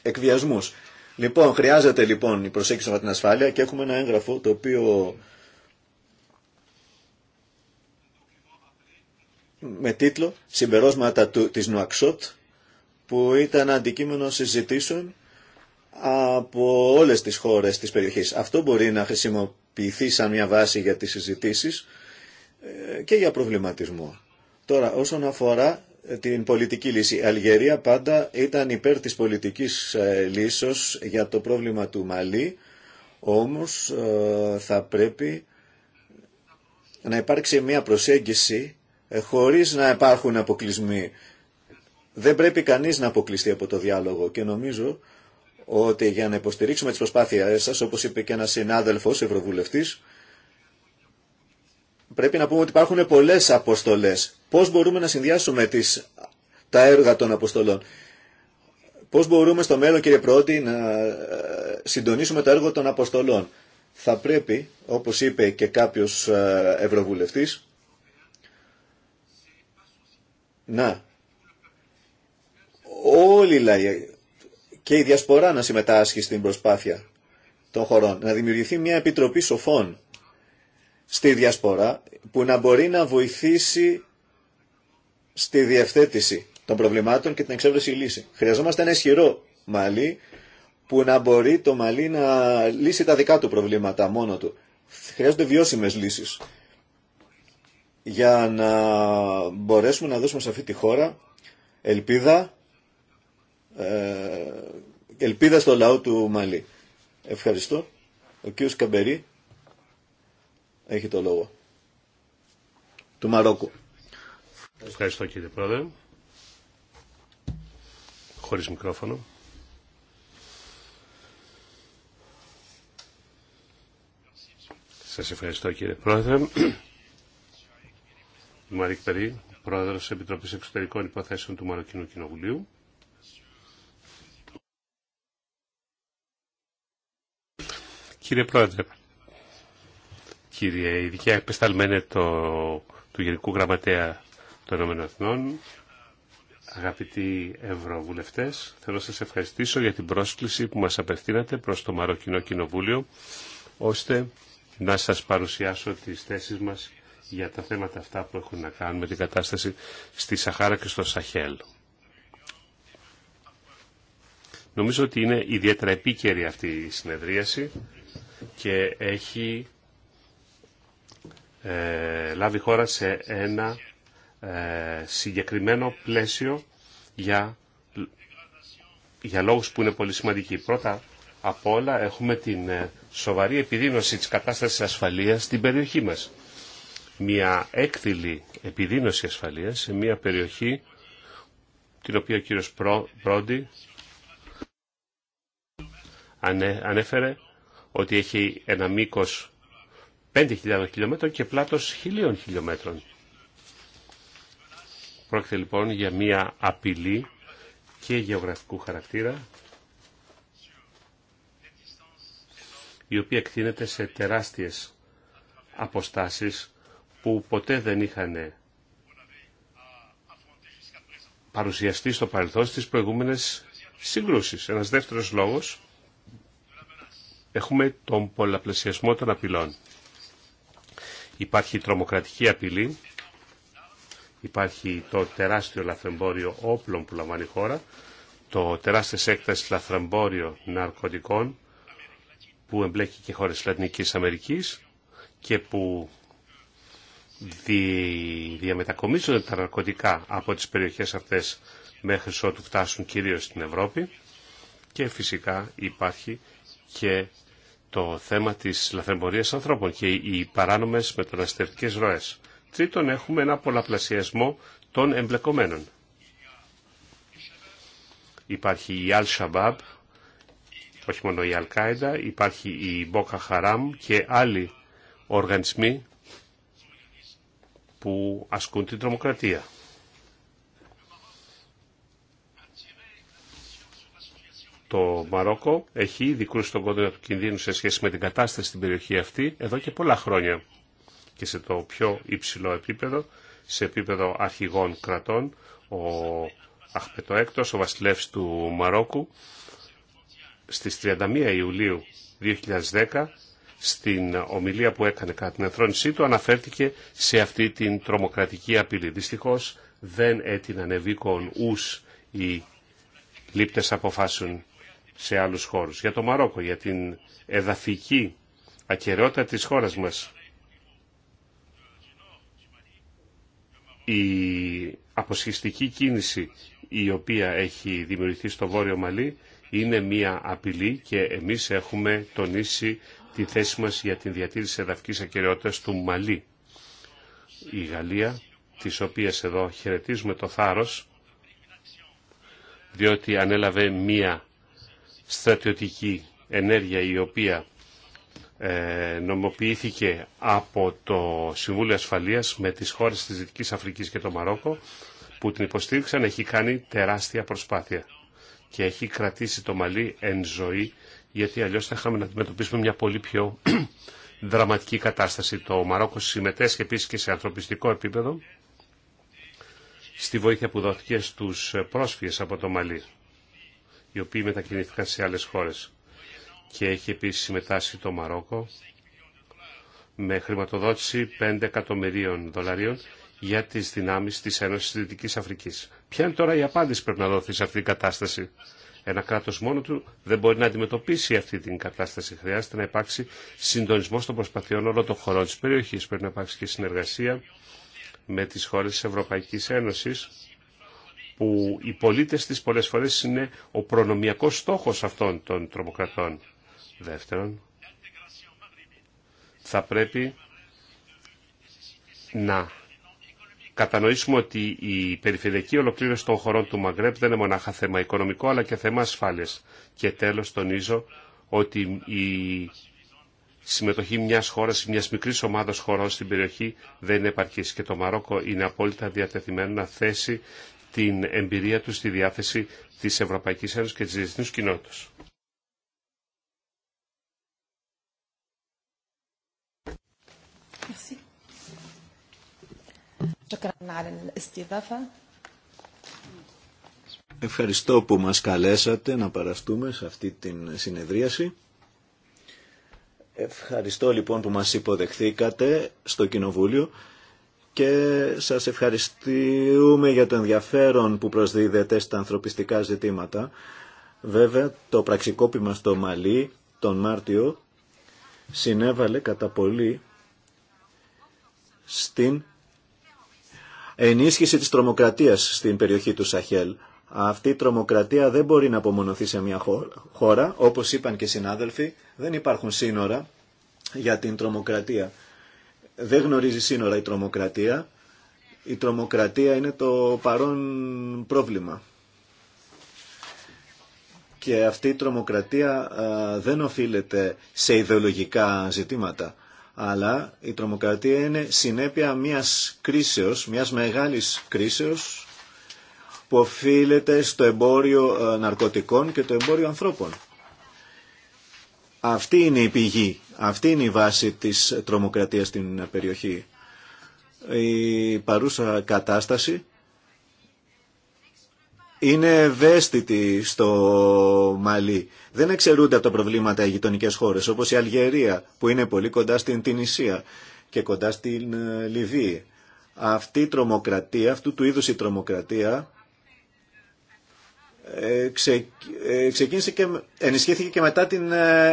εκβιασμούς. Λοιπόν, χρειάζεται λοιπόν η προσέγγιση από την ασφάλεια και έχουμε ένα έγγραφο το οποίο με τίτλο «Συμπερόσματα της Νουαξότ» που ήταν αντικείμενο συζητήσεων από όλες τις χώρες της περιοχής. Αυτό μπορεί να χρησιμοποιηθεί σαν μια βάση για τις συζητήσεις ε, και για προβληματισμό. Τώρα, όσον αφορά την πολιτική λύση. Η Αλγερία πάντα ήταν υπέρ της πολιτικής ε, λύσεως για το πρόβλημα του Μαλή, όμως ε, θα πρέπει να υπάρξει μια προσέγγιση ε, χωρίς να υπάρχουν αποκλεισμοί. Δεν πρέπει κανείς να αποκλειστεί από το διάλογο και νομίζω ότι για να υποστηρίξουμε τις προσπάθειές σας, όπως είπε και ένας συνάδελφος ευρωβουλευτής, πρέπει να πούμε ότι υπάρχουν πολλές αποστολές. Πώς μπορούμε να συνδυάσουμε τις, τα έργα των αποστολών. Πώς μπορούμε στο μέλλον, κύριε Πρώτη, να ε, συντονίσουμε το έργο των αποστολών. Θα πρέπει, όπως είπε και κάποιος ε, ευρωβουλευτής, να όλοι οι και η διασπορά να συμμετάσχει στην προσπάθεια των χωρών. Να δημιουργηθεί μια επιτροπή σοφών στη διασπορά που να μπορεί να βοηθήσει στη διευθέτηση των προβλημάτων και την εξέβρεση λύση. Χρειαζόμαστε ένα ισχυρό μαλλί που να μπορεί το μαλλί να λύσει τα δικά του προβλήματα μόνο του. Χρειάζονται βιώσιμες λύσεις για να μπορέσουμε να δώσουμε σε αυτή τη χώρα ελπίδα, ε, ελπίδα στο λαό του Μαλή. Ευχαριστώ. Ο κύριος έχει το λόγο. Του Μαρόκου. Ευχαριστώ κύριε Πρόεδρε. Χωρίς μικρόφωνο. Σας ευχαριστώ κύριε Πρόεδρε. Μαρίκ Περί, Πρόεδρος της Επιτροπής Εξωτερικών Υποθέσεων του Μαροκινού Κοινοβουλίου. Κύριε Πρόεδρε, κύριε η επισταλμένε το, του Γενικού Γραμματέα των ΗΠΑ, αγαπητοί ευρωβουλευτές, θέλω να σας ευχαριστήσω για την πρόσκληση που μας απευθύνατε προς το Μαροκινό Κοινοβούλιο, ώστε να σας παρουσιάσω τις θέσεις μας για τα θέματα αυτά που έχουν να κάνουν με την κατάσταση στη Σαχάρα και στο Σαχέλ. Νομίζω ότι είναι ιδιαίτερα επίκαιρη αυτή η συνεδρίαση και έχει ε, λάβει χώρα σε ένα ε, συγκεκριμένο πλαίσιο για, για λόγους που είναι πολύ σημαντικοί. Πρώτα απ' όλα έχουμε την ε, σοβαρή επιδείνωση της κατάστασης ασφαλείας στην περιοχή μας. Μια έκθυλη επιδείνωση ασφαλείας σε μια περιοχή την οποία ο κύριος Πρόντι ανέφερε ότι έχει ένα μήκος 5.000 χιλιόμετρων και πλάτος 1.000 χιλιόμετρων. Πρόκειται λοιπόν για μια απειλή και γεωγραφικού χαρακτήρα η οποία εκτείνεται σε τεράστιες αποστάσεις που ποτέ δεν είχαν παρουσιαστεί στο παρελθόν στις προηγούμενες συγκρούσεις. Ένας δεύτερος λόγος έχουμε τον πολλαπλασιασμό των απειλών. Υπάρχει τρομοκρατική απειλή, υπάρχει το τεράστιο λαθρεμπόριο όπλων που λαμβάνει η χώρα, το τεράστιες έκταση λαθρεμπόριο ναρκωτικών που εμπλέκει και χώρες Λατινικής Αμερικής και που διαμετακομίζονται τα ναρκωτικά από τις περιοχές αυτές μέχρι ότου φτάσουν κυρίως στην Ευρώπη και φυσικά υπάρχει και το θέμα της λαθρεμπορίας ανθρώπων και οι παράνομες μεταναστευτικές ροές. Τρίτον, έχουμε ένα πολλαπλασιασμό των εμπλεκομένων. Υπάρχει η Al-Shabaab, όχι μόνο η Al-Qaeda, υπάρχει η Boko Haram και άλλοι οργανισμοί που ασκούν την τρομοκρατία. Το Μαρόκο έχει ήδη κρούσει τον κόντρο του κινδύνου σε σχέση με την κατάσταση στην περιοχή αυτή εδώ και πολλά χρόνια και σε το πιο υψηλό επίπεδο, σε επίπεδο αρχηγών κρατών, ο Αχπετοέκτος, ο βασιλεύς του Μαρόκου, στις 31 Ιουλίου 2010, στην ομιλία που έκανε κατά την ενθρόνησή του, αναφέρθηκε σε αυτή την τρομοκρατική απειλή. Δυστυχώ, δεν έτειναν ευήκον ους οι λήπτες αποφάσεων σε άλλους χώρους. Για το Μαρόκο, για την εδαφική ακαιρεότητα της χώρας μας. Η αποσχιστική κίνηση η οποία έχει δημιουργηθεί στο Βόρειο Μαλή είναι μία απειλή και εμείς έχουμε τονίσει τη θέση μας για την διατήρηση εδαφικής ακαιρεότητας του Μαλί. Η Γαλλία, της οποίας εδώ χαιρετίζουμε το θάρρος, διότι ανέλαβε μία στρατιωτική ενέργεια η οποία ε, νομοποιήθηκε από το Συμβούλιο Ασφαλείας με τις χώρες της Δυτικής Αφρικής και το Μαρόκο που την υποστήριξαν έχει κάνει τεράστια προσπάθεια και έχει κρατήσει το Μαλί εν ζωή γιατί αλλιώς θα είχαμε να αντιμετωπίσουμε μια πολύ πιο δραματική κατάσταση. Το Μαρόκο συμμετέσχει επίσης και σε ανθρωπιστικό επίπεδο στη βοήθεια που δόθηκε στους πρόσφυγες από το Μαλί οι οποίοι μετακινήθηκαν σε άλλες χώρες. Και έχει επίσης συμμετάσχει το Μαρόκο με χρηματοδότηση 5 εκατομμυρίων δολαρίων για τις δυνάμεις της Ένωσης της Δυτικής Αφρικής. Ποια είναι τώρα η απάντηση πρέπει να δοθεί σε αυτή την κατάσταση. Ένα κράτος μόνο του δεν μπορεί να αντιμετωπίσει αυτή την κατάσταση. Χρειάζεται να υπάρξει συντονισμός των προσπαθειών όλων των χωρών της περιοχής. Πρέπει να υπάρξει και συνεργασία με τις χώρες της Ευρωπαϊκής Ένωσης που οι πολίτες της πολλές φορές είναι ο προνομιακός στόχος αυτών των τρομοκρατών. Δεύτερον, θα πρέπει να κατανοήσουμε ότι η περιφερειακή ολοκλήρωση των χωρών του Μαγκρέπ δεν είναι μονάχα θέμα οικονομικό αλλά και θέμα ασφάλειας. Και τέλος τονίζω ότι η συμμετοχή μιας χώρας, μιας μικρής ομάδας χωρών στην περιοχή δεν είναι επαρκής και το Μαρόκο είναι απόλυτα διατεθειμένο να θέσει την εμπειρία του στη διάθεση της Ευρωπαϊκής Ένωσης και της διεθνούς κοινότητας. Ευχαριστώ που μας καλέσατε να παραστούμε σε αυτή την συνεδρίαση. Ευχαριστώ λοιπόν που μας υποδεχθήκατε στο Κοινοβούλιο και σας ευχαριστούμε για το ενδιαφέρον που προσδίδετε στα ανθρωπιστικά ζητήματα. Βέβαια, το πραξικόπημα στο Μαλί τον Μάρτιο συνέβαλε κατά πολύ στην ενίσχυση της τρομοκρατίας στην περιοχή του Σαχέλ. Αυτή η τρομοκρατία δεν μπορεί να απομονωθεί σε μια χώρα. Όπως είπαν και οι συνάδελφοι, δεν υπάρχουν σύνορα για την τρομοκρατία. Δεν γνωρίζει σύνορα η τρομοκρατία. Η τρομοκρατία είναι το παρόν πρόβλημα. Και αυτή η τρομοκρατία δεν οφείλεται σε ιδεολογικά ζητήματα. Αλλά η τρομοκρατία είναι συνέπεια μιας κρίσεως, μιας μεγάλης κρίσεως που οφείλεται στο εμπόριο ε, ναρκωτικών και το εμπόριο ανθρώπων. Αυτή είναι η πηγή αυτή είναι η βάση της τρομοκρατίας στην περιοχή. Η παρούσα κατάσταση είναι ευαίσθητη στο Μαλί. Δεν εξαιρούνται από τα προβλήματα οι γειτονικές χώρες, όπως η Αλγερία, που είναι πολύ κοντά στην Τινησία και κοντά στην ε, Λιβύη. Αυτή η τρομοκρατία, αυτού του είδους η τρομοκρατία, ε, ε, ξεκίνησε και ενισχύθηκε και μετά την ε,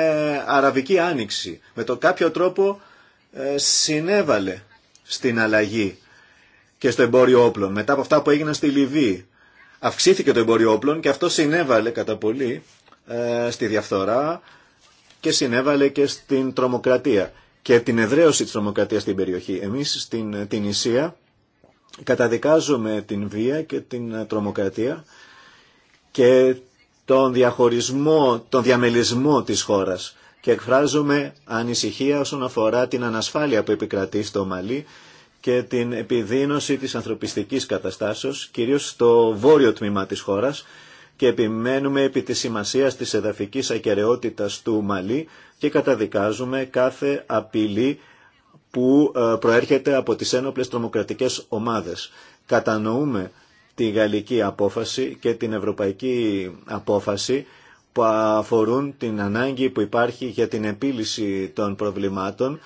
Αραβική Άνοιξη. Με το κάποιο τρόπο συνέβαλε στην αλλαγή και στο εμπόριο όπλων. Μετά από αυτά που έγιναν στη Λιβύη αυξήθηκε το εμπόριο όπλων και αυτό συνέβαλε κατά πολύ στη διαφθορά και συνέβαλε και στην τρομοκρατία και την εδραίωση της τρομοκρατίας στην περιοχή. Εμείς στην Ισία καταδικάζουμε την βία και την τρομοκρατία και τον διαχωρισμό, τον διαμελισμό της χώρας και εκφράζουμε ανησυχία όσον αφορά την ανασφάλεια που επικρατεί στο Μαλί και την επιδείνωση της ανθρωπιστικής καταστάσεως, κυρίως στο βόρειο τμήμα της χώρας και επιμένουμε επί της σημασίας της εδαφικής ακαιρεότητας του Μαλί και καταδικάζουμε κάθε απειλή που ε, προέρχεται από τις ένοπλες τρομοκρατικές ομάδες. Κατανοούμε τη γαλλική απόφαση και την ευρωπαϊκή απόφαση που αφορούν την ανάγκη που υπάρχει για την επίλυση των προβλημάτων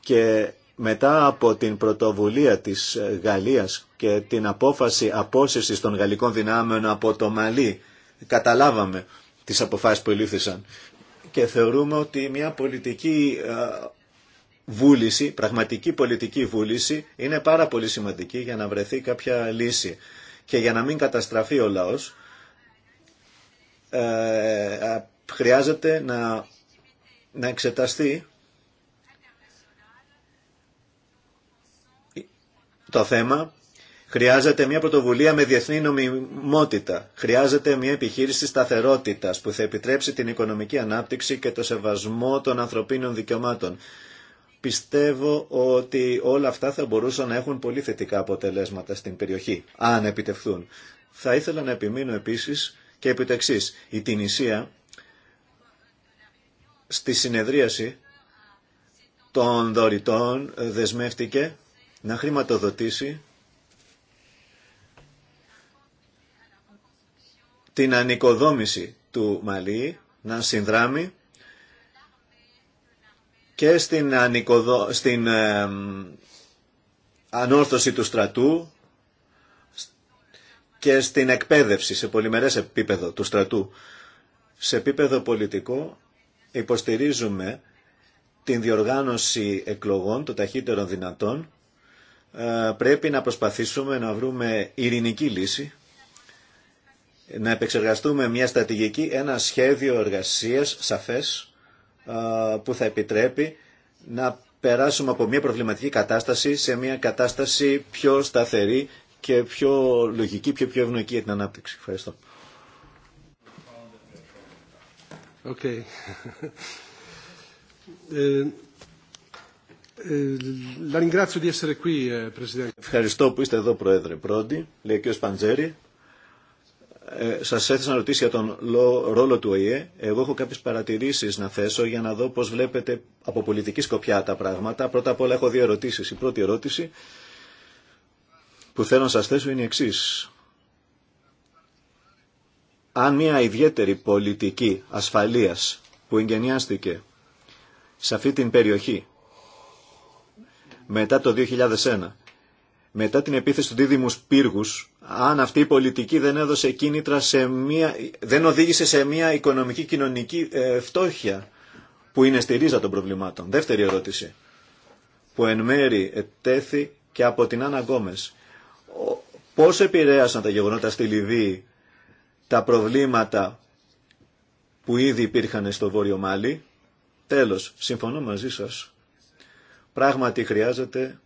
και μετά από την πρωτοβουλία της Γαλλίας και την απόφαση απόσυρσης των γαλλικών δυνάμεων από το Μαλί καταλάβαμε τις αποφάσεις που ελήφθησαν και θεωρούμε ότι μια πολιτική ε, βούληση, πραγματική πολιτική βούληση είναι πάρα πολύ σημαντική για να βρεθεί κάποια λύση και για να μην καταστραφεί ο λαός ε, χρειάζεται να, να εξεταστεί το θέμα Χρειάζεται μια πρωτοβουλία με διεθνή νομιμότητα. Χρειάζεται μια επιχείρηση σταθερότητας που θα επιτρέψει την οικονομική ανάπτυξη και το σεβασμό των ανθρωπίνων δικαιωμάτων. Πιστεύω ότι όλα αυτά θα μπορούσαν να έχουν πολύ θετικά αποτελέσματα στην περιοχή, αν επιτευχθούν. Θα ήθελα να επιμείνω επίσης και επί Η Τινησία στη συνεδρίαση των δωρητών δεσμεύτηκε να χρηματοδοτήσει την ανοικοδόμηση του Μαλή, να συνδράμει και στην, ανικοδό στην ανόρθωση του στρατού και στην εκπαίδευση σε πολυμερές επίπεδο του στρατού. Σε επίπεδο πολιτικό υποστηρίζουμε την διοργάνωση εκλογών το ταχύτερων δυνατών. Ε, πρέπει να προσπαθήσουμε να βρούμε ειρηνική λύση, να επεξεργαστούμε μια στρατηγική, ένα σχέδιο εργασίας σαφές, που θα επιτρέπει να περάσουμε από μια προβληματική κατάσταση σε μια κατάσταση πιο σταθερή και πιο λογική, πιο, πιο ευνοϊκή για την ανάπτυξη. Ευχαριστώ. Okay. Ευχαριστώ που είστε εδώ, Πρόεδρε Πρόντι, λέει ο κ ε, σας έθεσα να ρωτήσω για τον ρόλο του ΟΗΕ. Εγώ έχω κάποιες παρατηρήσεις να θέσω για να δω πώς βλέπετε από πολιτική σκοπιά τα πράγματα. Πρώτα απ' όλα έχω δύο ερωτήσεις. Η πρώτη ερώτηση που θέλω να σας θέσω είναι η εξής. Αν μια ιδιαίτερη πολιτική ασφαλείας που εγγενιάστηκε σε αυτή την περιοχή μετά το 2001 μετά την επίθεση του δίδυμου πύργου, αν αυτή η πολιτική δεν έδωσε κίνητρα σε μια, δεν οδήγησε σε μια οικονομική κοινωνική ε, φτώχεια που είναι στη ρίζα των προβλημάτων. Δεύτερη ερώτηση που εν μέρη ετέθη και από την Άννα Γκόμε. Πώς επηρέασαν τα γεγονότα στη Λιβύη τα προβλήματα που ήδη υπήρχαν στο Βόρειο Μάλι. Τέλος, συμφωνώ μαζί σας. Πράγματι χρειάζεται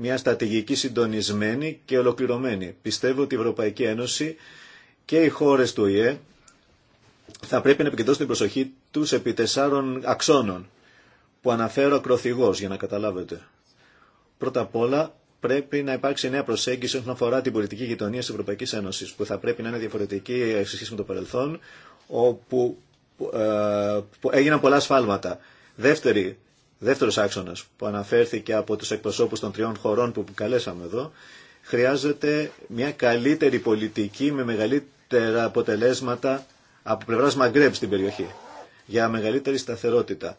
μια στρατηγική συντονισμένη και ολοκληρωμένη. Πιστεύω ότι η Ευρωπαϊκή Ένωση και οι χώρες του ΙΕ θα πρέπει να επικεντρώσουν την προσοχή τους επί τεσσάρων αξώνων που αναφέρω ακροθυγώ για να καταλάβετε. Πρώτα απ' όλα πρέπει να υπάρξει νέα προσέγγιση όσον αφορά την πολιτική γειτονία τη Ευρωπαϊκή Ένωση που θα πρέπει να είναι διαφορετική σε σχέση με το παρελθόν όπου ε, έγιναν πολλά σφάλματα. Δεύτερη δεύτερος άξονας που αναφέρθηκε από τους εκπροσώπους των τριών χωρών που καλέσαμε εδώ, χρειάζεται μια καλύτερη πολιτική με μεγαλύτερα αποτελέσματα από πλευράς Μαγκρέμπ στην περιοχή για μεγαλύτερη σταθερότητα.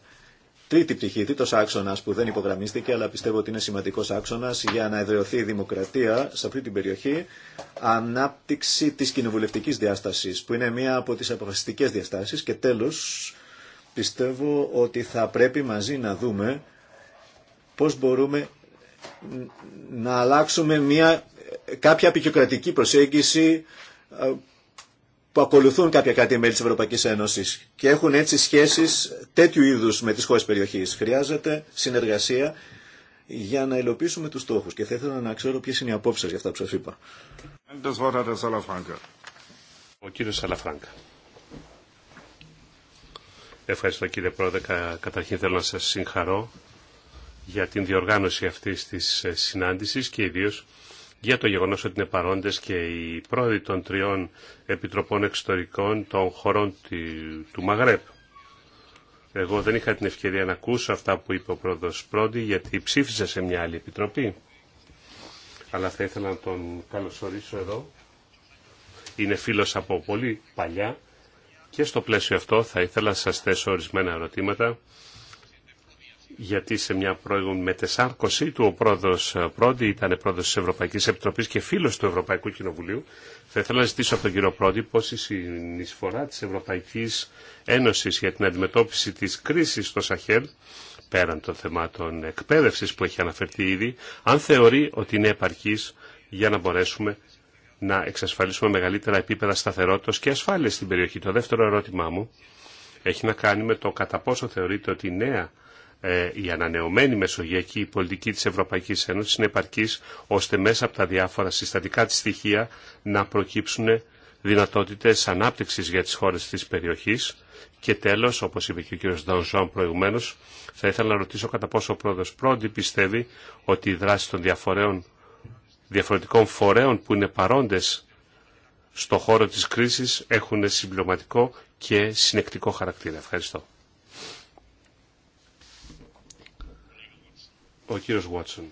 Τρίτη πτυχή, τρίτο άξονα που δεν υπογραμμίστηκε, αλλά πιστεύω ότι είναι σημαντικό άξονα για να εδρεωθεί η δημοκρατία σε αυτή την περιοχή. Ανάπτυξη τη κοινοβουλευτική διάσταση, που είναι μία από τι αποφασιστικέ διαστάσει. Και τέλο, Πιστεύω ότι θα πρέπει μαζί να δούμε πώς μπορούμε να αλλάξουμε μια, κάποια επικοινωνική προσέγγιση ε, που ακολουθούν κάποια κάτι μέλη της Ευρωπαϊκής Ένωσης και έχουν έτσι σχέσεις τέτοιου είδους με τις χώρες περιοχής. Χρειάζεται συνεργασία για να υλοποιήσουμε τους στόχους και θα ήθελα να ξέρω ποιες είναι οι απόψεις για αυτά που σας είπα. Ο κύριος Σαλαφράγκα. Ευχαριστώ κύριε Πρόεδρε. Καταρχήν θέλω να σας συγχαρώ για την διοργάνωση αυτής της ε, συνάντησης και ιδίως για το γεγονός ότι είναι παρόντες και οι πρόεδροι των τριών επιτροπών εξωτερικών των χωρών του Μαγρέπ. Εγώ δεν είχα την ευκαιρία να ακούσω αυτά που είπε ο πρόεδρος Πρόντι γιατί ψήφισα σε μια άλλη επιτροπή. Αλλά θα ήθελα να τον καλωσορίσω εδώ. Είναι φίλος από πολύ παλιά και στο πλαίσιο αυτό θα ήθελα να σας θέσω ορισμένα ερωτήματα γιατί σε μια προηγούμενη μετεσάρκωση του ο πρόεδρος ε, Πρόντι ήταν πρόεδρος της Ευρωπαϊκής Επιτροπής και φίλος του Ευρωπαϊκού Κοινοβουλίου. Θα ήθελα να ζητήσω από τον κύριο Πρόντι πώς η συνεισφορά της Ευρωπαϊκής Ένωσης για την αντιμετώπιση της κρίσης στο Σαχέλ πέραν των θεμάτων εκπαίδευση που έχει αναφερθεί ήδη, αν θεωρεί ότι είναι επαρκής για να μπορέσουμε να εξασφαλίσουμε μεγαλύτερα επίπεδα σταθερότητας και ασφάλειας στην περιοχή. Το δεύτερο ερώτημά μου έχει να κάνει με το κατά πόσο θεωρείται ότι η νέα ε, η ανανεωμένη μεσογειακή πολιτική της Ευρωπαϊκής Ένωσης είναι επαρκής ώστε μέσα από τα διάφορα συστατικά της στοιχεία να προκύψουν δυνατότητες ανάπτυξης για τις χώρες της περιοχής. Και τέλος, όπως είπε και ο κ. Ντανζόν προηγουμένως, θα ήθελα να ρωτήσω κατά πόσο ο πρόεδρος πρώτη, πιστεύει ότι η δράση των διαφορέων διαφορετικών φορέων που είναι παρόντες στο χώρο της κρίσης έχουν συμπληρωματικό και συνεκτικό χαρακτήρα. Ευχαριστώ. Ο κύριος Βουάτσον.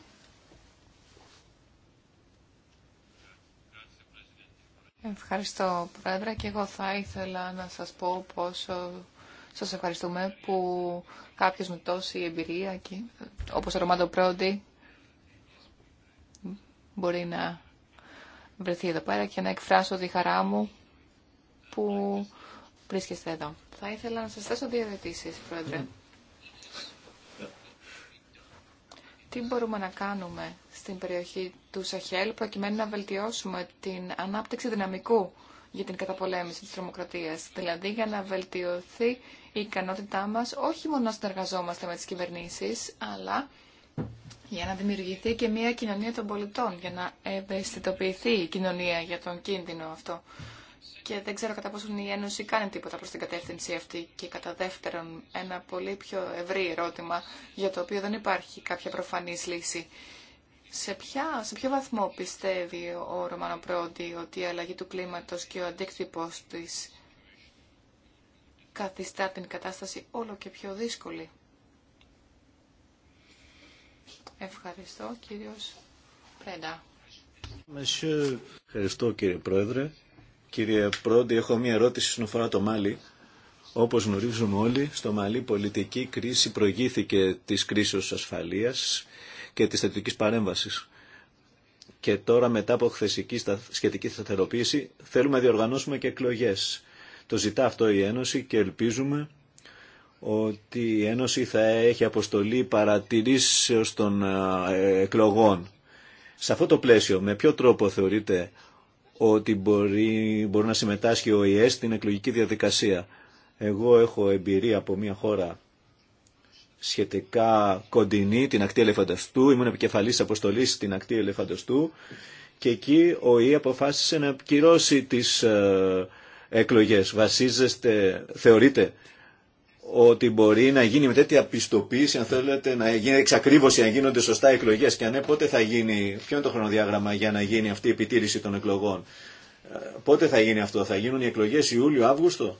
Ευχαριστώ, Πρόεδρε, και εγώ θα ήθελα να σας πω πόσο σας ευχαριστούμε που κάποιος με τόση εμπειρία, και, όπως ο Ρωμάντο Πρόντι, μπορεί να βρεθεί εδώ πέρα και να εκφράσω τη χαρά μου που βρίσκεστε εδώ. Θα ήθελα να σας θέσω δύο ερωτήσεις, Πρόεδρε. Τι μπορούμε να κάνουμε στην περιοχή του Σαχέλ προκειμένου να βελτιώσουμε την ανάπτυξη δυναμικού για την καταπολέμηση της τρομοκρατίας, δηλαδή για να βελτιωθεί η ικανότητά μας όχι μόνο να συνεργαζόμαστε με τις κυβερνήσεις, αλλά για να δημιουργηθεί και μια κοινωνία των πολιτών, για να ευαισθητοποιηθεί η κοινωνία για τον κίνδυνο αυτό. Και δεν ξέρω κατά πόσο η Ένωση κάνει τίποτα προς την κατεύθυνση αυτή. Και κατά δεύτερον, ένα πολύ πιο ευρύ ερώτημα, για το οποίο δεν υπάρχει κάποια προφανής λύση. Σε, ποια, σε ποιο βαθμό πιστεύει ο Ρωμανό ότι η αλλαγή του κλίματος και ο αντίκτυπος της καθιστά την κατάσταση όλο και πιο δύσκολη. Ευχαριστώ κύριος Ευχαριστώ κύριε Πρόεδρε. Κύριε Πρόντι, έχω μία ερώτηση στον αφορά το Μάλι. Όπως γνωρίζουμε όλοι, στο Μαλί πολιτική κρίση προηγήθηκε της κρίσης ασφαλείας και της θετικής παρέμβασης. Και τώρα μετά από χθεσική σχετική σταθεροποίηση θέλουμε να διοργανώσουμε και εκλογές. Το ζητά αυτό η Ένωση και ελπίζουμε ότι η Ένωση θα έχει αποστολή παρατηρήσεως των ε, εκλογών. Σε αυτό το πλαίσιο, με ποιο τρόπο θεωρείτε ότι μπορεί, μπορεί να συμμετάσχει ο ΙΕΣ στην εκλογική διαδικασία. Εγώ έχω εμπειρία από μια χώρα σχετικά κοντινή, την ακτή Ελεφανταστού. Ήμουν επικεφαλής αποστολής στην ακτή Ελεφανταστού και εκεί ο ΙΕ αποφάσισε να κυρώσει τις ε, εκλογές. Βασίζεστε, θεωρείτε ότι μπορεί να γίνει με τέτοια πιστοποίηση, αν θέλετε, να γίνει εξακρίβωση, αν γίνονται σωστά εκλογές και αν ναι, πότε θα γίνει, ποιο είναι το χρονοδιάγραμμα για να γίνει αυτή η επιτήρηση των εκλογών. Ε, πότε θα γίνει αυτό, θα γίνουν οι εκλογές Ιούλιο-Αύγουστο.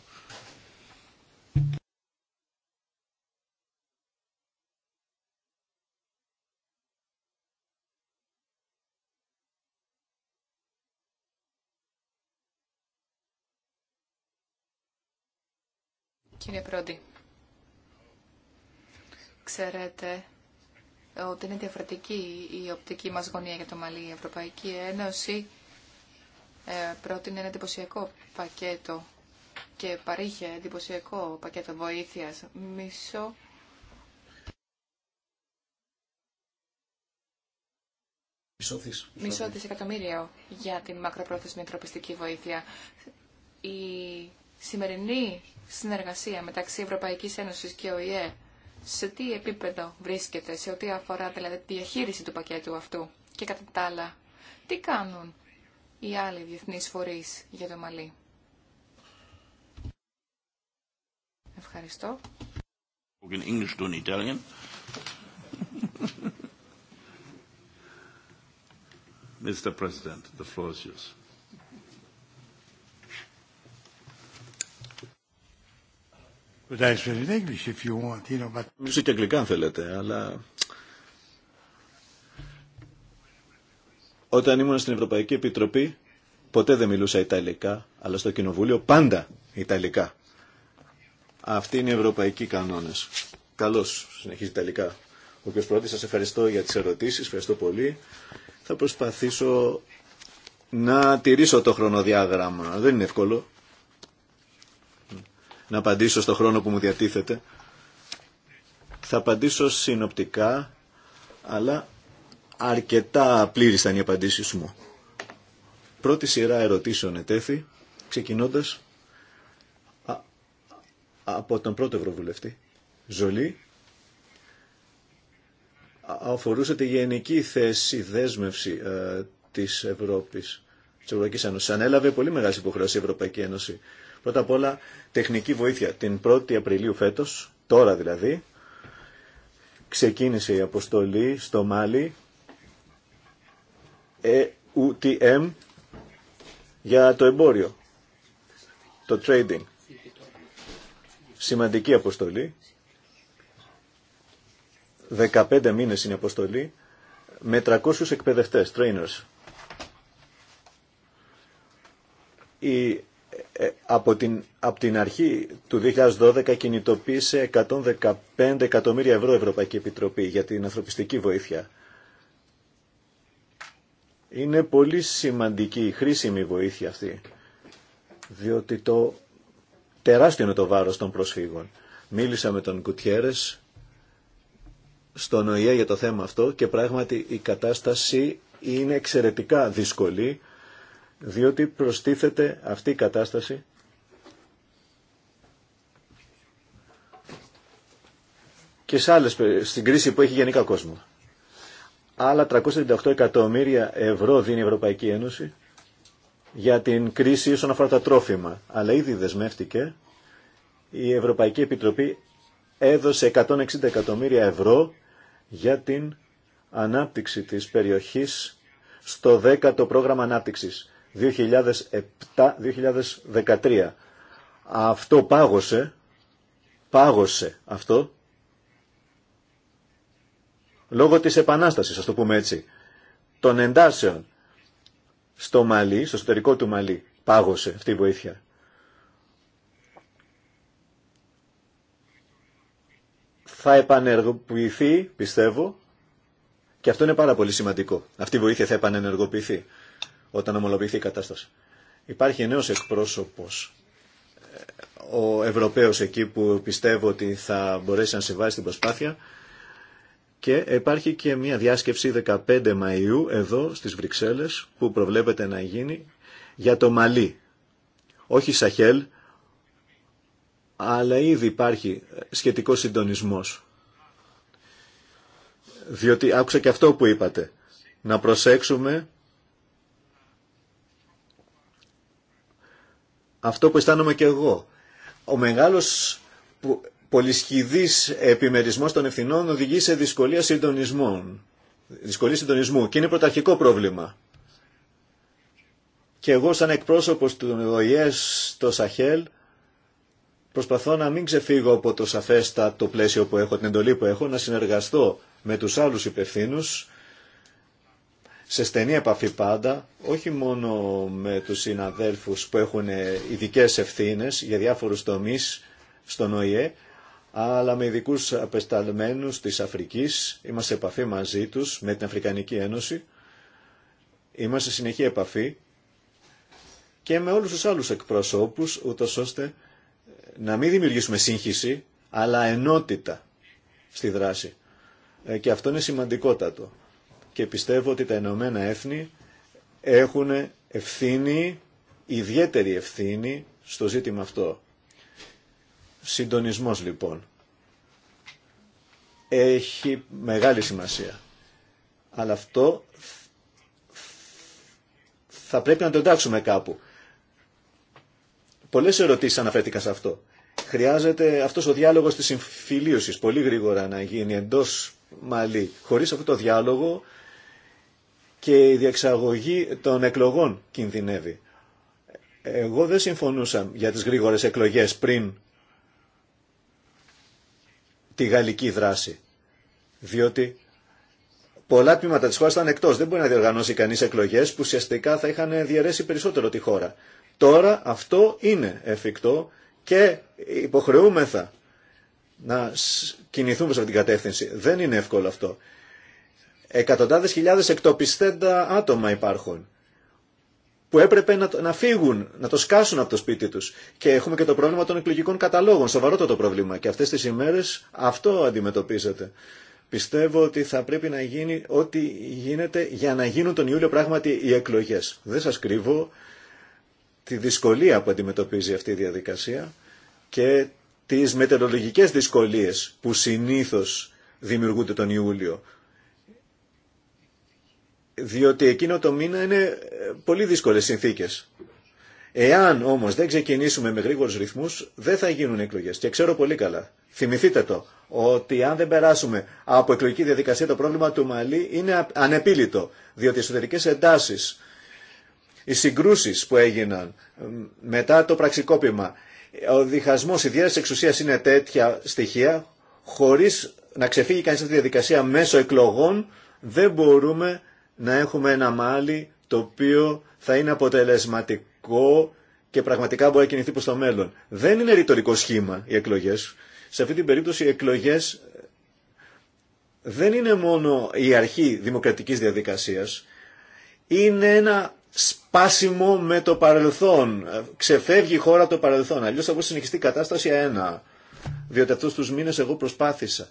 Κύριε Πρόεδρε. Ξέρετε ότι είναι διαφορετική η οπτική μας γωνία για το μαλή Η Ευρωπαϊκή Ένωση ε, πρότεινε ένα εντυπωσιακό πακέτο και παρήχε εντυπωσιακό πακέτο βοήθειας. Μισό Μισό δισεκατομμύριο για την μακροπρόθεσμη τροπιστική βοήθεια. Η σημερινή συνεργασία μεταξύ Ευρωπαϊκής Ένωσης και ΟΗΕ σε τι επίπεδο βρίσκεται, σε ό,τι αφορά δηλαδή τη διαχείριση του πακέτου αυτού και κατά τα άλλα, τι κάνουν οι άλλοι διεθνείς φορείς για το Μαλί. Ευχαριστώ. In Mr. President, the floor is yours. Μιλήσω και αγγλικά αν θέλετε, αλλά όταν ήμουν στην Ευρωπαϊκή Επιτροπή ποτέ δεν μιλούσα Ιταλικά, αλλά στο Κοινοβούλιο πάντα Ιταλικά. αυτή είναι οι ευρωπαϊκοί κανόνες. Καλώς συνεχίζει Ιταλικά. Ο οποίος πρώτη σας ευχαριστώ για τις ερωτήσεις, ευχαριστώ πολύ. Θα προσπαθήσω να τηρήσω το χρονοδιάγραμμα. Δεν είναι εύκολο να απαντήσω στο χρόνο που μου διατίθεται. Θα απαντήσω συνοπτικά, αλλά αρκετά πλήρης είναι οι απαντήσεις μου. Πρώτη σειρά ερωτήσεων ετέθη, ξεκινώντας από τον πρώτο Ευρωβουλευτή, Ζολή, αφορούσε τη γενική θέση δέσμευση ε, της Ευρώπης, της Ευρωπαϊκής Ένωσης. Ανέλαβε πολύ μεγάλη υποχρεώση η Ευρωπαϊκή Ένωση Πρώτα απ' όλα τεχνική βοήθεια. Την 1η Απριλίου φέτος, τώρα δηλαδή, ξεκίνησε η απριλιου φετο τωρα δηλαδη ξεκινησε η αποστολη στο Μάλι EUTM ε για το εμπόριο, το trading. Σημαντική αποστολή. 15 μήνες είναι η αποστολή με 300 εκπαιδευτές, trainers. Η ε, από την, από την αρχή του 2012 κινητοποίησε 115 εκατομμύρια ευρώ Ευρωπαϊκή Επιτροπή για την ανθρωπιστική βοήθεια. Είναι πολύ σημαντική, χρήσιμη βοήθεια αυτή, διότι το τεράστιο είναι το βάρος των προσφύγων. Μίλησα με τον Κουτιέρες στον ΟΗΕ για το θέμα αυτό και πράγματι η κατάσταση είναι εξαιρετικά δύσκολη διότι προστίθεται αυτή η κατάσταση και σε άλλες, στην κρίση που έχει γενικά κόσμο. Άλλα 338 εκατομμύρια ευρώ δίνει η Ευρωπαϊκή Ένωση για την κρίση όσον αφορά τα τρόφιμα. Αλλά ήδη δεσμεύτηκε η Ευρωπαϊκή Επιτροπή έδωσε 160 εκατομμύρια ευρώ για την ανάπτυξη της περιοχής στο 10ο πρόγραμμα ανάπτυξης. 2007-2013. Αυτό πάγωσε, πάγωσε αυτό, λόγω της επανάστασης, ας το πούμε έτσι, των εντάσεων στο Μαλί, στο εσωτερικό του Μαλί, πάγωσε αυτή η βοήθεια. Θα επανεργοποιηθεί, πιστεύω, και αυτό είναι πάρα πολύ σημαντικό. Αυτή η βοήθεια θα επανενεργοποιηθεί όταν ομολοποιηθεί η κατάσταση. Υπάρχει νέο εκπρόσωπος, ε, ο Ευρωπαίος εκεί που πιστεύω ότι θα μπορέσει να συμβάσει την προσπάθεια και υπάρχει και μια διάσκεψη 15 Μαΐου εδώ στις Βρυξέλλες που προβλέπεται να γίνει για το Μαλί. Όχι Σαχέλ, αλλά ήδη υπάρχει σχετικό συντονισμός. Διότι άκουσα και αυτό που είπατε. Να προσέξουμε Αυτό που αισθάνομαι και εγώ. Ο μεγάλος πολυσχηδής επιμερισμός των ευθυνών οδηγεί σε δυσκολία συντονισμών. Δυσκολία συντονισμού και είναι πρωταρχικό πρόβλημα. Και εγώ σαν εκπρόσωπος του ΟΗΕ στο Σαχέλ προσπαθώ να μην ξεφύγω από το σαφέστα το πλαίσιο που έχω, την εντολή που έχω, να συνεργαστώ με τους άλλους υπευθύνους σε στενή επαφή πάντα, όχι μόνο με τους συναδέλφους που έχουν ειδικέ ευθύνες για διάφορους τομείς στον ΟΗΕ, αλλά με ειδικού απεσταλμένους της Αφρικής, είμαστε σε επαφή μαζί τους, με την Αφρικανική Ένωση, είμαστε σε συνεχή επαφή και με όλους τους άλλους εκπροσώπους, ούτω ώστε να μην δημιουργήσουμε σύγχυση, αλλά ενότητα στη δράση. Ε, και αυτό είναι σημαντικότατο και πιστεύω ότι τα Ηνωμένα Έθνη έχουν ευθύνη, ιδιαίτερη ευθύνη στο ζήτημα αυτό. Συντονισμός λοιπόν έχει μεγάλη σημασία. Αλλά αυτό θα πρέπει να το εντάξουμε κάπου. Πολλές ερωτήσεις αναφέρθηκαν σε αυτό. Χρειάζεται αυτός ο διάλογος της συμφιλίωσης πολύ γρήγορα να γίνει εντός μαλλί. Χωρίς αυτό το διάλογο και η διεξαγωγή των εκλογών κινδυνεύει. Εγώ δεν συμφωνούσα για τις γρήγορες εκλογές πριν τη γαλλική δράση, διότι πολλά τμήματα της χώρας ήταν εκτός. Δεν μπορεί να διοργανώσει κανείς εκλογές που ουσιαστικά θα είχαν διαιρέσει περισσότερο τη χώρα. Τώρα αυτό είναι εφικτό και υποχρεούμεθα να κινηθούμε σε αυτήν την κατεύθυνση. Δεν είναι εύκολο αυτό. Εκατοντάδες χιλιάδες εκτοπιστέντα άτομα υπάρχουν που έπρεπε να, να φύγουν, να το σκάσουν από το σπίτι τους. Και έχουμε και το πρόβλημα των εκλογικών καταλόγων, το πρόβλημα. Και αυτές τις ημέρες αυτό αντιμετωπίζεται. Πιστεύω ότι θα πρέπει να γίνει ό,τι γίνεται για να γίνουν τον Ιούλιο πράγματι οι εκλογές. Δεν σας κρύβω τη δυσκολία που αντιμετωπίζει αυτή η διαδικασία και τις μετεωρολογικές δυσκολίες που συνήθως δημιουργούνται τον Ιούλιο διότι εκείνο το μήνα είναι ε, πολύ δύσκολες συνθήκες. Εάν όμως δεν ξεκινήσουμε με γρήγορους ρυθμούς, δεν θα γίνουν εκλογές. Και ξέρω πολύ καλά, θυμηθείτε το, ότι αν δεν περάσουμε από εκλογική διαδικασία το πρόβλημα του Μαλή είναι ανεπίλητο, διότι οι εσωτερικές εντάσεις, οι συγκρούσεις που έγιναν μετά το πραξικόπημα, ο διχασμός ιδιαίτερης εξουσίας είναι τέτοια στοιχεία, χωρίς να ξεφύγει κανείς από τη διαδικασία μέσω εκλογών, δεν μπορούμε να έχουμε ένα μάλι το οποίο θα είναι αποτελεσματικό και πραγματικά μπορεί να κινηθεί προς το μέλλον. Δεν είναι ρητορικό σχήμα οι εκλογές. Σε αυτή την περίπτωση οι εκλογές δεν είναι μόνο η αρχή δημοκρατικής διαδικασίας. Είναι ένα σπάσιμο με το παρελθόν. Ξεφεύγει η χώρα από το παρελθόν. Αλλιώς θα μπορούσε συνεχιστεί η κατάσταση ένα, Διότι αυτούς τους μήνες εγώ προσπάθησα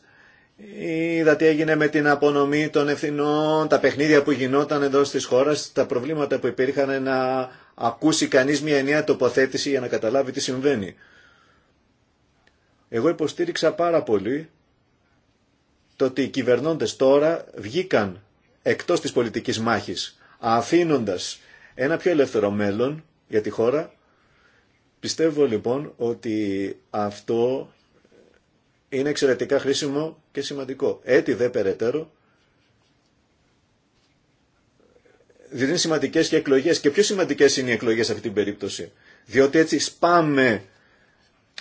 Είδα τι έγινε με την απονομή των ευθυνών, τα παιχνίδια που γινόταν εδώ στις χώρες, τα προβλήματα που υπήρχαν να ακούσει κανείς μια ενιαία τοποθέτηση για να καταλάβει τι συμβαίνει. Εγώ υποστήριξα πάρα πολύ το ότι οι κυβερνώντες τώρα βγήκαν εκτός της πολιτικής μάχης, αφήνοντας ένα πιο ελεύθερο μέλλον για τη χώρα. Πιστεύω λοιπόν ότι αυτό είναι εξαιρετικά χρήσιμο και σημαντικό. Έτσι δε περαιτέρω διότι είναι σημαντικέ και εκλογέ. Και πιο σημαντικέ είναι οι εκλογέ σε αυτή την περίπτωση. Διότι έτσι σπάμε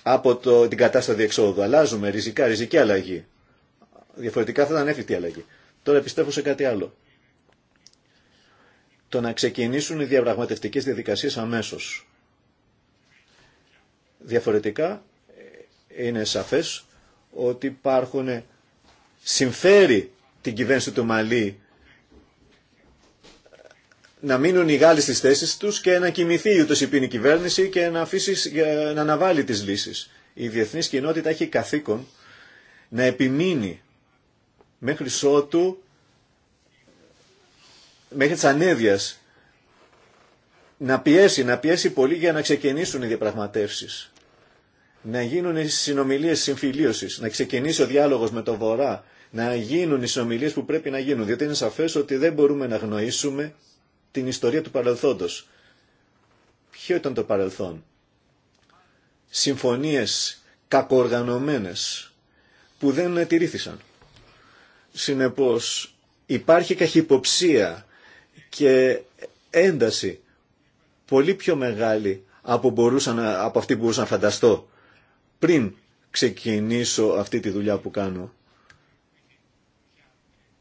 από το, την κατάσταση εξόδου. Αλλάζουμε ριζικά, ριζική αλλαγή. Διαφορετικά θα ήταν η αλλαγή. Τώρα πιστεύω σε κάτι άλλο. Το να ξεκινήσουν οι διαπραγματευτικέ διαδικασίε αμέσω. Διαφορετικά ε, είναι σαφές ότι υπάρχουν συμφέρει την κυβέρνηση του Μαλή να μείνουν οι Γάλλοι στις θέσεις τους και να κοιμηθεί ούτως η η κυβέρνηση και να, να αναβάλει τις λύσεις. Η διεθνής κοινότητα έχει καθήκον να επιμείνει μέχρι σότου, μέχρι της ανέδειας, να πιέσει, να πιέσει πολύ για να ξεκινήσουν οι διαπραγματεύσεις. Να γίνουν οι συνομιλίες συμφιλίωσης, να ξεκινήσει ο διάλογος με το Βορρά, να γίνουν οι συνομιλίε που πρέπει να γίνουν. Διότι είναι σαφέ ότι δεν μπορούμε να γνωρίσουμε την ιστορία του παρελθόντο. Ποιο ήταν το παρελθόν. Συμφωνίε κακοργανωμένε που δεν τηρήθησαν. Συνεπώ υπάρχει καχυποψία και ένταση πολύ πιο μεγάλη από, να από αυτή που μπορούσα να φανταστώ πριν ξεκινήσω αυτή τη δουλειά που κάνω.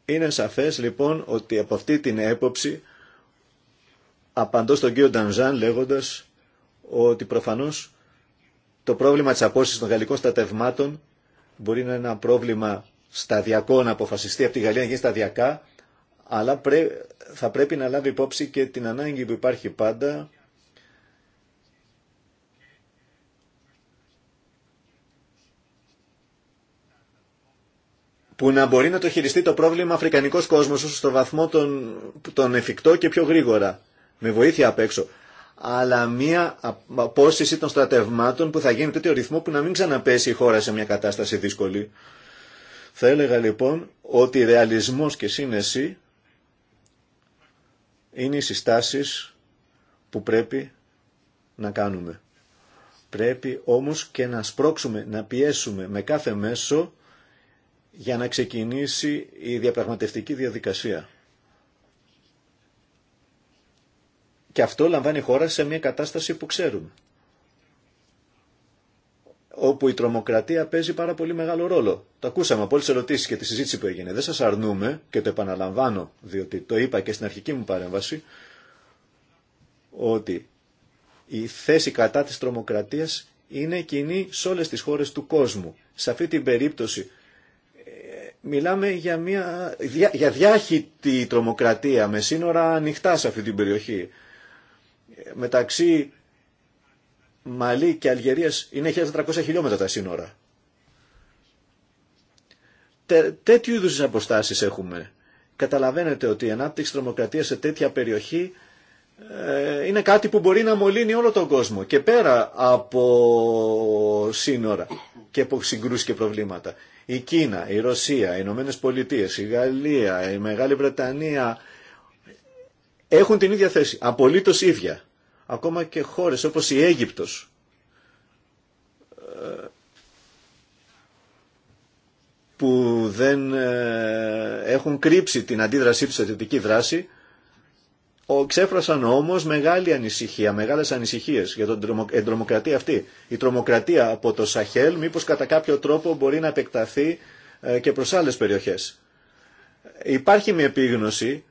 Είναι σαφές λοιπόν ότι από αυτή την έποψη απαντώ στον κύριο Ντανζάν λέγοντας ότι προφανώς το πρόβλημα της απόσυνσης των γαλλικών στατευμάτων μπορεί να είναι ένα πρόβλημα σταδιακό να αποφασιστεί από τη Γαλλία να γίνει σταδιακά, αλλά θα πρέπει να λάβει υπόψη και την ανάγκη που υπάρχει πάντα που να μπορεί να το χειριστεί το πρόβλημα αφρικανικός κόσμος στο βαθμό τον, τον εφικτό και πιο γρήγορα, με βοήθεια απ' έξω. Αλλά μία απόσυση των στρατευμάτων που θα γίνει τέτοιο ρυθμό που να μην ξαναπέσει η χώρα σε μια κατάσταση δύσκολη. Θα έλεγα λοιπόν ότι ρεαλισμός και σύνεση είναι οι συστάσεις που πρέπει να κάνουμε. Πρέπει όμως και να σπρώξουμε, να πιέσουμε με κάθε μέσο για να ξεκινήσει η διαπραγματευτική διαδικασία. Και αυτό λαμβάνει η χώρα σε μια κατάσταση που ξέρουμε. Όπου η τρομοκρατία παίζει πάρα πολύ μεγάλο ρόλο. Το ακούσαμε από όλες τι ερωτήσει και τη συζήτηση που έγινε. Δεν σας αρνούμε και το επαναλαμβάνω, διότι το είπα και στην αρχική μου παρέμβαση, ότι η θέση κατά της τρομοκρατίας είναι κοινή σε όλες τις χώρες του κόσμου. Σε αυτή την περίπτωση Μιλάμε για, μια, για διάχυτη τρομοκρατία με σύνορα ανοιχτά σε αυτή την περιοχή. Μεταξύ Μαλή και Αλγερίας είναι 1400 χιλιόμετρα τα σύνορα. Τε, τέτοιου είδους αποστάσεις έχουμε. Καταλαβαίνετε ότι η ανάπτυξη τρομοκρατία σε τέτοια περιοχή ε, είναι κάτι που μπορεί να μολύνει όλο τον κόσμο και πέρα από σύνορα και από συγκρούσεις και προβλήματα η Κίνα, η Ρωσία, οι Ηνωμένε Πολιτείε, η Γαλλία, η Μεγάλη Βρετανία έχουν την ίδια θέση. Απολύτω ίδια. Ακόμα και χώρε όπω η Αίγυπτος ε, που δεν ε, έχουν κρύψει την αντίδρασή του σε θετική δράση ο, ξέφρασαν όμως μεγάλη ανησυχία, μεγάλες ανησυχίες για την τρομο, ε, τρομοκρατία αυτή. Η τρομοκρατία από το Σαχέλ μήπως κατά κάποιο τρόπο μπορεί να επεκταθεί ε, και προς άλλες περιοχές. Υπάρχει μια επίγνωση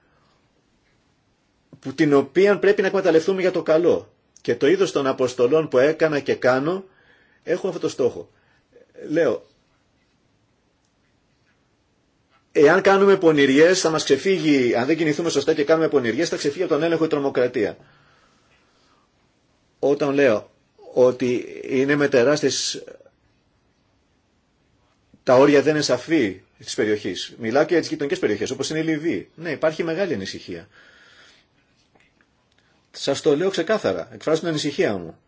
που, την οποία πρέπει να εκμεταλλευτούμε για το καλό. Και το είδος των αποστολών που έκανα και κάνω έχουν αυτό το στόχο. Λέω, Εάν κάνουμε πονηριέ, θα μα ξεφύγει, αν δεν κινηθούμε σωστά και κάνουμε πονηριέ, θα ξεφύγει από τον έλεγχο η τρομοκρατία. Όταν λέω ότι είναι με τεράστιε. Τα όρια δεν είναι σαφή τη περιοχή. Μιλάω και για τι γειτονικέ περιοχέ, όπω είναι η Λιβύη. Ναι, υπάρχει μεγάλη ανησυχία. Σα το λέω ξεκάθαρα. Εκφράζω την ανησυχία μου.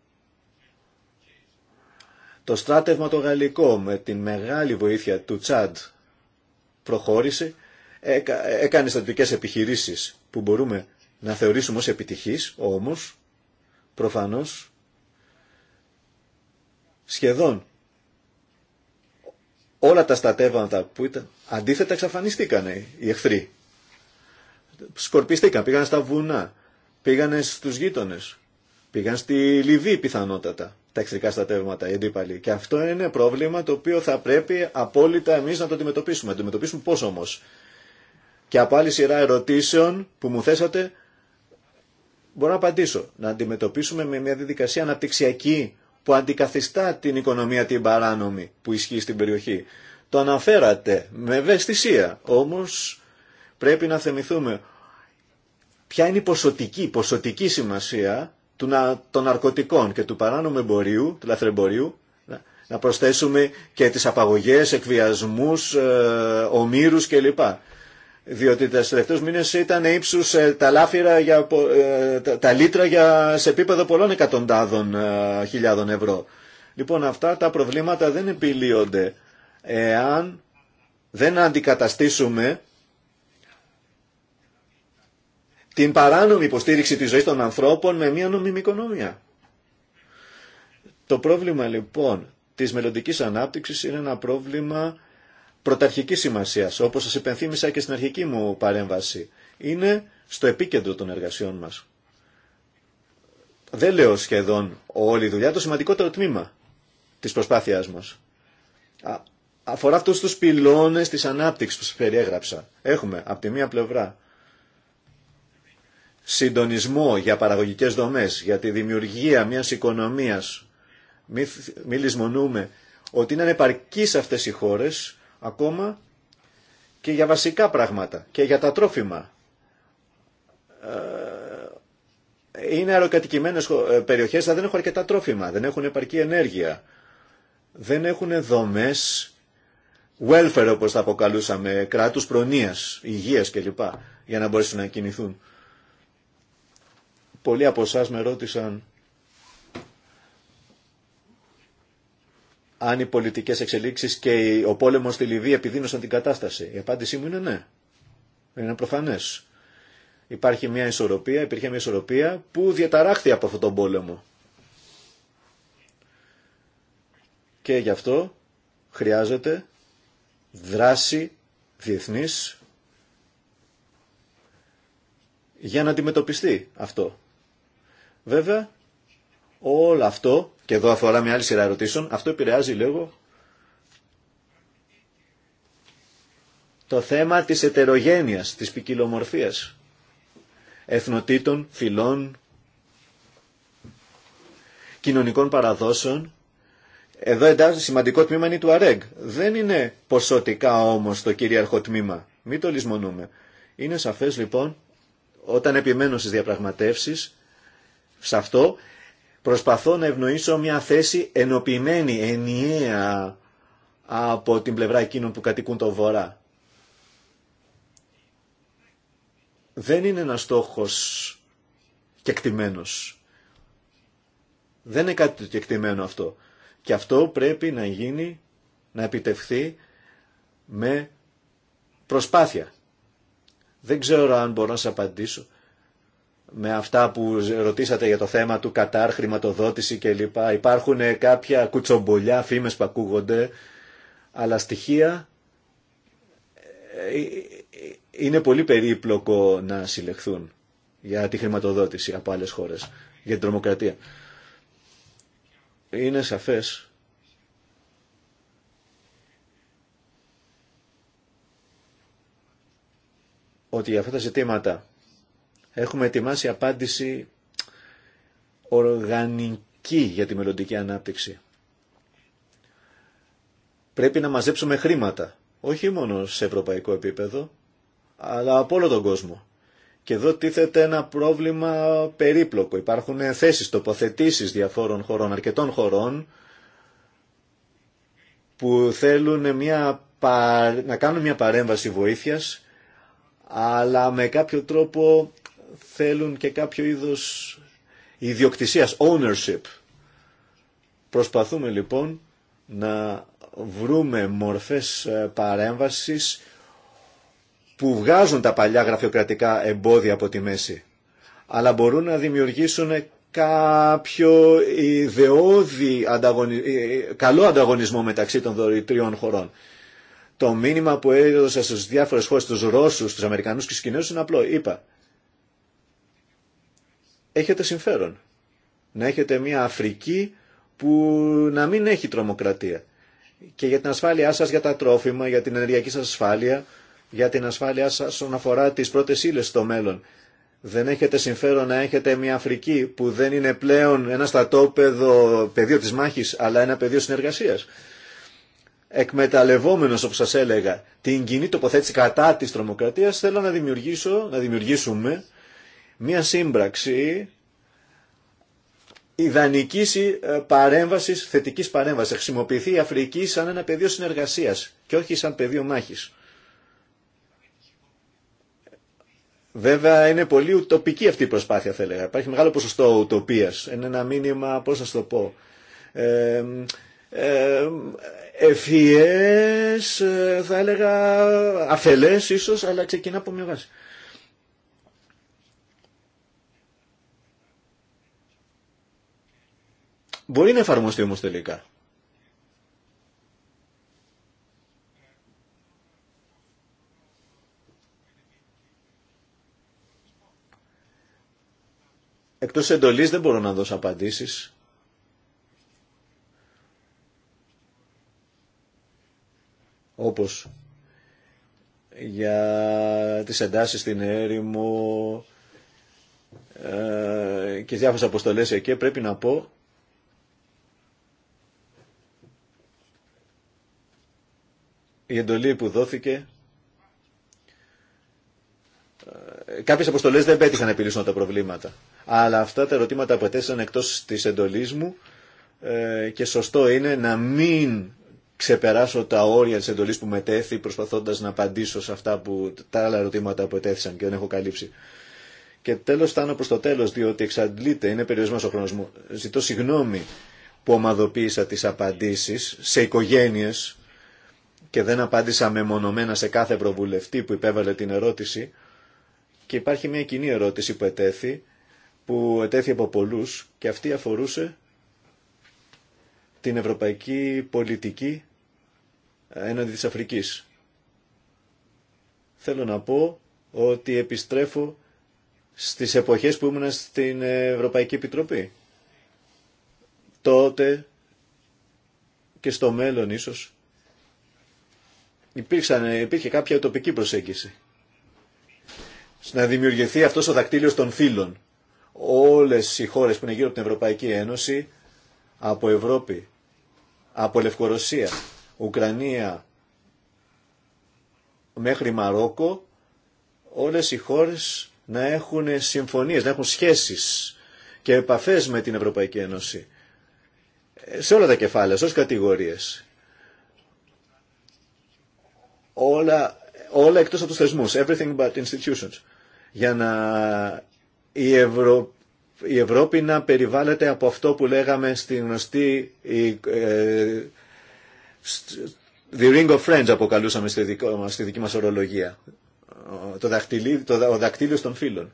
Το στράτευμα το γαλλικό με την μεγάλη βοήθεια του Τσάντ προχώρησε, έκανε στατικές επιχειρήσεις που μπορούμε να θεωρήσουμε ως επιτυχής, όμως προφανώς σχεδόν όλα τα στατεύματα που ήταν αντίθετα εξαφανιστήκανε οι εχθροί. Σκορπιστήκαν, πήγαν στα βουνά, πήγαν στους γείτονες, πήγαν στη Λιβύη πιθανότατα τα εξωτερικά στρατεύματα, οι αντίπαλοι. Και αυτό είναι πρόβλημα το οποίο θα πρέπει απόλυτα εμεί να το αντιμετωπίσουμε. Να το αντιμετωπίσουμε πώ όμω. Και από άλλη σειρά ερωτήσεων που μου θέσατε, μπορώ να απαντήσω. Να αντιμετωπίσουμε με μια διαδικασία αναπτυξιακή που αντικαθιστά την οικονομία την παράνομη που ισχύει στην περιοχή. Το αναφέρατε με ευαισθησία, όμως πρέπει να θεμηθούμε ποια είναι η ποσοτική, ποσοτική σημασία του, των ναρκωτικών και του παράνομου εμπορίου, του λαθρεμπορίου, να προσθέσουμε και τις απαγωγές, εκβιασμούς, ε, ομήρους κλπ. Διότι τα τελευταίους μήνες ήταν ύψους ε, τα, λάφυρα για, ε, τα, λίτρα για, σε επίπεδο πολλών εκατοντάδων ε, χιλιάδων ευρώ. Λοιπόν αυτά τα προβλήματα δεν επιλύονται εάν δεν αντικαταστήσουμε την παράνομη υποστήριξη της ζωής των ανθρώπων με μια νομιμή οικονομία. Το πρόβλημα λοιπόν της μελλοντική ανάπτυξης είναι ένα πρόβλημα πρωταρχικής σημασίας, όπως σας υπενθύμησα και στην αρχική μου παρέμβαση. Είναι στο επίκεντρο των εργασιών μας. Δεν λέω σχεδόν όλη η δουλειά, το σημαντικότερο τμήμα της προσπάθειάς μας. αφορά αυτούς τους πυλώνες της ανάπτυξης που σας περιέγραψα. Έχουμε από τη μία πλευρά συντονισμό για παραγωγικές δομές, για τη δημιουργία μιας οικονομίας. Μην μη λησμονούμε ότι είναι ανεπαρκείς αυτές οι χώρες ακόμα και για βασικά πράγματα και για τα τρόφιμα. Ε, είναι αεροκατοικημένες ε, περιοχές, αλλά δεν έχουν αρκετά τρόφιμα, δεν έχουν επαρκή ενέργεια, δεν έχουν δομές welfare όπως τα αποκαλούσαμε, κράτους προνοίας, υγείας κλπ. για να μπορέσουν να κινηθούν. Πολλοί από εσά με ρώτησαν αν οι πολιτικές εξελίξεις και ο πόλεμος στη Λιβύη επιδίνωσαν την κατάσταση. Η απάντησή μου είναι ναι. Είναι προφανές. Υπάρχει μια ισορροπία, υπήρχε μια ισορροπία που διαταράχθη από αυτόν τον πόλεμο. Και γι' αυτό χρειάζεται δράση διεθνής για να αντιμετωπιστεί αυτό. Βέβαια, όλο αυτό, και εδώ αφορά μια άλλη σειρά ερωτήσεων, αυτό επηρεάζει λίγο το θέμα της ετερογένειας, της ποικιλομορφία εθνοτήτων, φυλών, κοινωνικών παραδόσεων. Εδώ εντάξει σημαντικό τμήμα είναι του ΑΡΕΓ. Δεν είναι ποσοτικά όμως το κυρίαρχο τμήμα. Μην το λησμονούμε. Είναι σαφές λοιπόν, όταν επιμένω στις διαπραγματεύσεις, σε αυτό προσπαθώ να ευνοήσω μια θέση ενοποιημένη, ενιαία από την πλευρά εκείνων που κατοικούν το Βορρά. Δεν είναι ένας στόχος κεκτημένος. Δεν είναι κάτι το κεκτημένο αυτό. Και αυτό πρέπει να γίνει, να επιτευχθεί με προσπάθεια. Δεν ξέρω αν μπορώ να σας απαντήσω με αυτά που ρωτήσατε για το θέμα του Κατάρ, χρηματοδότηση κλπ. Υπάρχουν κάποια κουτσομπολιά, φήμες που ακούγονται, αλλά στοιχεία ε, ε, είναι πολύ περίπλοκο να συλλεχθούν για τη χρηματοδότηση από άλλες χώρες, για την τρομοκρατία. Είναι σαφές ότι αυτά τα ζητήματα Έχουμε ετοιμάσει απάντηση οργανική για τη μελλοντική ανάπτυξη. Πρέπει να μαζέψουμε χρήματα, όχι μόνο σε ευρωπαϊκό επίπεδο, αλλά από όλο τον κόσμο. Και εδώ τίθεται ένα πρόβλημα περίπλοκο. Υπάρχουν θέσεις, τοποθετήσεις διαφόρων χωρών, αρκετών χωρών, που θέλουν μια, να κάνουν μια παρέμβαση βοήθειας, αλλά με κάποιο τρόπο θέλουν και κάποιο είδος ιδιοκτησίας, ownership. Προσπαθούμε λοιπόν να βρούμε μορφές ε, παρέμβασης που βγάζουν τα παλιά γραφειοκρατικά εμπόδια από τη μέση, αλλά μπορούν να δημιουργήσουν κάποιο ιδεώδη ανταγωνι... Ε, καλό ανταγωνισμό μεταξύ των τριών χωρών. Το μήνυμα που έδωσα στις διάφορες χώρες, τους Ρώσους, τους Αμερικανούς και τους Κινέζους είναι απλό. Είπα, έχετε συμφέρον. Να έχετε μια Αφρική που να μην έχει τρομοκρατία. Και για την ασφάλειά σας για τα τρόφιμα, για την ενεργειακή σας ασφάλεια, για την ασφάλειά σας όσον αφορά τις πρώτες ύλε στο μέλλον. Δεν έχετε συμφέρον να έχετε μια Αφρική που δεν είναι πλέον ένα στατόπεδο πεδίο της μάχης, αλλά ένα πεδίο συνεργασίας. Εκμεταλλευόμενος, όπως σας έλεγα, την κοινή τοποθέτηση κατά της τρομοκρατίας, θέλω να δημιουργήσω, να δημιουργήσουμε μια σύμπραξη ιδανικής ε, παρέμβασης, θετικής παρέμβασης. Χρησιμοποιηθεί η Αφρική σαν ένα πεδίο συνεργασίας και όχι σαν πεδίο μάχης. Βέβαια είναι πολύ ουτοπική αυτή η προσπάθεια θα έλεγα. Υπάρχει μεγάλο ποσοστό ουτοπίας. Είναι ένα μήνυμα, πώς να το πω, ε, ευφυές, θα έλεγα αφελές ίσως, αλλά ξεκινά από μια βάση. Μπορεί να εφαρμοστεί όμως τελικά. Εκτός εντολής δεν μπορώ να δώσω απαντήσεις. Όπως για τις εντάσεις στην έρημο ε, και διάφορες αποστολές εκεί πρέπει να πω η εντολή που δόθηκε ε, κάποιες αποστολές δεν πέτυχαν να επιλύσουν τα προβλήματα. Αλλά αυτά τα ερωτήματα που εκτός της εντολής μου ε, και σωστό είναι να μην ξεπεράσω τα όρια της εντολής που μετέθη προσπαθώντας να απαντήσω σε αυτά που τα άλλα ερωτήματα που και δεν έχω καλύψει. Και τέλος φτάνω προς το τέλος διότι εξαντλείται, είναι περιορισμένος ο χρόνος μου. Ζητώ συγγνώμη που ομαδοποίησα τις απαντήσεις σε οικογένειες και δεν απάντησα μεμονωμένα σε κάθε προβουλευτή που υπέβαλε την ερώτηση και υπάρχει μια κοινή ερώτηση που ετέθη, που ετέθη από πολλούς και αυτή αφορούσε την ευρωπαϊκή πολιτική έναντι της Αφρικής. Θέλω να πω ότι επιστρέφω στις εποχές που ήμουν στην Ευρωπαϊκή Επιτροπή. Τότε και στο μέλλον ίσως υπήρξαν, υπήρχε κάποια τοπική προσέγγιση. Να δημιουργηθεί αυτό ο δακτύλιο των φύλων. Όλες οι χώρες που είναι γύρω από την Ευρωπαϊκή Ένωση, από Ευρώπη, από Λευκορωσία, Ουκρανία, μέχρι Μαρόκο, όλες οι χώρες να έχουν συμφωνίες, να έχουν σχέσεις και επαφέ με την Ευρωπαϊκή Ένωση. Σε όλα τα κεφάλαια, σε όλες κατηγορίες όλα, όλα εκτός από τους θεσμούς, everything but institutions, για να η, Ευρώπη να περιβάλλεται από αυτό που λέγαμε στη γνωστή η, ε, The Ring of Friends αποκαλούσαμε στη, δικό μας, στη δική μας ορολογία. Το δακτυλί, ο δακτύλιος των φίλων.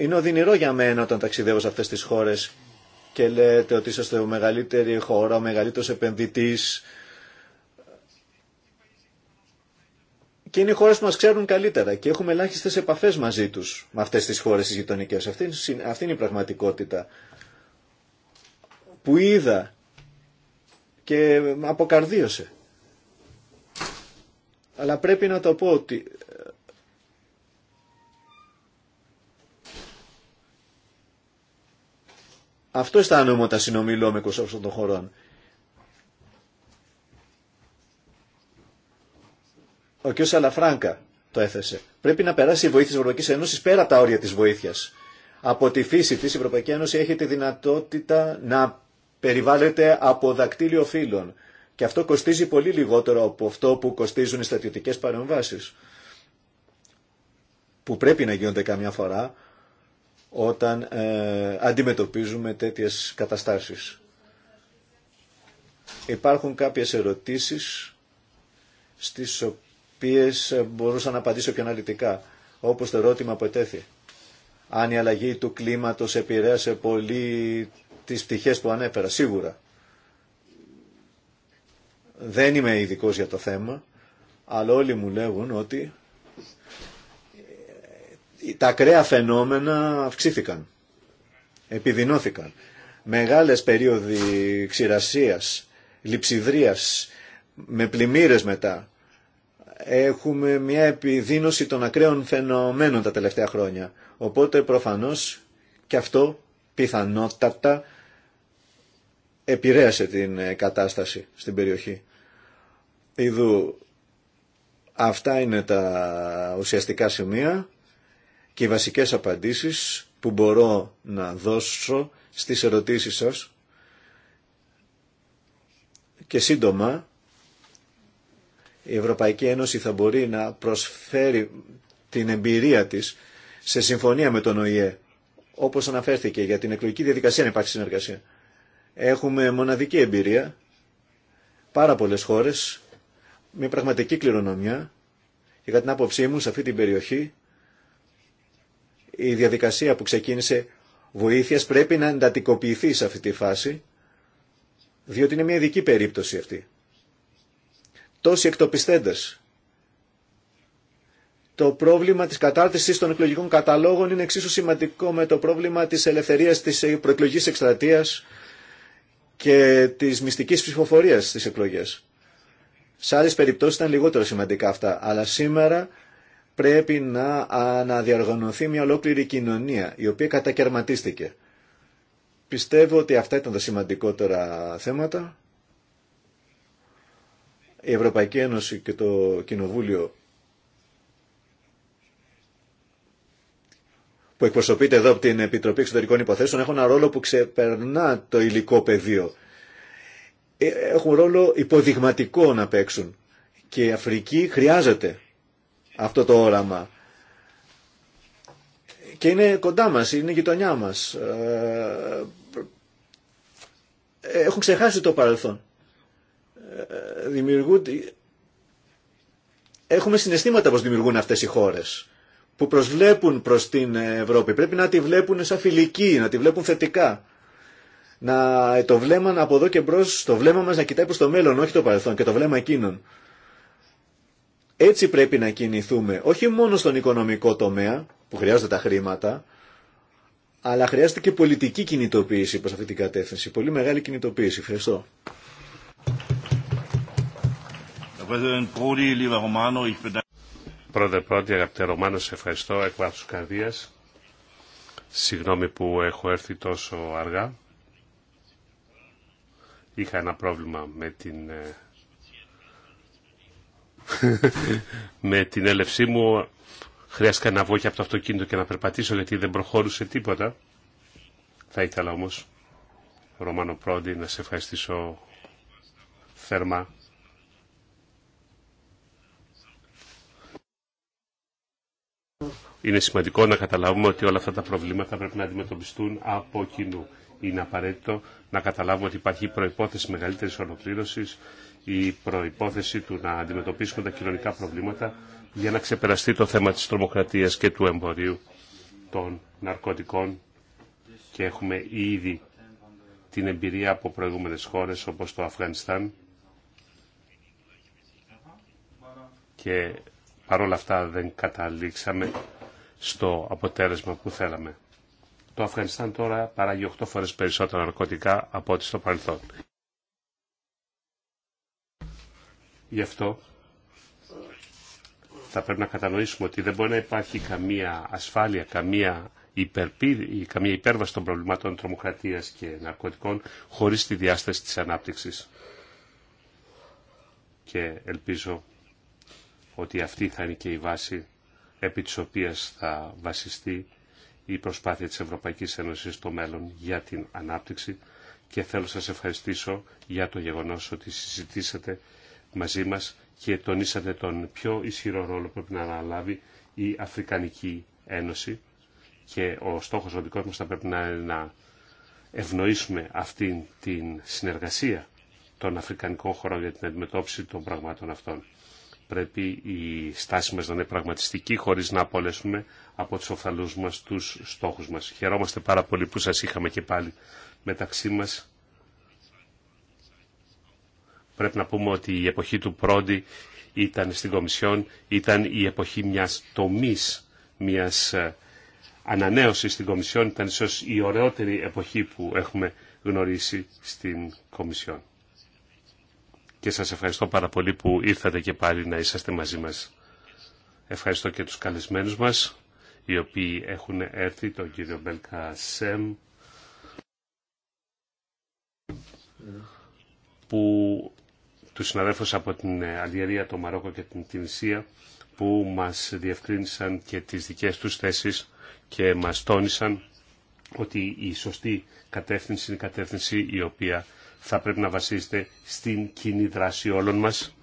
Είναι οδυνηρό για μένα όταν ταξιδεύω σε αυτές τις χώρες και λέτε ότι είσαστε ο μεγαλύτερη χώρα, ο μεγαλύτερος επενδυτής, και είναι οι χώρε που μα ξέρουν καλύτερα και έχουμε ελάχιστε επαφέ μαζί του με αυτέ τι χώρε τι γειτονικέ. Αυτή, είναι η πραγματικότητα που είδα και αποκαρδίωσε. Αλλά πρέπει να το πω ότι ε, αυτό αισθάνομαι όταν συνομιλώ με κοσμό των χωρών. Ο κ. Σαλαφράγκα το έθεσε. Πρέπει να περάσει η βοήθεια τη Ευρωπαϊκή Ένωση πέρα από τα όρια τη βοήθεια. Από τη φύση τη, η Ευρωπαϊκή Ένωση έχει τη δυνατότητα να περιβάλλεται από δακτύλιο φύλων. Και αυτό κοστίζει πολύ λιγότερο από αυτό που κοστίζουν οι στρατιωτικέ παρεμβάσει. Που πρέπει να γίνονται καμιά φορά όταν ε, αντιμετωπίζουμε τέτοιες καταστάσεις. Υπάρχουν κάποιες ερωτήσεις στις οποίες οποίε μπορούσα να απαντήσω και αναλυτικά, όπως το ερώτημα που ετέθη. Αν η αλλαγή του κλίματος επηρέασε πολύ τις πτυχέ που ανέφερα, σίγουρα. Δεν είμαι ειδικό για το θέμα, αλλά όλοι μου λέγουν ότι τα ακραία φαινόμενα αυξήθηκαν, επιδεινώθηκαν. Μεγάλες περίοδοι ξηρασίας, λειψιδρίας, με πλημμύρες μετά, έχουμε μια επιδείνωση των ακραίων φαινομένων τα τελευταία χρόνια. Οπότε προφανώς και αυτό πιθανότατα επηρέασε την ε, κατάσταση στην περιοχή. Είδου, αυτά είναι τα ουσιαστικά σημεία και οι βασικές απαντήσεις που μπορώ να δώσω στις ερωτήσεις σας και σύντομα η Ευρωπαϊκή Ένωση θα μπορεί να προσφέρει την εμπειρία της σε συμφωνία με τον ΟΗΕ, όπως αναφέρθηκε για την εκλογική διαδικασία να υπάρχει συνεργασία. Έχουμε μοναδική εμπειρία, πάρα πολλές χώρες, με πραγματική κληρονομιά και κατά την άποψή μου σε αυτή την περιοχή η διαδικασία που ξεκίνησε βοήθειας πρέπει να εντατικοποιηθεί σε αυτή τη φάση, διότι είναι μια ειδική περίπτωση αυτή τόσοι εκτοπιστέντες. Το πρόβλημα της κατάρτισης των εκλογικών καταλόγων είναι εξίσου σημαντικό με το πρόβλημα της ελευθερίας της προεκλογικής εκστρατείας και της μυστικής ψηφοφορίας στις εκλογές. Σε άλλες περιπτώσεις ήταν λιγότερο σημαντικά αυτά, αλλά σήμερα πρέπει να αναδιαργανωθεί μια ολόκληρη κοινωνία, η οποία κατακαιρματίστηκε. Πιστεύω ότι αυτά ήταν τα σημαντικότερα θέματα η Ευρωπαϊκή Ένωση και το Κοινοβούλιο που εκπροσωπείται εδώ από την Επιτροπή Εξωτερικών Υποθέσεων έχουν ένα ρόλο που ξεπερνά το υλικό πεδίο. Ε, έχουν ρόλο υποδειγματικό να παίξουν. Και η Αφρική χρειάζεται αυτό το όραμα. Και είναι κοντά μας, είναι η γειτονιά μας. Ε, έχουν ξεχάσει το παρελθόν δημιουργούνται, έχουμε συναισθήματα πως δημιουργούν αυτές οι χώρες που προσβλέπουν προς την Ευρώπη. Πρέπει να τη βλέπουν σαν φιλική, να τη βλέπουν θετικά. Να το βλέμμα από εδώ και μπρος, το βλέμμα μας να κοιτάει προς το μέλλον, όχι το παρελθόν και το βλέμμα εκείνων. Έτσι πρέπει να κινηθούμε, όχι μόνο στον οικονομικό τομέα, που χρειάζονται τα χρήματα, αλλά χρειάζεται και πολιτική κινητοποίηση προς αυτή την κατεύθυνση. Πολύ μεγάλη κινητοποίηση. Ευχαριστώ. Πρόεδρε Πρόντι, αγαπητέ Ρωμάνο, σε ευχαριστώ εκ βάθους καρδίας. Συγγνώμη που έχω έρθει τόσο αργά. Είχα ένα πρόβλημα με την, ε, με την έλευσή μου. Χρειάστηκα να βγω και από το αυτοκίνητο και να περπατήσω γιατί δεν προχώρησε τίποτα. Θα ήθελα όμως, Ρωμάνο Πρόντι, να σε ευχαριστήσω θερμά Είναι σημαντικό να καταλάβουμε ότι όλα αυτά τα προβλήματα πρέπει να αντιμετωπιστούν από κοινού. Είναι απαραίτητο να καταλάβουμε ότι υπάρχει προϋπόθεση μεγαλύτερης ολοκλήρωσης, η προϋπόθεση του να αντιμετωπίσουμε τα κοινωνικά προβλήματα για να ξεπεραστεί το θέμα της τρομοκρατίας και του εμπορίου των ναρκωτικών και έχουμε ήδη την εμπειρία από προηγούμενες χώρες όπως το Αφγανιστάν και Παρ' όλα αυτά δεν καταλήξαμε στο αποτέλεσμα που θέλαμε. Το Αφγανιστάν τώρα παράγει 8 φορές περισσότερα ναρκωτικά από ό,τι στο παρελθόν. Γι' αυτό θα πρέπει να κατανοήσουμε ότι δεν μπορεί να υπάρχει καμία ασφάλεια, καμία, υπερπή, καμία υπέρβαση των προβλημάτων τρομοκρατίας και ναρκωτικών χωρίς τη διάσταση της ανάπτυξης. Και ελπίζω ότι αυτή θα είναι και η βάση επί της οποίας θα βασιστεί η προσπάθεια της Ευρωπαϊκής Ένωσης στο μέλλον για την ανάπτυξη και θέλω να σας ευχαριστήσω για το γεγονός ότι συζητήσατε μαζί μας και τονίσατε τον πιο ισχυρό ρόλο που πρέπει να αναλάβει η Αφρικανική Ένωση και ο στόχος ο δικός μας θα πρέπει να είναι να ευνοήσουμε αυτήν την συνεργασία των Αφρικανικών χωρών για την αντιμετώπιση των πραγμάτων αυτών πρέπει η στάση μας να είναι πραγματιστική χωρίς να απολέσουμε από τους οφθαλούς μας τους στόχους μας. Χαιρόμαστε πάρα πολύ που σας είχαμε και πάλι μεταξύ μας. Πρέπει να πούμε ότι η εποχή του πρώτη ήταν στην Κομισιόν, ήταν η εποχή μιας τομής, μιας ε, ανανέωσης στην Κομισιόν. Ήταν ίσως η ωραιότερη εποχή που έχουμε γνωρίσει στην Κομισιόν και σας ευχαριστώ πάρα πολύ που ήρθατε και πάλι να είσαστε μαζί μας. Ευχαριστώ και τους καλεσμένους μας, οι οποίοι έχουν έρθει, τον κύριο Μπέλκα Σέμ, που τους συναδέλφους από την Αλγερία, το Μαρόκο και την Τινησία, που μας διευκρίνησαν και τις δικές τους θέσεις και μας τόνισαν ότι η σωστή κατεύθυνση είναι η κατεύθυνση η οποία θα πρέπει να βασίζεται στην κοινή δράση όλων μας.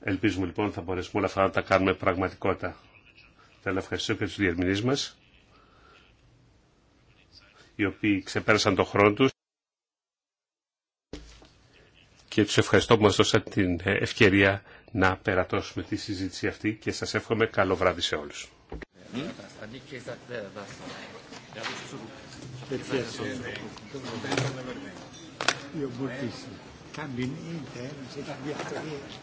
Ελπίζουμε λοιπόν θα μπορέσουμε όλα αυτά να τα κάνουμε πραγματικότητα. Θέλω να ευχαριστώ και τους διερμηνείς μας, οι οποίοι ξεπέρασαν τον χρόνο τους και τους ευχαριστώ που μας δώσαν την ε, ευκαιρία να περατώσουμε τη συζήτηση αυτή και σας εύχομαι καλό βράδυ σε όλους. Mm. Io moltissimo. Cambi in interno, si cambia